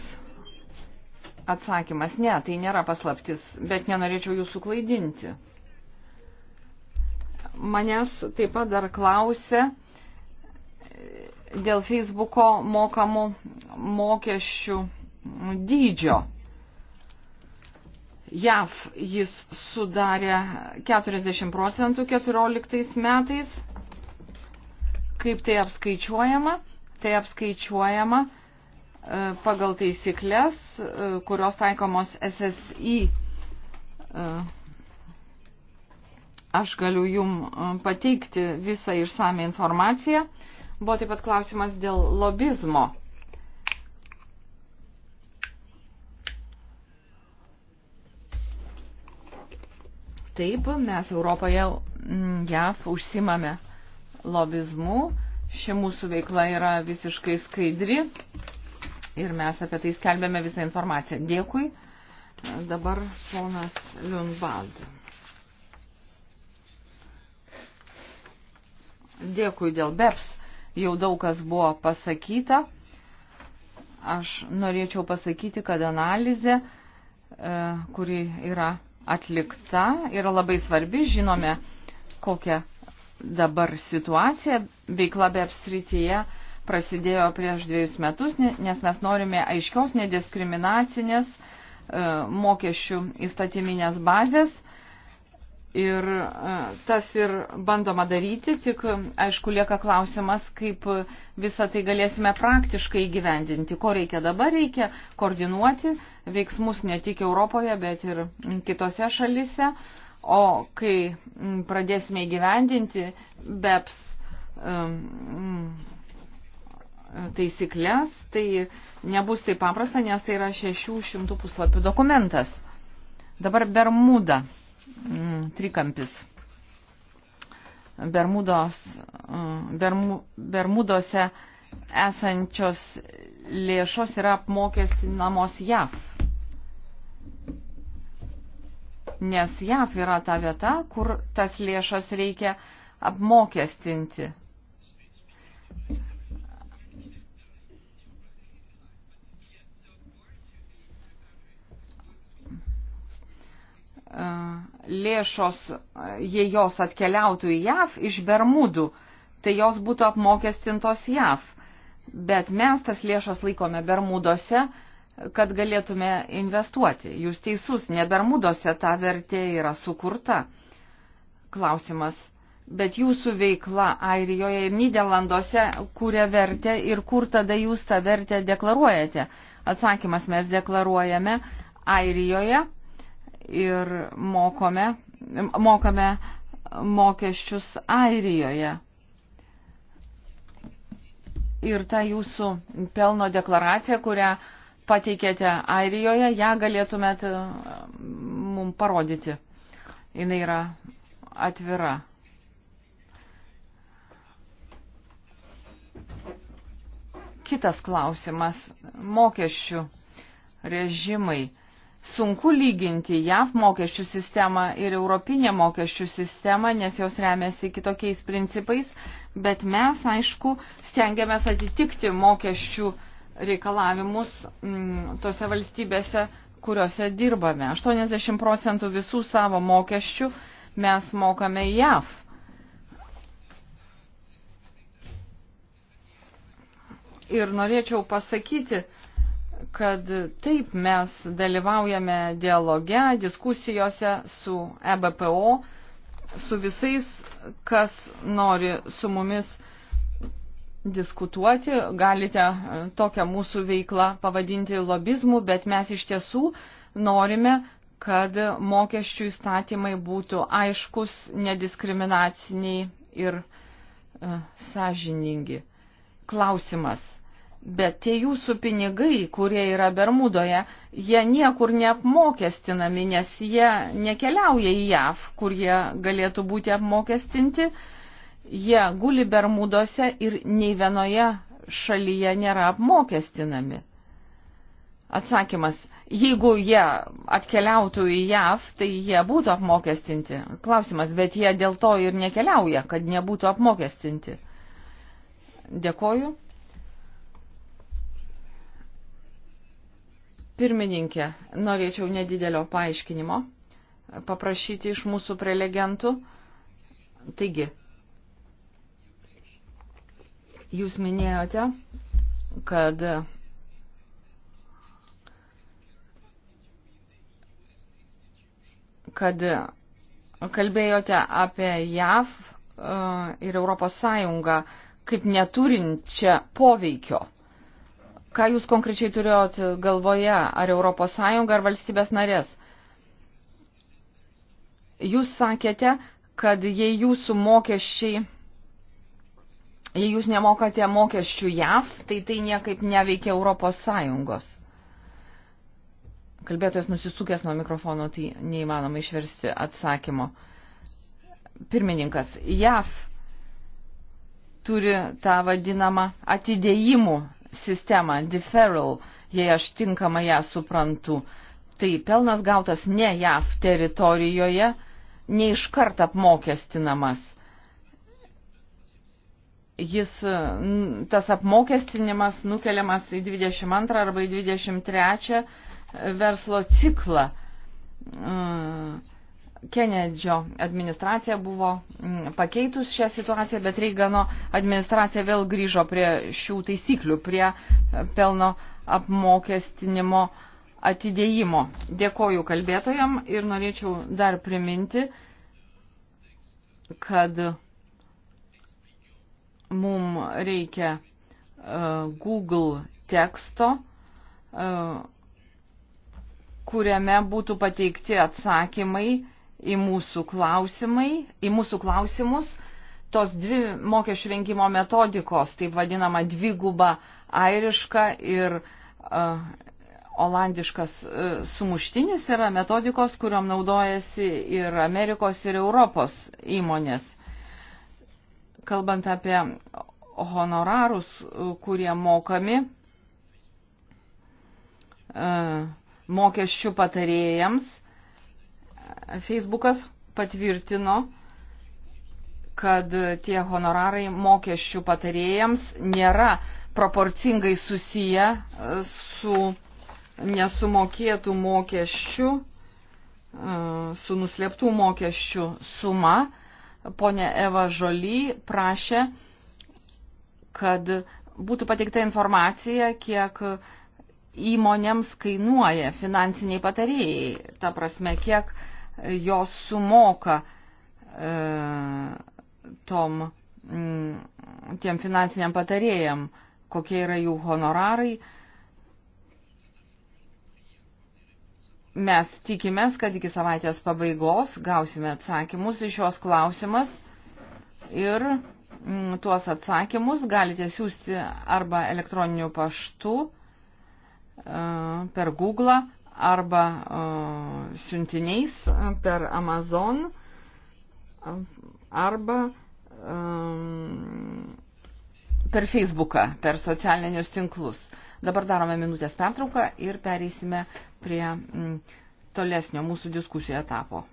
Atsakymas ne, tai nėra paslaptis, bet nenorėčiau jūsų klaidinti. Manęs taip pat dar klausė dėl Facebooko mokamų mokesčių dydžio. JAV jis sudarė 40 procentų 14 metais. Kaip tai apskaičiuojama? Tai apskaičiuojama e, pagal taisyklės, e, kurios taikomos SSI. E, aš galiu jum pateikti visą išsame informaciją. Buvo taip pat klausimas dėl lobizmo. Taip, mes Europoje, mm, JAV užsimame lobizmu, ši mūsų veikla yra visiškai skaidri ir mes apie tai skelbėme visą informaciją. Dėkui. Dabar ponas Liunvald. Dėkui dėl BEPS. Jau daug kas buvo pasakyta. Aš norėčiau pasakyti, kad analizė, e, kuri yra atlikta yra labai svarbi. Žinome, kokią dabar situaciją veikla be apsrityje prasidėjo prieš dviejus metus, nes mes norime aiškios nediskriminacinės e, mokesčių įstatyminės bazės Ir e, tas ir bandoma daryti, tik aišku lieka klausimas, kaip visą tai galėsime praktiškai gyvendinti. Ko reikia dabar, reikia koordinuoti veiksmus ne tik Europoje, bet ir kitose šalise. O kai pradėsime įgyvendinti BEPS e, taisyklės, tai nebus taip paprasta, nes tai yra 600 puslapių dokumentas. Dabar Bermuda. Mm, trikampis. Bermudos, mm, bermu, Bermudose esančios lėšos yra apmokestinamos JAV. Nes JAV yra ta vieta, kur tas lėšas reikia apmokestinti. lėšos, jei jos atkeliautų į JAV iš Bermudų, tai jos būtų apmokestintos JAV. Bet mes tas lėšas laikome Bermuduose, kad galėtume investuoti. Jūs teisus, ne Bermuduose ta vertė yra sukurta. Klausimas. Bet jūsų veikla Airijoje ir Niderlanduose kūrė vertę ir kur tada jūs tą vertę deklaruojate? Atsakymas mes deklaruojame Airijoje ir mokome, mokame mokesčius Airijoje. Ir ta jūsų pelno deklaracija, kurią pateikėte Airijoje, ją galėtumėt e, mums parodyti. Jis yra atvira. Kitas klausimas - mokesčių režimai sunku lyginti JAV mokesčių sistemą ir europinę mokesčių sistemą, nes jos remiasi kitokiais principais, bet mes, aišku, stengiamės atitikti mokesčių reikalavimus m, mm, tose valstybėse, kuriuose dirbame. 80 procentų visų savo mokesčių mes mokame JAV. Ir norėčiau pasakyti, kad taip mes dalyvaujame dialoge, diskusijose su EBPO, su visais, kas nori su mumis diskutuoti, galite e, tokią mūsų veiklą pavadinti lobizmu, bet mes iš tiesų norime, kad mokesčių įstatymai būtų aiškus, nediskriminaciniai ir e, sąžiningi. Klausimas Bet tie jūsų pinigai, kurie yra Bermudoje, jie niekur neapmokestinami, nes jie nekeliauja į JAV, kur jie galėtų būti apmokestinti. Jie guli Bermudose ir nei vienoje šalyje nėra apmokestinami. Atsakymas. Jeigu jie atkeliautų į JAV, tai jie būtų apmokestinti. Klausimas, bet jie dėl to ir nekeliauja, kad nebūtų apmokestinti. Dėkoju. Pirmininkė, norėčiau nedidelio paaiškinimo paprašyti iš mūsų prelegentų. Taigi, jūs minėjote, kad kad kalbėjote apie JAV e, ir Europos Sąjungą kaip neturinčią poveikio Ką jūs konkrečiai turėjot galvoje, ar ES ar valstybės narės? Jūs sakėte, kad jei jūsų mokesčiai, jei jūs nemokate mokesčių JAV, tai tai niekaip neveikia ES. Kalbėtojas nusisukęs nuo mikrofono, tai neįmanoma išversti atsakymo. Pirmininkas, JAV turi tą vadinamą atidėjimų sistemą, deferral, jei aš tinkamai ją suprantu. Tai pelnas gautas ne JAV teritorijoje, ne iškart apmokestinamas. Jis, tas apmokestinimas nukeliamas į 22 arba į 23 verslo ciklą. Uh, Kenedžio administracija buvo mm, pakeitus šią situaciją, bet Reigano administracija vėl grįžo prie šių taisyklių, prie pelno apmokestinimo atidėjimo. Dėkoju kalbėtojam ir norėčiau dar priminti, kad mums reikia uh, Google teksto, uh, kuriame būtų pateikti atsakymai į mūsų, klausimai, į mūsų klausimus. Tos dvi mokesčių vengimo metodikos, taip vadinama dviguba airiška ir uh, olandiškas uh, sumuštinis, yra metodikos, kuriuom naudojasi ir Amerikos, ir Europos įmonės. Kalbant apie honorarus, uh, kurie mokami, uh, mokesčių patarėjams Facebookas patvirtino, kad tie honorarai mokesčių patarėjams nėra proporcingai susiję e, su nesumokėtų mokesčių, e, su nuslėptų mokesčių suma. Pone Eva Žoly prašė, kad būtų pateikta informacija, kiek įmonėms kainuoja finansiniai patarėjai. Ta prasme, kiek uh, jos sumoka e, tom m, mm, tiem finansiniam patarėjam, kokie yra jų honorarai. Mes tikimės, kad iki savaitės pabaigos gausime atsakymus į šios klausimas ir m, mm, tuos atsakymus galite siūsti arba elektroniniu paštu e, per Google arba siuntiniais e, per Amazon e, arba e, per Facebooką, per socialinius tinklus. Dabar darome minutės pertrauką ir pereisime prie tolesnio mūsų diskusijų etapo.